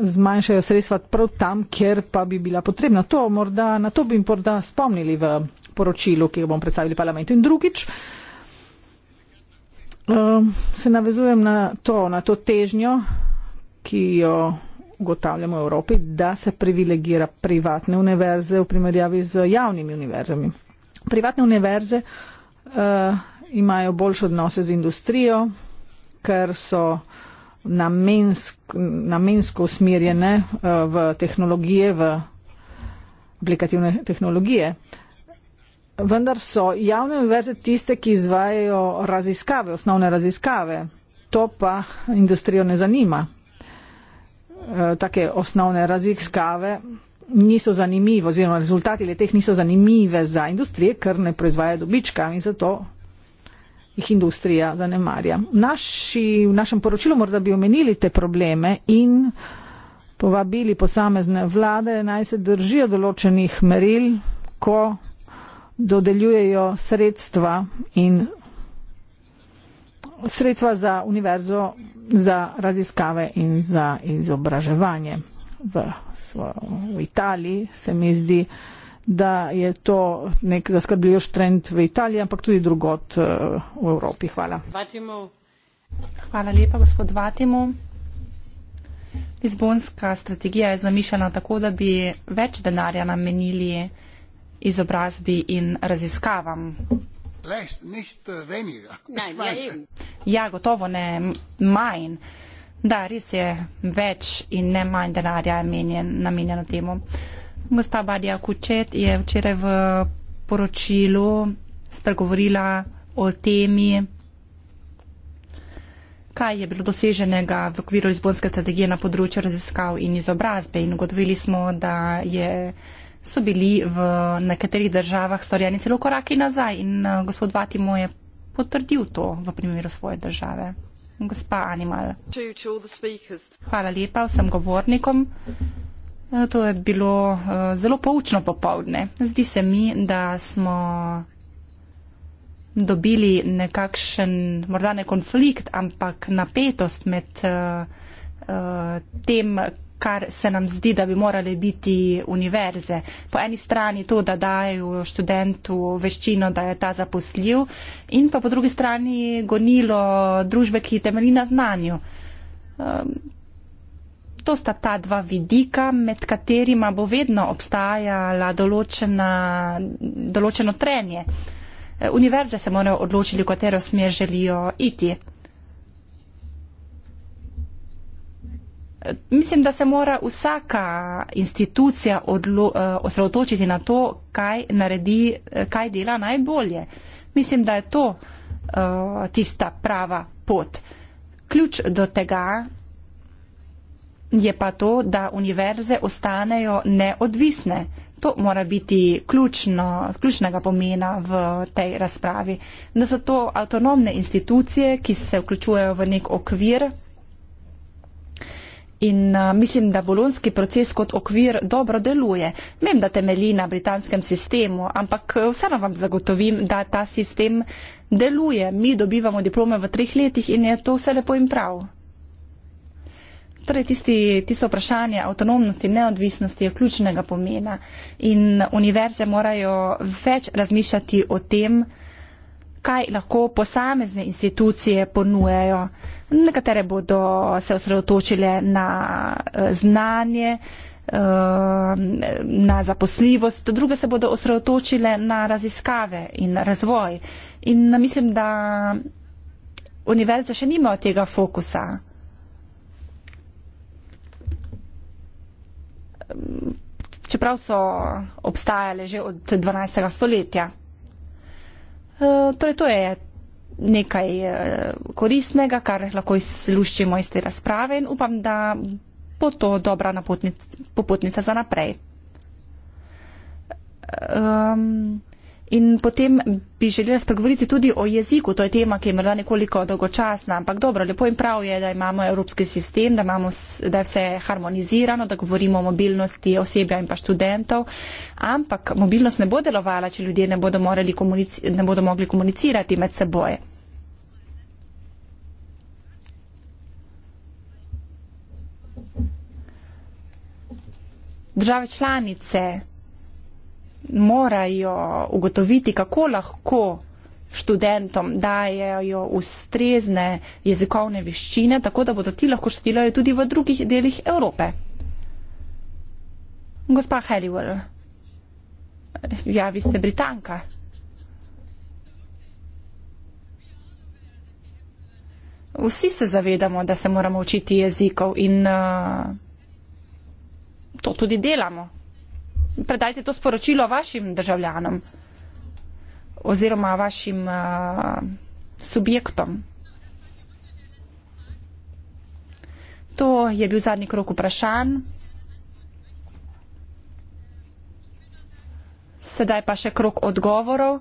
Speaker 2: zmanjšajo sredstva prav tam, kjer pa bi bila potrebna. To morda, na to bi morda spomnili v poročilu, ki ga bomo predstavili parlamentu. In drugič, um, se navezujem na to, na to težnjo, ki jo ugotavljamo v Evropi, da se privilegira privatne univerze v primerjavi z javnimi univerzami. Privatne univerze uh, imajo boljše odnose z industrijo, ker so uh, namensk, namensko usmerjene eh, v tehnologije, v aplikativne tehnologije. Vendar so javne univerze tiste, ki izvajajo raziskave, osnovne raziskave. To pa industrijo ne zanima. Eh, take osnovne raziskave niso zanimive oziroma rezultati le teh niso zanimive za industrije, ker ne proizvaja dobička in zato jih industrija zanemarja. Naši, v našem poročilu morda bi omenili te probleme in povabili posamezne vlade, naj se držijo določenih meril, ko dodeljujejo sredstva in sredstva za univerzo, za raziskave in za izobraževanje. V, svo, v Italiji se mi zdi, da da je to nek zaskrbljujoč trend v Italiji, ampak tudi drugot eh, v Evropi. Hvala. Vatimo.
Speaker 1: Hvala lepa, gospod Vatimu. Lizbonska strategija je zamišljena tako, da bi več denarja namenili izobrazbi in raziskavam. Nein, eh, ja, ja, gotovo ne manj. Da, res je, več in ne manj denarja je namenjeno temu. Uh, Gospa Badja Kučet je včeraj v poročilu spregovorila o temi, kaj je bilo doseženega v okviru izbonske strategije na področju raziskav in izobrazbe. In ugotovili smo, da je, so bili v nekaterih državah storjeni celo koraki nazaj. In eh, gospod Vatimo je potrdil to v primeru svoje države. Gospa Animal. Hvala lepa vsem govornikom. Eh, to je bilo eh, zelo poučno popovdne. Zdi se mi, da smo dobili nekakšen, morda ne konflikt, ampak napetost med uh, uh, tem, kar se nam zdi, da bi morali biti univerze. Po eni strani to, da dajo študentu veščino, da je ta zaposljiv, in pa po drugi strani gonilo družbe, ki temelji na znanju. Ehm, to sta ta dva vidika, med katerima bo vedno obstajala določena, določeno trenje. E, univerze se morajo odločiti, v katero smer želijo iti. E, mislim, da se mora vsaka institucija e, osredotočiti na to, kaj, naredi, kaj dela najbolje. Mislim, da je to uh, tista prava pot. Ključ do tega je pa to, da univerze ostanejo neodvisne. To mora biti ključno, ključnega pomena v tej razpravi. Da so to avtonomne institucije, ki se vključujejo v nek okvir. In a, mislim, da bolonski proces kot okvir dobro deluje. Vem, da temelji na britanskem sistemu, ampak vseeno vam zagotovim, da ta sistem deluje. Mi dobivamo diplome v treh letih in je to vse lepo in prav. Torej, tisti, tisto vprašanje avtonomnosti, neodvisnosti je ključnega pomena in univerze morajo več razmišljati o tem, kaj lahko posamezne institucije ponujajo. Nekatere bodo se osredotočile na eh, znanje, eh, na zaposljivost, druge se bodo osredotočile na raziskave in razvoj. In mislim, da univerze še nimajo tega fokusa. čeprav so obstajale že od 12. stoletja. E, torej, to je nekaj e, koristnega, kar lahko izluščimo iz te razprave in upam, da bo to dobra napotnica, popotnica za naprej. E, um, In potem bi želela spregovoriti tudi o jeziku, to je tema, ki je morda nekoliko dolgočasna, ampak dobro, lepo in prav je, da imamo evropski sistem, da, imamo, da je vse harmonizirano, da govorimo o mobilnosti osebja in pa študentov, ampak mobilnost ne bo delovala, če ljudje ne bodo, ne bodo mogli komunicirati med seboj. Države članice morajo ugotoviti, kako lahko študentom dajejo ustrezne jezikovne veščine, tako da bodo ti lahko študirali tudi v drugih delih Evrope. Gospa Halliwell, ja, vi ste Britanka. Vsi se zavedamo, da se moramo učiti jezikov in uh, to tudi delamo predajte to sporočilo vašim državljanom oziroma vašim uh, subjektom. To je bil zadnji krok vprašanj. Sedaj pa še krok odgovorov.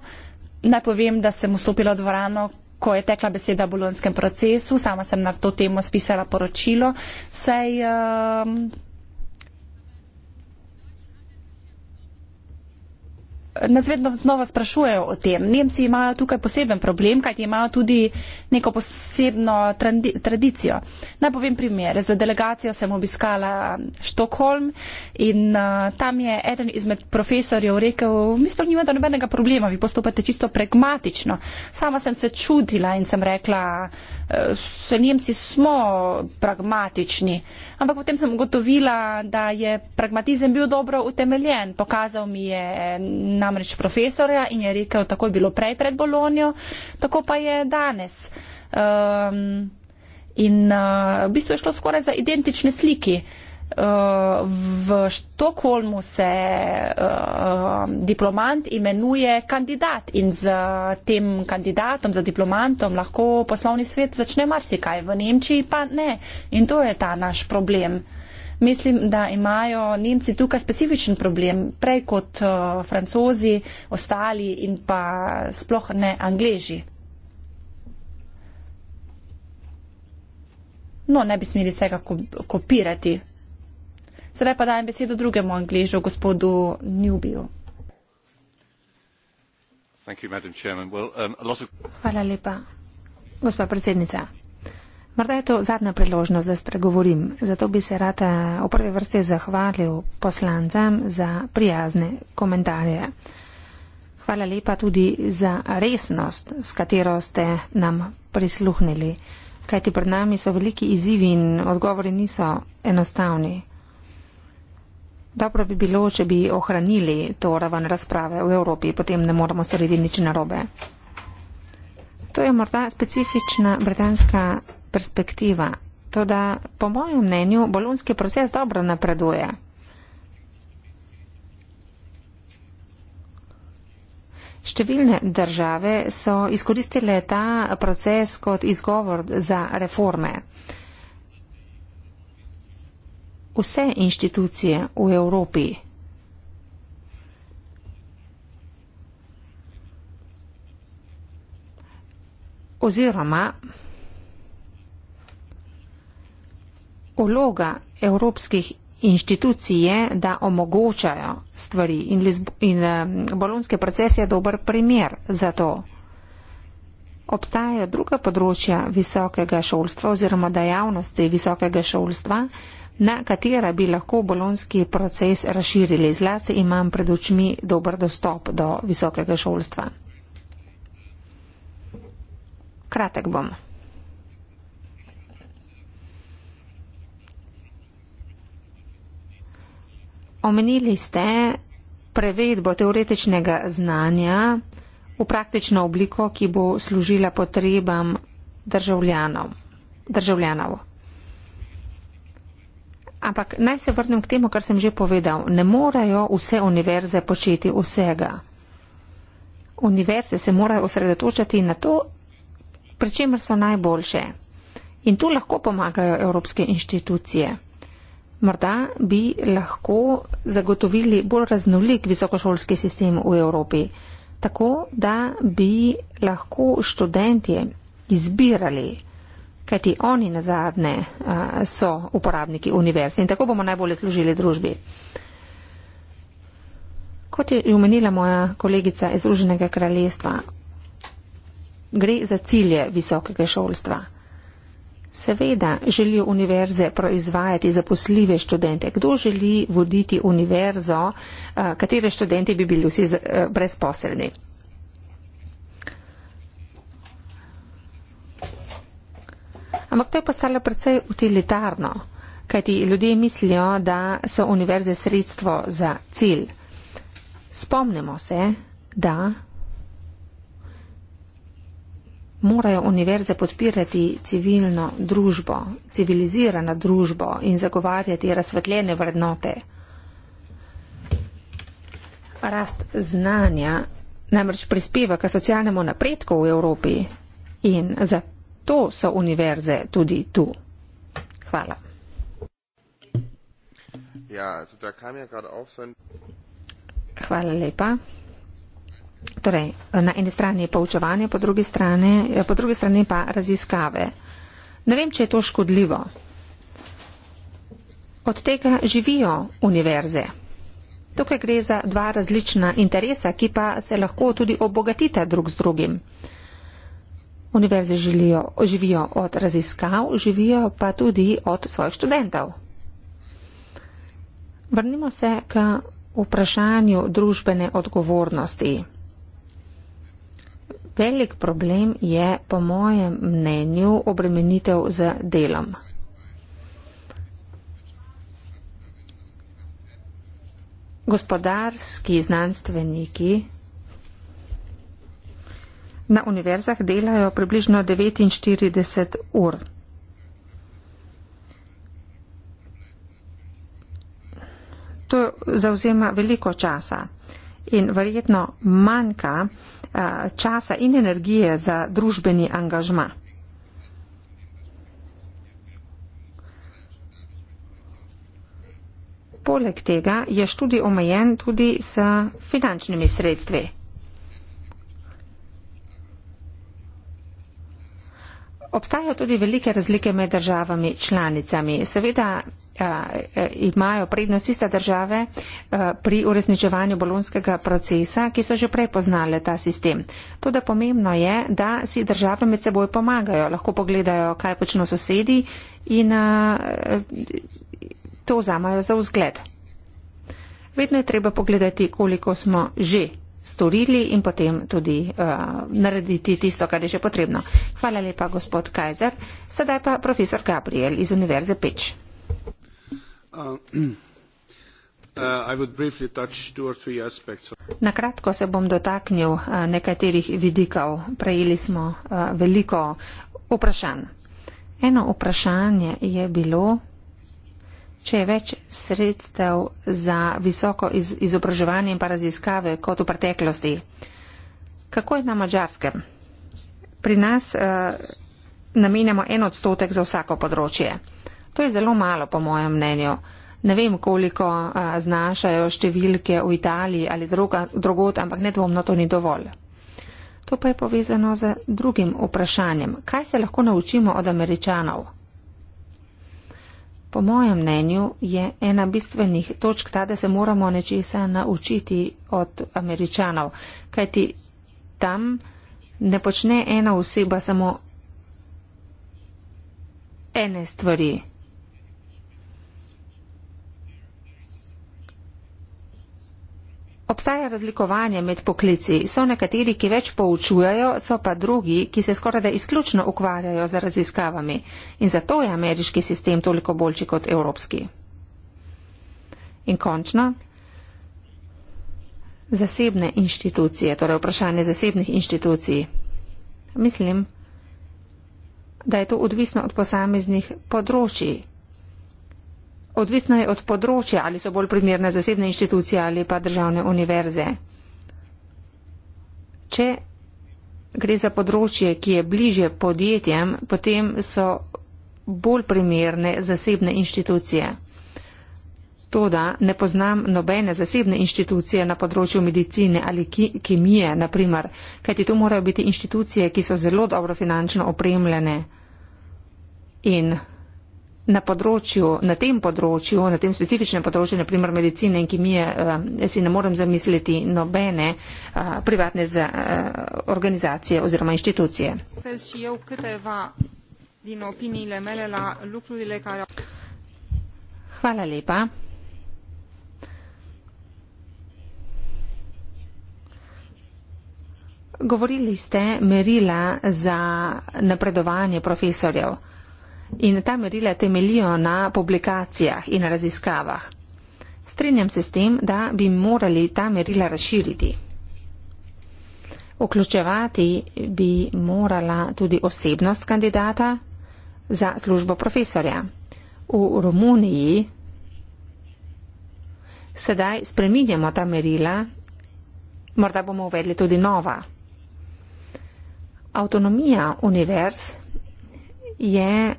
Speaker 1: Naj povem, da sem vstopila v dvorano, ko je tekla beseda o bolonskem procesu. Sama sem na to temo spisala poročilo. Sej, uh, ehm, nas vedno znova sprašujejo o tem. Nemci imajo tukaj poseben problem, kajti imajo tudi neko posebno tradi tradicijo. Naj povem primer. Za delegacijo sem obiskala Štokholm in uh, tam je eden izmed profesorjev rekel, mi sploh nimate nobenega problema, vi postopate čisto pragmatično. Sama sem se čudila in sem rekla, se Nemci smo pragmatični. Ampak potem sem ugotovila, da je pragmatizem bil dobro utemeljen. Pokazal mi je na namreč profesorja in je rekel, tako je bilo prej pred Bolonijo, tako pa je danes. Um, in uh, v bistvu je šlo skoraj za identične sliki. Uh, v Štokholmu se uh, diplomant imenuje kandidat in z tem kandidatom, z diplomantom lahko poslovni svet začne marsikaj, v Nemčiji pa ne. In to je ta naš problem. Mislim, da imajo Nemci tukaj specifičen problem, prej kot uh, Francozi, ostali in pa sploh ne Angleži. No, ne bi smeli vsega kopirati. Sedaj pa dajem besedo drugemu Angližu, gospodu Newbiju.
Speaker 5: Um,
Speaker 3: Hvala lepa, gospa predsednica. Morda je to zadnja priložnost, da spregovorim. Zato bi se rada eh, v prvi vrsti zahvalil poslancem za prijazne komentarje. Hvala lepa tudi za resnost, s katero ste nam prisluhnili. Kajti pred nami so veliki izzivi in odgovori niso enostavni. Dobro bi bilo, če bi ohranili to raven razprave v Evropi, potem ne moramo storiti nič narobe. To je morda specifična britanska perspektiva. Toda, po mojem mnenju, bolonski proces dobro napreduje. Številne države so izkoristile ta proces kot izgovor za reforme. Vse inštitucije v Evropi oziroma Uloga evropskih inštitucij je, da omogočajo stvari in, in bolonski proces je dober primer za to. Obstajajo druga področja visokega šolstva oziroma dejavnosti visokega šolstva, na katera bi lahko bolonski proces razširili. Zlasti imam pred očmi dober dostop do visokega šolstva. Kratek bom. omenili ste prevedbo teoretičnega znanja v praktično obliko, ki bo služila potrebam državljanov. državljanov. Ampak naj se vrnem k temu, kar sem že povedal. Ne morajo vse univerze početi vsega. Univerze se morajo osredotočati na to, pri čemer so najboljše. In tu lahko pomagajo evropske inštitucije. Morda bi lahko zagotovili bolj raznolik visokošolski sistem v Evropi, tako da bi lahko študentje izbirali, kajti oni na zadnje so uporabniki univerze in tako bomo najbolje služili družbi. Kot je umenila moja kolegica iz Združenega kraljestva, gre za cilje visokega šolstva. Seveda želijo univerze proizvajati zaposljive študente. Kdo želi voditi univerzo, eh, katere študente bi bili vsi eh, brezposelni? Ampak to je postalo predvsej utilitarno, kajti ljudje mislijo, da so univerze sredstvo za cilj. Spomnimo se, da morajo univerze podpirati civilno družbo, civilizirano družbo in zagovarjati razsvetljene vrednote. Rast znanja namreč prispeva k socialnemu napredku v Evropi in zato so univerze tudi tu. Hvala.
Speaker 4: Ja, also da kam ja
Speaker 5: gerade auf sein.
Speaker 3: Hvala lepa. Torej, na eni strani je poučevanje, po drugi strani, eh, po drugi strani pa raziskave. Ne vem, če je to škodljivo. Od tega živijo univerze. Tukaj gre za dva različna interesa, ki pa se lahko tudi obogatita drug z drugim. Univerze želijo, živijo od raziskav, živijo pa tudi od svojih študentov. Vrnimo se k vprašanju družbene odgovornosti. Velik problem je, po mojem mnenju, obremenitev z delom. Gospodarski znanstveniki na univerzah delajo približno 49 ur. To zauzema veliko časa in verjetno manjka eh, časa in energije za družbeni angažma. Poleg tega je študij omejen tudi s finančnimi sredstvi. Obstajajo tudi velike razlike med državami članicami. Seveda E, imajo prednost tiste države e, pri uresničevanju bolonskega procesa, ki so že prej poznale ta sistem. To, da pomembno je, da si države med seboj pomagajo, lahko pogledajo, kaj počno sosedi in e, to vzamajo za vzgled. Vedno je treba pogledati, koliko smo že storili in potem tudi uh, narediti tisto, kar je že potrebno. Hvala lepa, gospod Kajzer. Sedaj pa profesor Gabriel iz Univerze Peč.
Speaker 5: Uh, uh,
Speaker 3: na kratko se bom dotaknil uh, nekaterih vidikov. Prejeli smo veliko vprašanj. Eno vprašanje je bilo, če je več sredstev za visoko izobraževanje in pa raziskave kot v preteklosti. Kako je na mačarskem? Pri nas eh, namenjamo en odstotek za vsako področje. To je zelo malo, po mojem mnenju. Ne vem, koliko uh, znašajo številke v Italiji ali druga, drugot, ampak nedvomno to ni dovolj. To pa je povezano z drugim vprašanjem. Kaj se lahko naučimo od američanov? Po mojem mnenju je ena bistvenih točk ta, da se moramo nečesa naučiti od američanov. Kajti tam ne počne ena oseba samo ene stvari. Obstaja razlikovanje med poklici. So nekateri, ki več poučujajo, so pa drugi, ki se skoraj da izključno ukvarjajo z raziskavami. In zato je ameriški sistem toliko boljši kot evropski. In končno. Zasebne inštitucije, torej vprašanje zasebnih inštitucij. Mislim, da je to odvisno od posameznih področji, Odvisno je od področja, ali so bolj primerne zasebne inštitucije ali pa državne univerze. Če gre za področje, ki je bliže podjetjem, potem so bolj primerne zasebne inštitucije. Toda ne poznam nobene zasebne inštitucije na področju medicine ali kemije, naprimer, kajti to morajo biti inštitucije, ki so zelo dobro finančno opremljene in na, področju, na tem področju, na tem specifičnem področju, naprimer medicine in kemije, eh, si ne morem zamisliti nobene eh, privatne za, eh, organizacije oziroma inštitucije. Hvala lepa. Govorili ste merila za napredovanje profesorjev. In ta merila temelijo na publikacijah in raziskavah. Strenjam se s tem, da bi morali ta merila razširiti. Vključevati bi morala tudi osebnost kandidata za službo profesorja. V Romuniji sedaj spreminjamo ta merila, morda bomo uvedli tudi nova. Avtonomija univerz je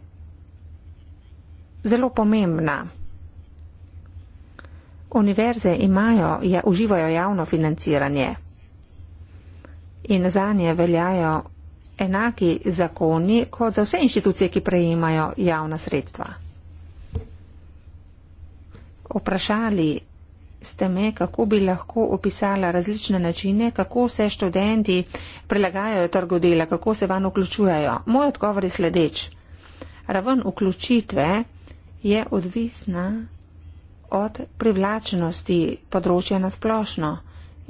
Speaker 3: zelo pomembna. Univerze imajo, ja, uživajo javno financiranje in za nje veljajo enaki zakoni kot za vse inštitucije, ki prejemajo javna sredstva. Vprašali ste me, kako bi lahko opisala različne načine, kako se študenti prilagajajo trgu dela, kako se van vključujejo. Moj odgovor je sledeč. Raven vključitve je odvisna od privlačnosti področja na splošno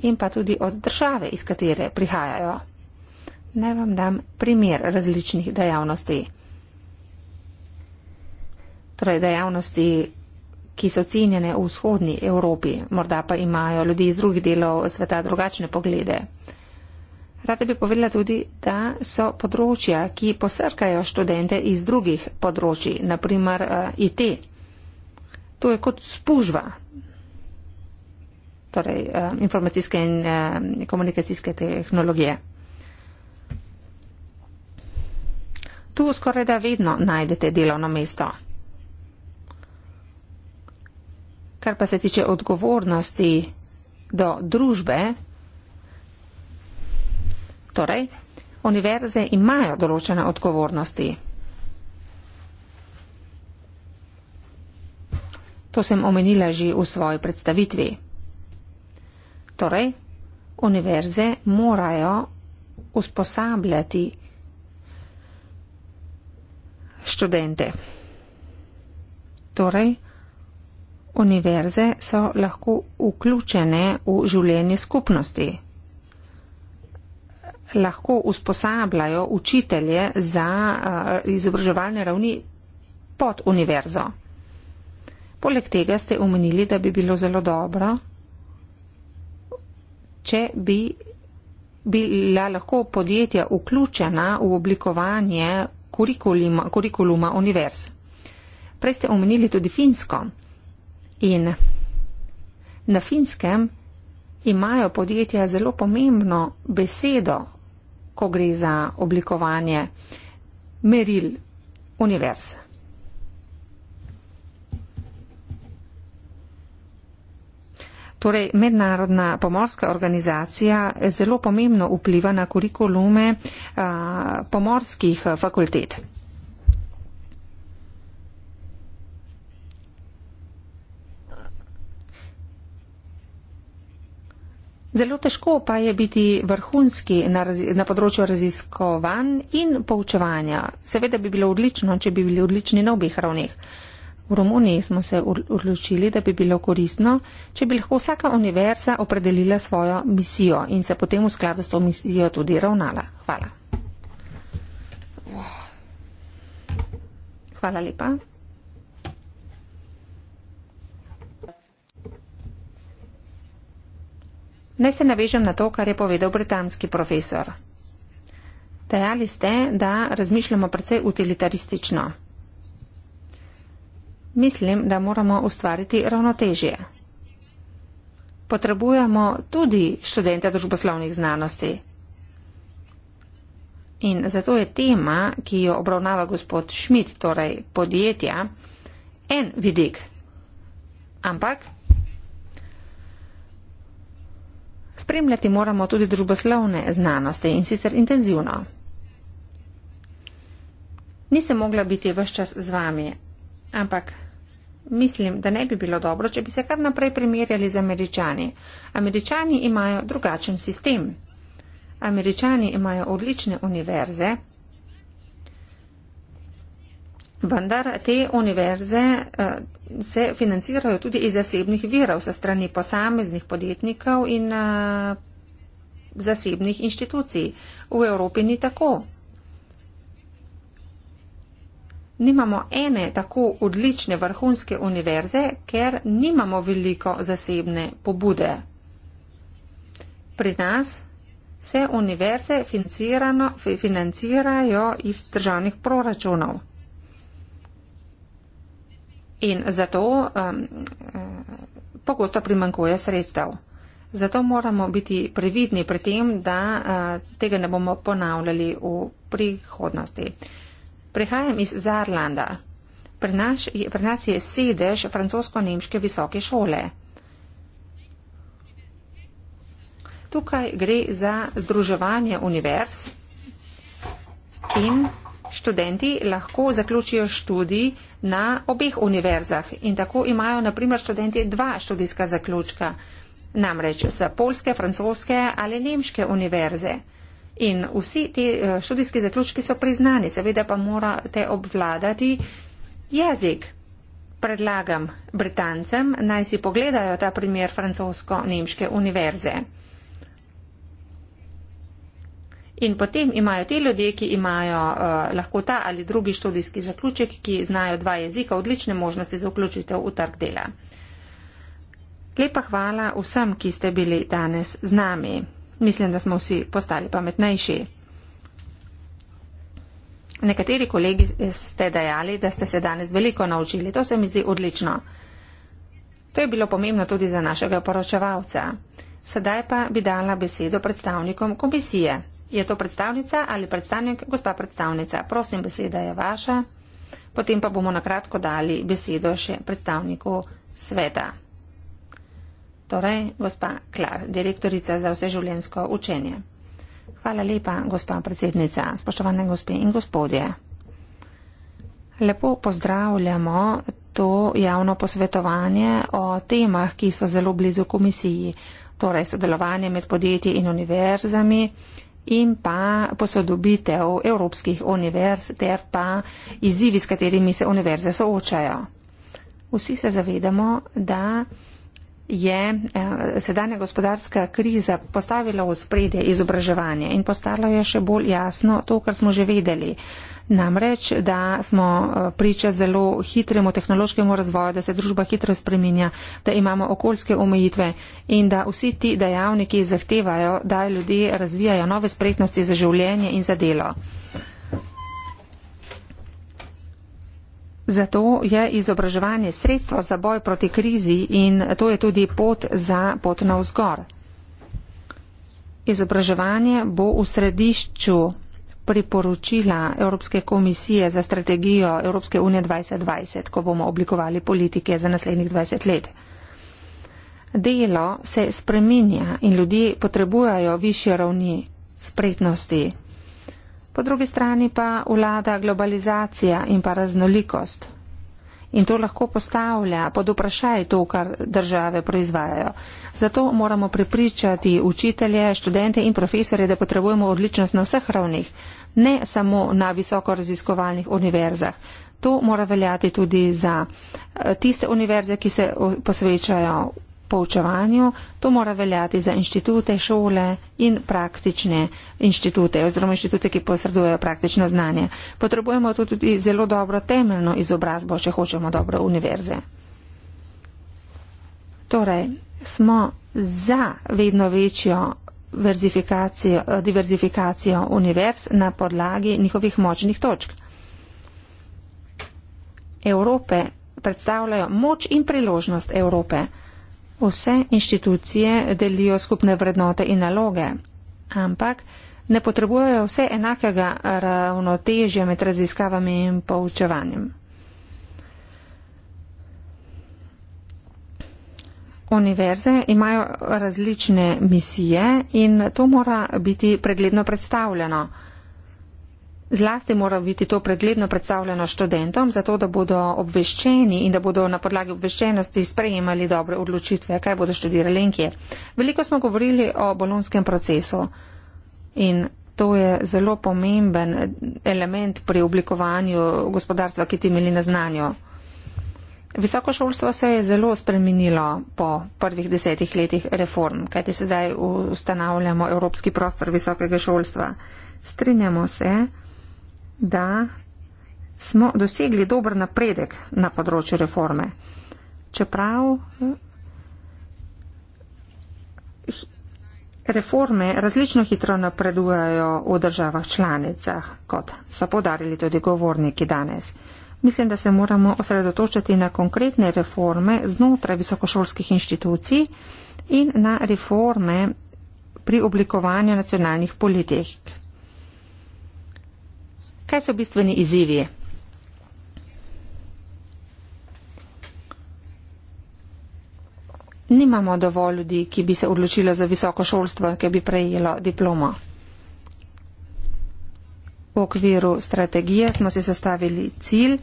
Speaker 3: in pa tudi od države, iz katere prihajajo. Naj vam dam primer različnih dejavnosti. Torej dejavnosti, ki so cenjene v vzhodni Evropi, morda pa imajo ljudi iz drugih delov sveta drugačne poglede. Rada bi povedala tudi, da so področja, ki posrkajo študente iz drugih področji, naprimer eh, IT. To je kot spužva torej, eh, informacijske in eh, komunikacijske tehnologije. Tu skoraj da vedno najdete delovno mesto. Kar pa se tiče odgovornosti do družbe, Torej, univerze imajo določene odgovornosti. To sem omenila že v svoji predstavitvi. Torej, univerze morajo usposabljati študente. Torej, univerze so lahko vključene v življenje skupnosti lahko usposabljajo učitelje za eh, izobraževalne ravni pod univerzo. Poleg tega ste omenili, da bi bilo zelo dobro, če bi bila lahko podjetja vključena v oblikovanje kurikuluma, kurikuluma univerz. Prej ste omenili tudi Finsko in na Finskem imajo podjetja zelo pomembno besedo ko gre za oblikovanje meril univerze. Torej, mednarodna pomorska organizacija zelo pomembno vpliva na kurikulume a, pomorskih fakultet. Zelo težko pa je biti vrhunski na, na področju raziskovanj in poučevanja. Seveda bi bilo odlično, če bi bili odlični na obeh ravneh. V Romuniji smo se odločili, da bi bilo koristno, če bi lahko vsaka univerza opredelila svojo misijo in se potem v skladu s to misijo tudi ravnala. Hvala. Hvala lepa. Naj se navežem na to, kar je povedal britanski profesor. Dejali ste, da razmišljamo precej utilitaristično. Mislim, da moramo ustvariti ravnotežje. Potrebujemo tudi študente družboslovnih znanosti. In zato je tema, ki jo obravnava gospod Schmidt, torej podjetja, en vidik. Ampak Spremljati moramo tudi družboslovne znanosti in sicer intenzivno. Nisem mogla biti vse čas z vami, ampak mislim, da ne bi bilo dobro, če bi se kar naprej primerjali z američani. Američani imajo drugačen sistem. Američani imajo odlične univerze, Vendar te univerze eh, se financirajo tudi iz zasebnih virov, se strani posameznih podjetnikov in eh, zasebnih inštitucij. V Evropi ni tako. Nimamo ene tako odlične vrhunske univerze, ker nimamo veliko zasebne pobude. Pri nas se univerze financirajo iz državnih proračunov in zato um, pogosto primankuje sredstev. Zato moramo biti previdni pri tem, da uh, tega ne bomo ponavljali v prihodnosti. Prihajam iz Zarlanda. Pri nas, je, pri nas je sedež francosko-nemške visoke šole. Tukaj gre za združevanje univerz in študenti lahko zaključijo študij na obeh univerzah in tako imajo naprimer študenti dva študijska zaključka, namreč z polske, francoske ali nemške univerze. In vsi ti eh, študijski zaključki so priznani, seveda pa morate obvladati jezik. Predlagam Britancem naj si pogledajo ta primer francosko-nemške univerze. In potem imajo ti ljudje, ki imajo uh, lahko ta ali drugi študijski zaključek, ki znajo dva jezika, odlične možnosti za vključitev v trg dela. Lepa hvala vsem, ki ste bili danes z nami. Mislim, da smo vsi postali pametnejši. Nekateri kolegi ste dejali, da ste se danes veliko naučili. To se mi zdi odlično. To je bilo pomembno tudi za našega poročevalca. Sedaj pa bi dala besedo predstavnikom komisije. Je to predstavnica ali predstavnik, gospa predstavnica? Prosim, beseda je vaša. Potem pa bomo nakratko dali besedo še predstavniku sveta. Torej, gospa Klar, direktorica za vseživljensko učenje. Hvala lepa, gospa predsednica, spoštovane gospe in gospodje. Lepo pozdravljamo to javno posvetovanje o temah, ki so zelo blizu komisiji, torej sodelovanje med podjetji in univerzami, in pa posodobitev evropskih univerz ter pa izzivi, s katerimi se univerze soočajo. Vsi se zavedamo, da je eh, sedanja gospodarska kriza postavila v spredje izobraževanje in postalo je še bolj jasno to, kar smo že vedeli. Namreč, da smo eh, priča zelo hitremu tehnološkemu razvoju, da se družba hitro spreminja, da imamo okoljske omejitve in da vsi ti dejavniki zahtevajo, da ljudje razvijajo nove spretnosti za življenje in za delo. Zato je izobraževanje sredstvo za boj proti krizi in to je tudi pot za pot na vzgor. Izobraževanje bo v središču priporočila Evropske komisije za strategijo Evropske unije 2020, ko bomo oblikovali politike za naslednjih 20 let. Delo se spreminja in ljudje potrebujajo više ravni spretnosti. Po drugi strani pa vlada globalizacija in pa raznolikost. In to lahko postavlja pod vprašaj to, kar države proizvajajo. Zato moramo prepričati učitelje, študente in profesore, da potrebujemo odličnost na vseh ravnih ne samo na visoko raziskovalnih univerzah. To mora veljati tudi za eh, tiste univerze, ki se posvečajo poučevanju, to mora veljati za inštitute, šole in praktične inštitute oziroma inštitute, ki posredujejo praktično znanje. Potrebujemo tudi zelo dobro temeljno izobrazbo, če hočemo dobro univerze. Torej, smo za vedno večjo diverzifikacijo univerz na podlagi njihovih močnih točk. Evrope predstavljajo moč in priložnost Evrope. Vse inštitucije delijo skupne vrednote in naloge, ampak ne potrebujejo vse enakega ravnotežja med raziskavami in poučevanjem. univerze imajo različne misije in to mora biti pregledno predstavljeno. Zlasti mora biti to pregledno predstavljeno študentom, zato da bodo obveščeni in da bodo na podlagi obveščenosti sprejemali dobre odločitve, kaj bodo študirali in kje. Veliko smo govorili o bolonskem procesu in to je zelo pomemben element pri oblikovanju gospodarstva, ki temelji na znanju. Visoko šolstvo se je zelo spremenilo po prvih desetih letih reform, kajti sedaj ustanavljamo evropski prostor visokega šolstva. Strinjamo se, da smo dosegli dober napredek na področju reforme. Čeprav reforme različno hitro napredujejo v državah članicah, kot so podarili tudi govorniki danes. Mislim, da se moramo osredotočiti na konkretne reforme znotraj visokošolskih inštitucij in na reforme pri oblikovanju nacionalnih politik. Kaj so bistveni izzivi? Nimamo dovolj ljudi, ki bi se odločili za visoko šolstvo, ki bi prejelo diplomo. V okviru strategije smo si zastavili cilj,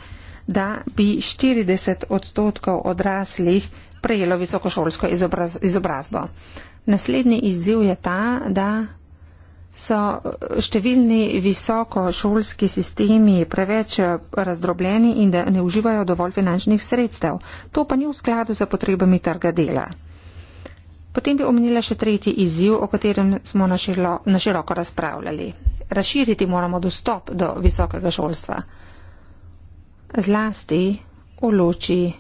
Speaker 3: da bi 40 odstotkov odraslih prejelo visokošolsko izobraz izobrazbo. Naslednji izziv je ta, da so številni visokošolski sistemi preveč razdrobljeni in da ne uživajo dovolj finančnih sredstev. To pa ni v skladu za potrebami trga dela. Potem bi omenila še tretji izziv, o katerem smo na široko razpravljali. Razširiti moramo dostop do visokega šolstva. Zlasti v luči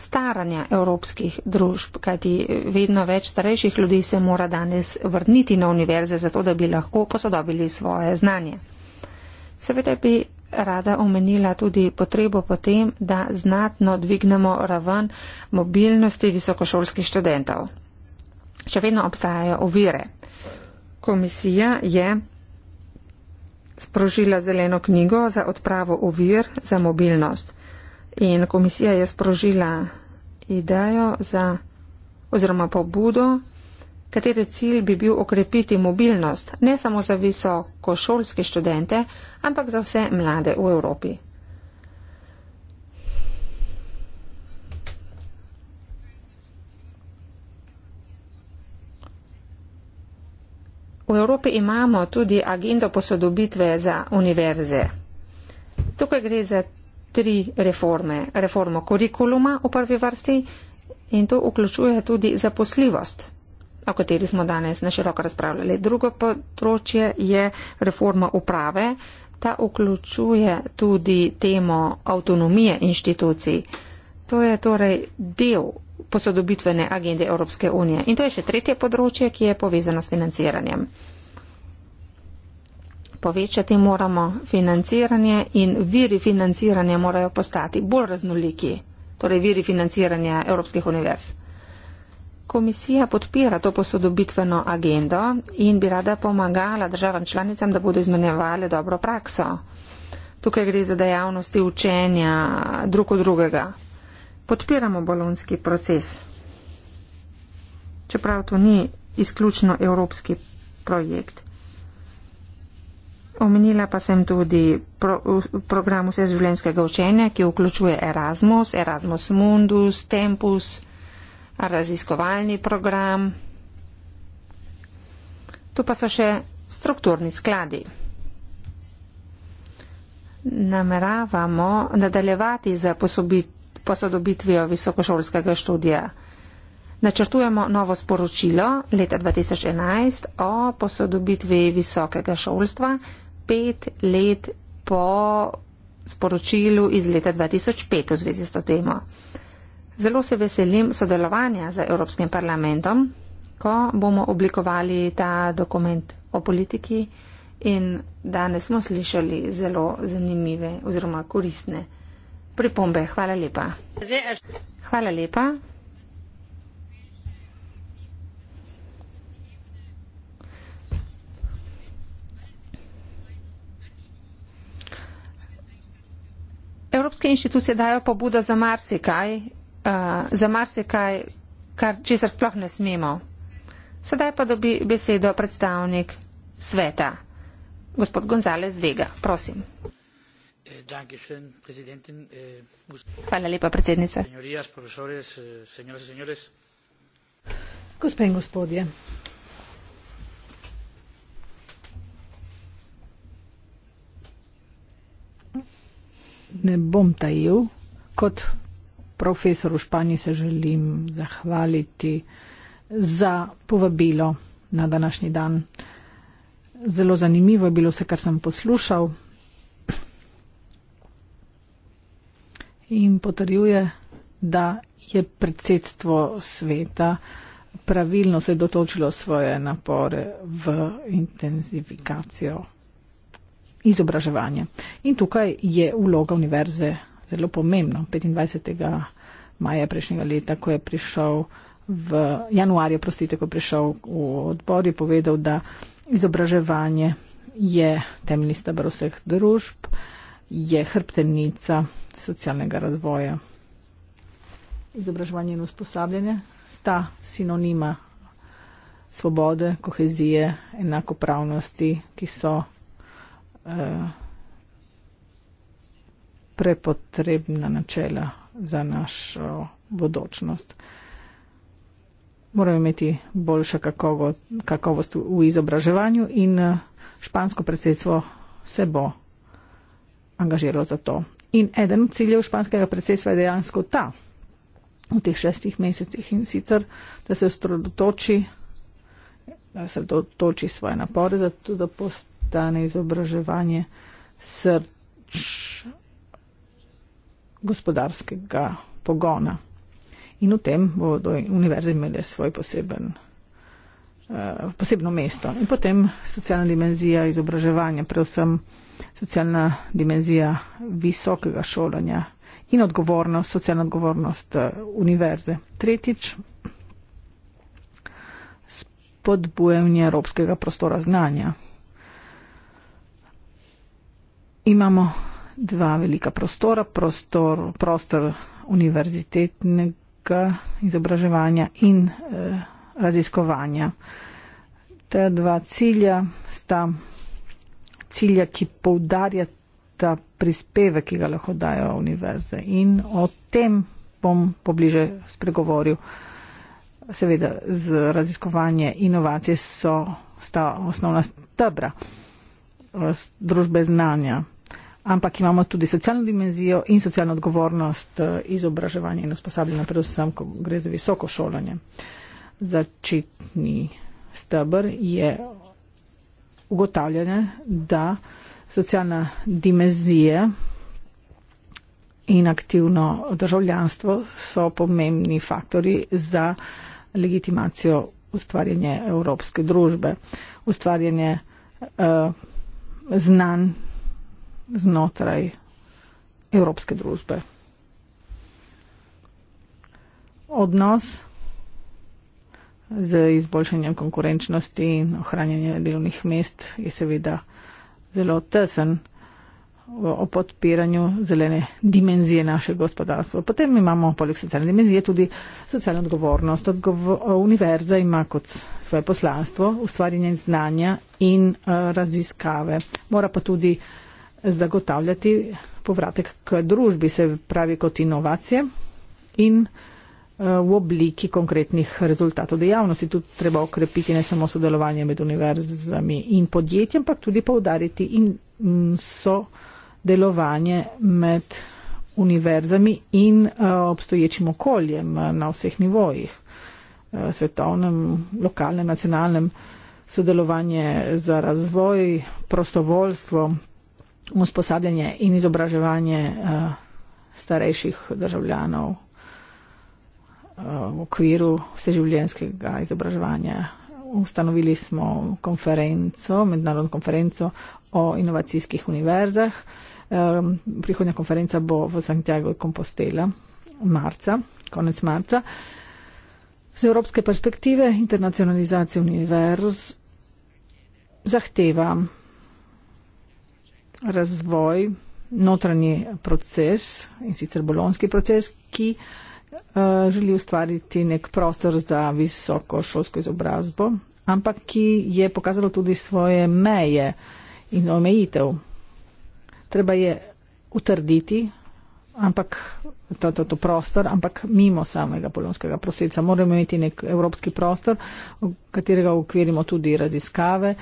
Speaker 3: staranja evropskih družb, kajti vedno več starejših ljudi se mora danes vrniti na univerze, zato da bi lahko posodobili svoje znanje. Seveda bi rada omenila tudi potrebo potem, da znatno dvignemo raven mobilnosti visokošolskih študentov. Še vedno obstajajo ovire komisija je sprožila zeleno knjigo za odpravo uvir za mobilnost. In komisija je sprožila idejo za oziroma pobudo, katere cilj bi bil okrepiti mobilnost ne samo za visokošolske študente, ampak za vse mlade v Evropi. V Evropi imamo tudi agendo posodobitve za univerze. Tukaj gre za tri reforme. Reformo kurikuluma v prvi vrsti in to vključuje tudi zaposljivost, o kateri smo danes naširoko razpravljali. Drugo področje je reforma uprave. Ta vključuje tudi temo avtonomije inštitucij. To je torej del posodobitvene agende Evropske unije. In to je še tretje področje, ki je povezano s financiranjem. Povečati moramo financiranje in viri financiranja morajo postati bolj raznoliki, torej viri financiranja Evropskih univerz. Komisija podpira to posodobitveno agendo in bi rada pomagala državam članicam, da bodo izmenjevali dobro prakso. Tukaj gre za dejavnosti učenja drug od drugega, podpiramo bolonski proces. Čeprav to ni izključno evropski projekt. Omenila pa sem tudi pro, program vseživljenjskega učenja, ki vključuje Erasmus, Erasmus Mundus, Tempus, raziskovalni program. Tu pa so še strukturni skladi. Nameravamo nadaljevati za posobitev posodobitvijo visokošolskega študija. Načrtujemo novo sporočilo leta 2011 o posodobitvi visokega šolstva pet let po sporočilu iz leta 2005 v zvezi s to temo. Zelo se veselim sodelovanja z Evropskim parlamentom, ko bomo oblikovali ta dokument o politiki in danes smo slišali zelo zanimive oziroma koristne pripombe. Hvala lepa. Hvala lepa. Evropske inštitucije dajo pobudo za marsikaj, uh, za marsikaj, kar česar sploh ne smemo. Sedaj pa dobi besedo predstavnik sveta, gospod Gonzales Vega. Prosim.
Speaker 4: Äh,
Speaker 2: Hvala lepa, predsednica. Äh, Gospe in gospodje. Ne bom tajil, kot profesor v Španiji se želim zahvaliti za povabilo na današnji dan. Zelo zanimivo je bilo vse, kar sem poslušal, in potrjuje, da je predsedstvo sveta pravilno se dotočilo svoje napore v intenzifikacijo izobraževanja. In tukaj je vloga univerze zelo pomembna. 25. maja prejšnjega leta, ko je prišel v januarju, prostite, ko je prišel v odbor, je povedal, da izobraževanje je temeljni stabr vseh družb je hrbtenica socialnega razvoja. Izobraževanje in usposabljanje sta sinonima svobode, kohezije, enakopravnosti, ki so eh, prepotrebna načela za našo bodočnost. Moramo imeti boljša kakovost v izobraževanju in eh, špansko predsedstvo se bo angažiralo za to. In eden od ciljev španskega predsedstva je dejansko ta v teh šestih mesecih in sicer, da se osredotoči, da se osredotoči svoje napore, zato da postane izobraževanje srč gospodarskega pogona. In v tem bodo univerze imeli svoj poseben. Eh, posebno mesto. In potem socialna dimenzija izobraževanja, predvsem socialna dimenzija visokega šolanja in odgovornost, socialna odgovornost eh, univerze. Tretjič, spodbujanje evropskega prostora znanja. Imamo dva velika prostora, prostor, prostor univerzitetnega izobraževanja in eh, raziskovanja. Ta dva cilja sta cilja, ki poudarjata prispevek, ki ga lahko dajo univerze. In o tem bom pobliže spregovoril. Seveda, z raziskovanje inovacije so, sta osnovna stebra družbe znanja. Ampak imamo tudi socialno dimenzijo in socialno odgovornost eh, izobraževanja in usposabljanja, predvsem, ko gre za visoko šolanje. Uh, začetni stebr je ugotavljanje, da socialna dimenzija in aktivno državljanstvo so pomembni faktori za legitimacijo ustvarjanja evropske družbe, ustvarjanje uh, znanj znotraj evropske družbe. Odnos z izboljšanjem konkurenčnosti in ohranjanjem delovnih mest je seveda zelo tesen o podpiranju zelene dimenzije naše gospodarstva. Potem imamo poleg socialne dimenzije tudi socialno odgovornost. Odgovo univerza ima kot svoje poslanstvo ustvarjanje znanja in uh, raziskave. Mora pa tudi zagotavljati povratek k družbi, se pravi kot inovacije in uh, Eh, v obliki konkretnih rezultatov dejavnosti. Tu treba okrepiti ne samo sodelovanje med univerzami in podjetjem, ampak tudi povdariti in sodelovanje med univerzami in eh, obstoječim okoljem eh, na vseh nivojih, svetovnem, lokalnem, nacionalnem, sodelovanje za razvoj, prostovoljstvo, usposabljanje in izobraževanje starejših državljanov Eh, v okviru vseživljenjskega izobraževanja. Ustanovili smo konferenco, mednarodno konferenco o inovacijskih univerzah. Prihodnja konferenca bo v Santiago de Compostela marca, konec marca. Z evropske perspektive internacionalizacija univerz zahteva razvoj, notranji proces in sicer bolonski proces, ki uh, Eh, želi ustvariti nek prostor za visoko šolsko izobrazbo, ampak ki je pokazalo tudi svoje meje in omejitev. Treba je utrditi ampak, to, to, to prostor, ampak mimo samega polonskega prosilca. Moramo imeti nek evropski prostor, v katerega ukvirimo tudi raziskave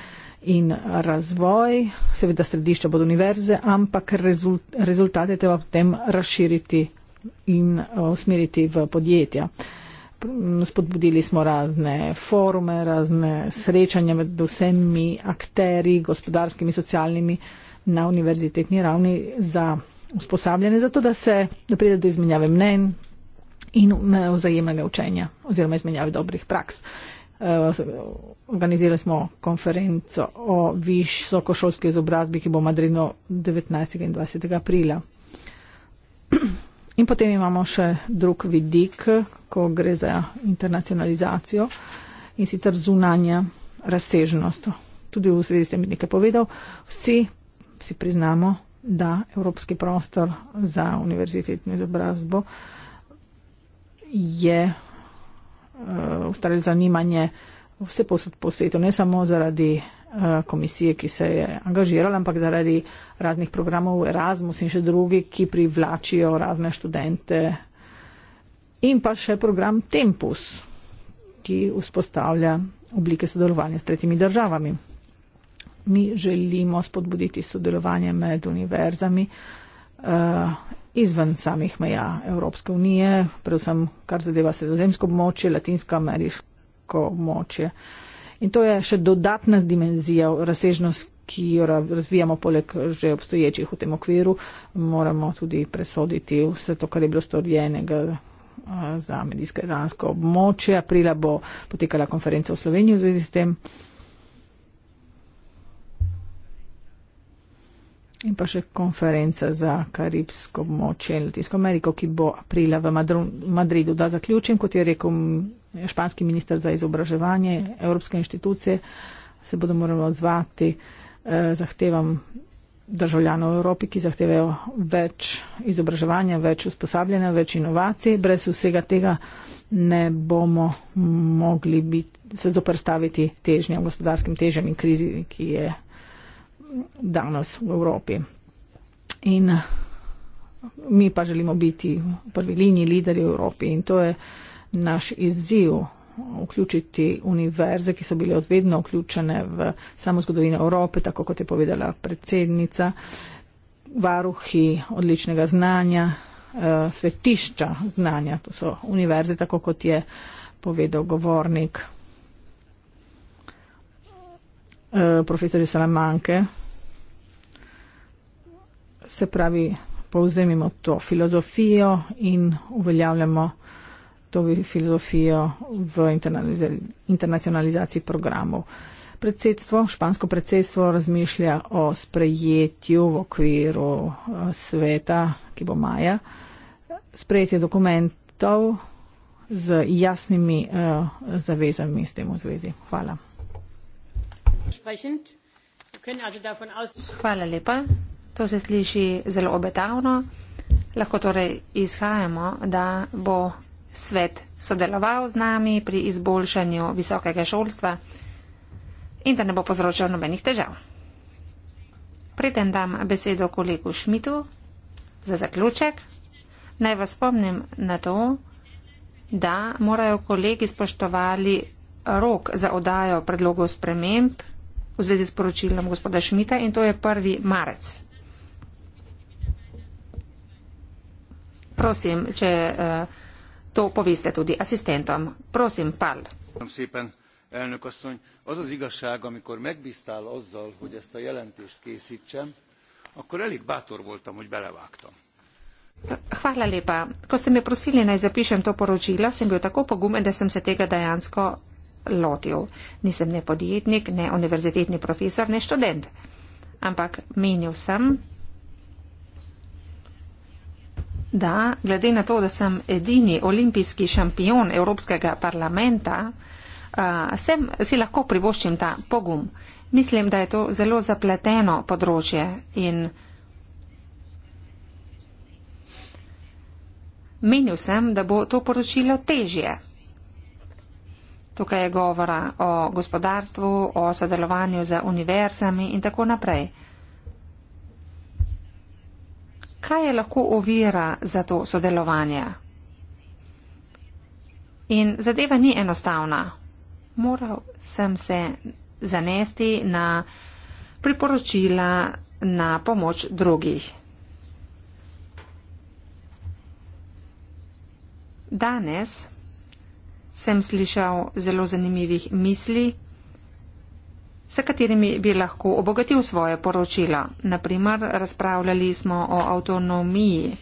Speaker 2: in razvoj, seveda središče bodo univerze, ampak rezultate treba potem razširiti in eh, usmeriti v podjetja. Spodbudili smo razne forume, razne srečanja med vsemi akteri, gospodarskimi, socialnimi na univerzitetni ravni za usposabljanje, zato da se pride do izmenjave mnen in eh, vzajemnega učenja oziroma izmenjave dobrih praks. Eh, organizirali smo konferenco o visokošolski izobrazbi, ki bo v Madridu 19. in 20. aprila. In potem imamo še drug vidik, ko gre za internacionalizacijo in sicer zunanja razsežnost. Tudi v sredi ste mi nekaj povedal, vsi si priznamo, da evropski prostor za univerzitetno izobrazbo je eh, ustvarjal uh, zanimanje vse posod po svetu, ne samo zaradi Eh, komisije, ki se je angažirala, ampak zaradi raznih programov Erasmus in še drugi, ki privlačijo razne študente. In pa še program Tempus, ki vzpostavlja oblike sodelovanja s tretjimi državami. Mi želimo spodbuditi sodelovanje med univerzami eh, izven samih meja Evropske unije, predvsem kar zadeva sredozemsko območje, latinsko-ameriško območje. Latinsko In to je še dodatna dimenzija, razsežnost, ki jo razvijamo poleg že obstoječih v tem okviru. Moramo tudi presoditi vse to, kar je bilo storjenega za medijsko-gransko območje. Aprila bo potekala konferenca v Sloveniji v zvezi s tem. in pa še konferenca za karibsko moče in Latinsko Ameriko, ki bo aprila v Madridu. Da zaključim, kot je rekel španski minister za izobraževanje, Evropske inštitucije se bodo morali odzvati eh, zahtevam državljanov v Evropi, ki zahtevajo več izobraževanja, več usposabljanja, več inovacij. Brez vsega tega ne bomo mogli biti, se zoprstaviti težnjam, gospodarskim težnjam in krizi, ki je danes v Evropi. In mi pa želimo biti v prvi liniji lideri v Evropi in to je naš izziv vključiti univerze, ki so bile odvedno vključene v samo zgodovino Evrope, tako kot je povedala predsednica, varuhi odličnega znanja, eh, svetišča znanja, to so univerze, tako kot je povedal govornik. Eh, profesor iz Salamanke. Se pravi, povzemimo to filozofijo in uveljavljamo to filozofijo v internacionalizaciji programov. Predsedstvo, špansko predsedstvo razmišlja o sprejetju v okviru eh, sveta, ki bo maja, sprejetje dokumentov z jasnimi uh, zavezami s tem v zvezi. Hvala.
Speaker 3: Hvala lepa. To se sliši zelo obetavno. Lahko torej izhajamo, da bo svet sodeloval z nami pri izboljšanju visokega šolstva in da ne bo povzročal nobenih težav. Preden dam besedo kolegu Šmitu za zaključek, naj vas spomnim na to, da morajo kolegi spoštovali rok za odajo predlogov sprememb v zvezi s poročilom gospoda Šmita in to je prvi marec. Prosim, če eh, to poveste tudi asistentom. Prosim, pal.
Speaker 5: Az az igazság, amikor megbíztál azzal, hogy ezt a jelentést készítsem, akkor elég bátor voltam, hogy belevágtam.
Speaker 3: Hvala lepa. Ko ste me prosili, naj zapišem to poročilo, sem bil tako pogumen, da sem se tega dejansko lotil. Nisem ne podjetnik, ne univerzitetni profesor, ne študent. Ampak menil sem, da glede na to, da sem edini olimpijski šampion Evropskega parlamenta, sem, si lahko privoščim ta pogum. Mislim, da je to zelo zapleteno področje in menil sem, da bo to poročilo težje. Tukaj je govora o gospodarstvu, o sodelovanju z univerzami in tako naprej. Kaj je lahko ovira za to sodelovanje? In zadeva ni enostavna. Moral sem se zanesti na priporočila, na pomoč drugih. Danes sem slišal zelo zanimivih misli, s katerimi bi lahko obogatil svoje poročila. Naprimer, razpravljali smo o avtonomiji.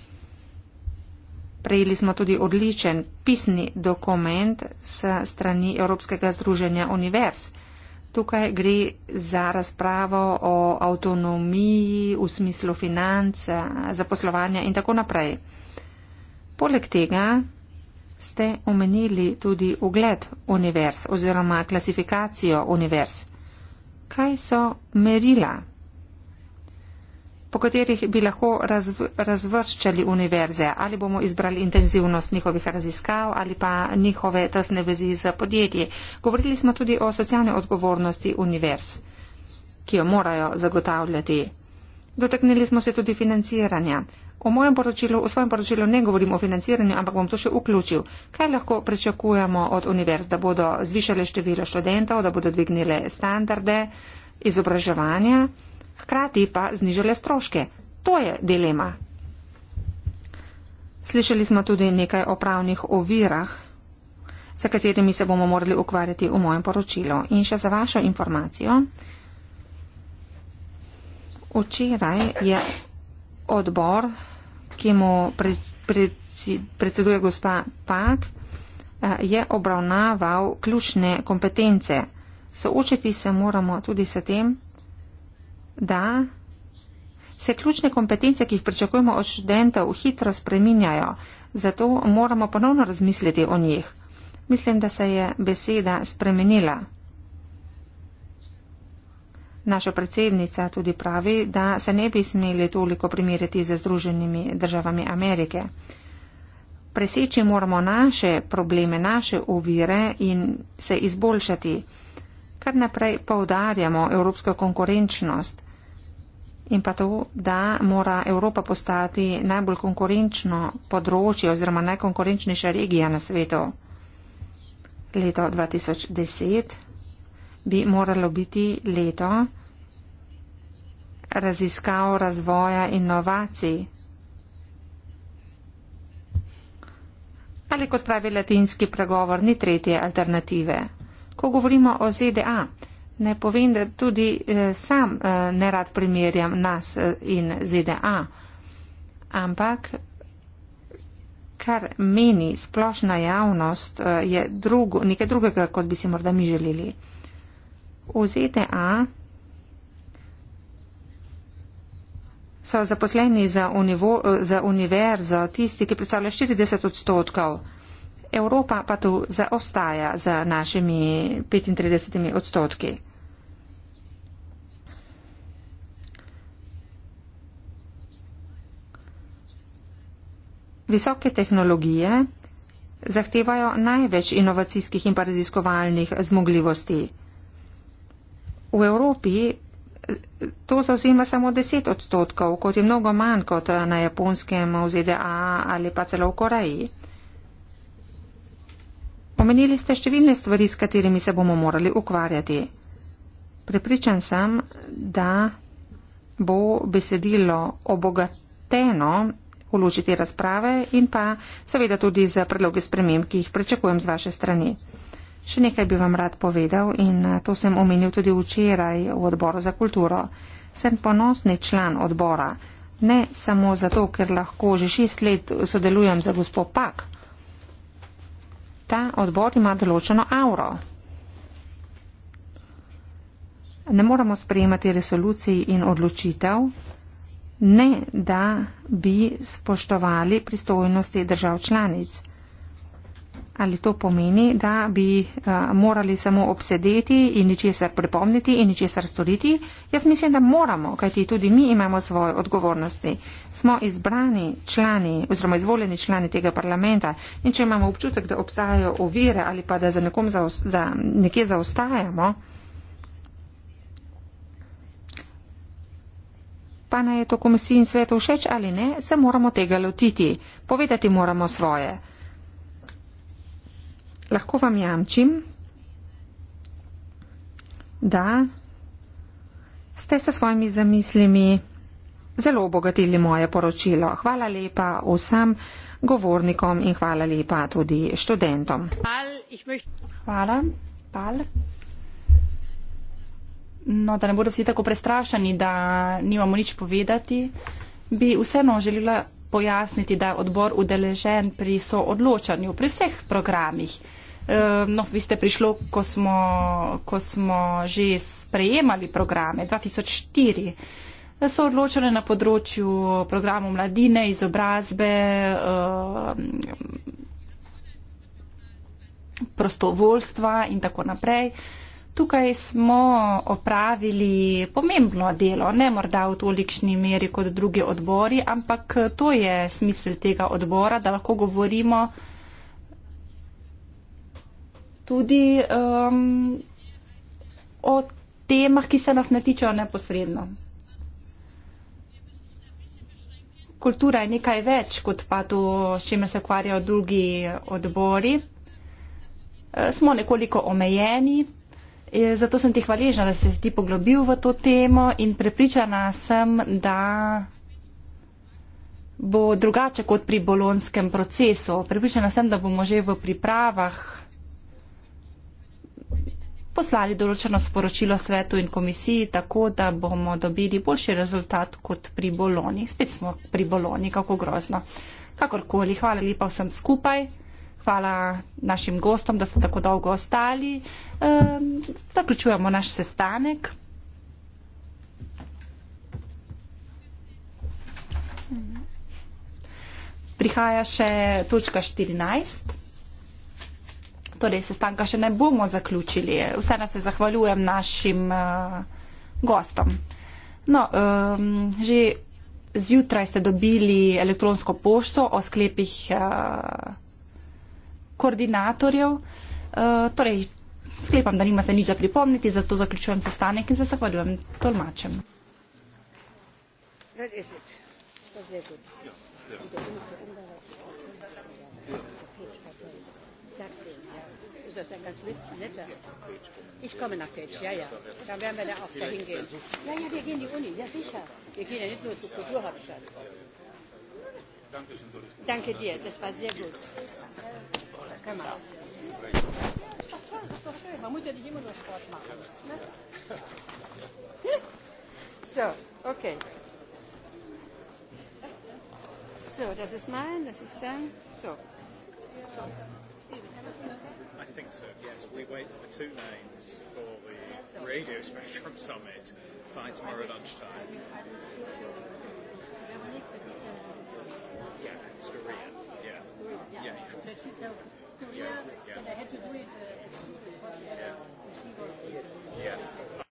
Speaker 3: Prejeli smo tudi odličen pisni dokument s strani Evropskega združenja univerz. Tukaj gre za razpravo o avtonomiji v smislu financ, zaposlovanja in tako naprej. Poleg tega ste omenili tudi ugled univerz oziroma klasifikacijo univerz. Kaj so merila, po katerih bi lahko razv razvrščali univerze? Ali bomo izbrali intenzivnost njihovih raziskav ali pa njihove tesne vezi z podjetji? Govorili smo tudi o socialni odgovornosti univerz, ki jo morajo zagotavljati. Dotaknili smo se tudi financiranja. O mojem poročilu, v svojem poročilu ne govorim o financiranju, ampak bom to še vključil. Kaj lahko pričakujemo od univerz? Da bodo zvišale število študentov, da bodo dvignile standarde izobraževanja, hkrati pa znižale stroške. To je dilema. Slišali smo tudi nekaj o pravnih ovirah, s katerimi se bomo morali ukvarjati v mojem poročilu. In še za vašo informacijo. Včeraj je odbor, ki mu predseduje gospa Pak, eh, je obravnaval ključne kompetence. Soočiti se moramo tudi s tem, da se ključne kompetence, ki jih pričakujemo od študentov, hitro spreminjajo. Zato moramo ponovno razmisliti o njih. Mislim, da se je beseda spremenila. Naša predsednica tudi pravi, da se ne bi smeli toliko primerjati z Združenimi državami Amerike. Preseči moramo naše probleme, naše ovire in se izboljšati. Kar naprej povdarjamo evropsko konkurenčnost in pa to, da mora Evropa postati najbolj konkurenčno področje oziroma najkonkurenčnejša regija na svetu. Leto 2010 bi moralo biti leto raziskav, razvoja, inovacij. Ali kot pravi latinski pregovor, ni tretje alternative. Ko govorimo o ZDA, ne povem, da tudi eh, sam eh, nerad primerjam nas eh, in ZDA, ampak kar meni splošna javnost eh, je drugo, nekaj drugega, kot bi si morda mi želeli. V ZDA so zaposleni za, univo, za univerzo tisti, ki predstavlja 40 odstotkov. Evropa pa tu zaostaja za našimi 35 odstotki. Visoke tehnologije zahtevajo največ inovacijskih in pa raziskovalnih zmogljivosti. V Evropi to zauzima samo 10 odstotkov, kot je mnogo manj kot na japonskem, v ZDA ali pa celo v Koreji. Omenili ste številne stvari, s katerimi se bomo morali ukvarjati. Prepričan sem, da bo besedilo obogateno v ločiti razprave in pa seveda tudi za predloge sprememb, ki jih pričakujem z vaše strani. Še nekaj bi vam rad povedal in eh, to sem omenil tudi včeraj v odboru za kulturo. Sem ponosni član odbora, ne samo zato, ker lahko že šest let sodelujem za gospo Pak. Ta odbor ima določeno auro. Ne moramo sprejemati resolucij in odločitev, ne da bi spoštovali pristojnosti držav članic. Ali to pomeni, da bi uh, morali samo obsedeti in ničesar pripomniti in ničesar storiti? Jaz mislim, da moramo, kajti tudi mi imamo svoje odgovornosti. Smo izbrani člani oziroma izvoljeni člani tega parlamenta in če imamo občutek, da obstajajo ovire ali pa da za nekom zaos, za nekje zaostajamo, pa naj je to komisiji in svetu všeč ali ne, se moramo tega lotiti. Povedati moramo svoje lahko vam jamčim, da ste se svojimi zamislimi zelo obogatili moje poročilo. Hvala lepa vsem govornikom in hvala lepa tudi študentom. Hvala,
Speaker 1: pal. No, da ne bodo vsi tako prestrašeni, da nimamo nič povedati, bi vseeno želela pojasniti, da je odbor udeležen pri soodločanju, pri vseh programih. E, no, vi ste prišli, ko, ko smo že sprejemali programe 2004. So odločene na področju programov mladine, izobrazbe, e, prostovoljstva in tako naprej. Tukaj smo opravili pomembno delo, ne morda v tolikšni meri kot drugi odbori, ampak to je smisel tega odbora, da lahko govorimo tudi um, o temah, ki se nas ne tičejo neposredno. Kultura je nekaj več kot pa to, s čimer se ukvarjajo drugi odbori. Eh, smo nekoliko omejeni, Eh, zato sem ti hvaležna, da si se ti poglobil v to temo in prepričana sem, da bo drugače kot pri bolonskem procesu. Pripričana sem, da bomo že v pripravah poslali določeno sporočilo svetu in komisiji, tako da bomo dobili boljši rezultat kot pri boloni. Spet smo pri boloni, kako grozno. Kakorkoli, hvala lepa vsem skupaj hvala našim gostom, da so tako dolgo ostali. Zaključujemo naš sestanek. Prihaja še točka 14. Torej, sestanka še ne bomo zaključili. Vseeno se zahvaljujem našim uh, gostom. No, um, že zjutraj ste dobili elektronsko pošto o sklepih. Uh, koordinatorjev. Eh, torej, sklepam, da nima se nič za pripomniti, zato zaključujem sestanek in se zahvaljujem tolmačem.
Speaker 2: Ich komme nach Tetsch, ja, ja. Dann werden wir da auch dahin gehen. Ja, ja, wir gehen die Uni, ja,
Speaker 4: sicher. Wir gehen ja nicht nur zur Kulturhauptstadt. Danke dir,
Speaker 3: das war sehr gut.
Speaker 2: So, okay. So, das ist mein, das ist sein. So. so. I think so, yes. We wait for the two names for the Radio Spectrum Summit by tomorrow lunchtime. Yeah, it's Korea. Yeah. Yeah. yeah. yeah career, and I had to do it.
Speaker 4: Uh, because, uh, yeah.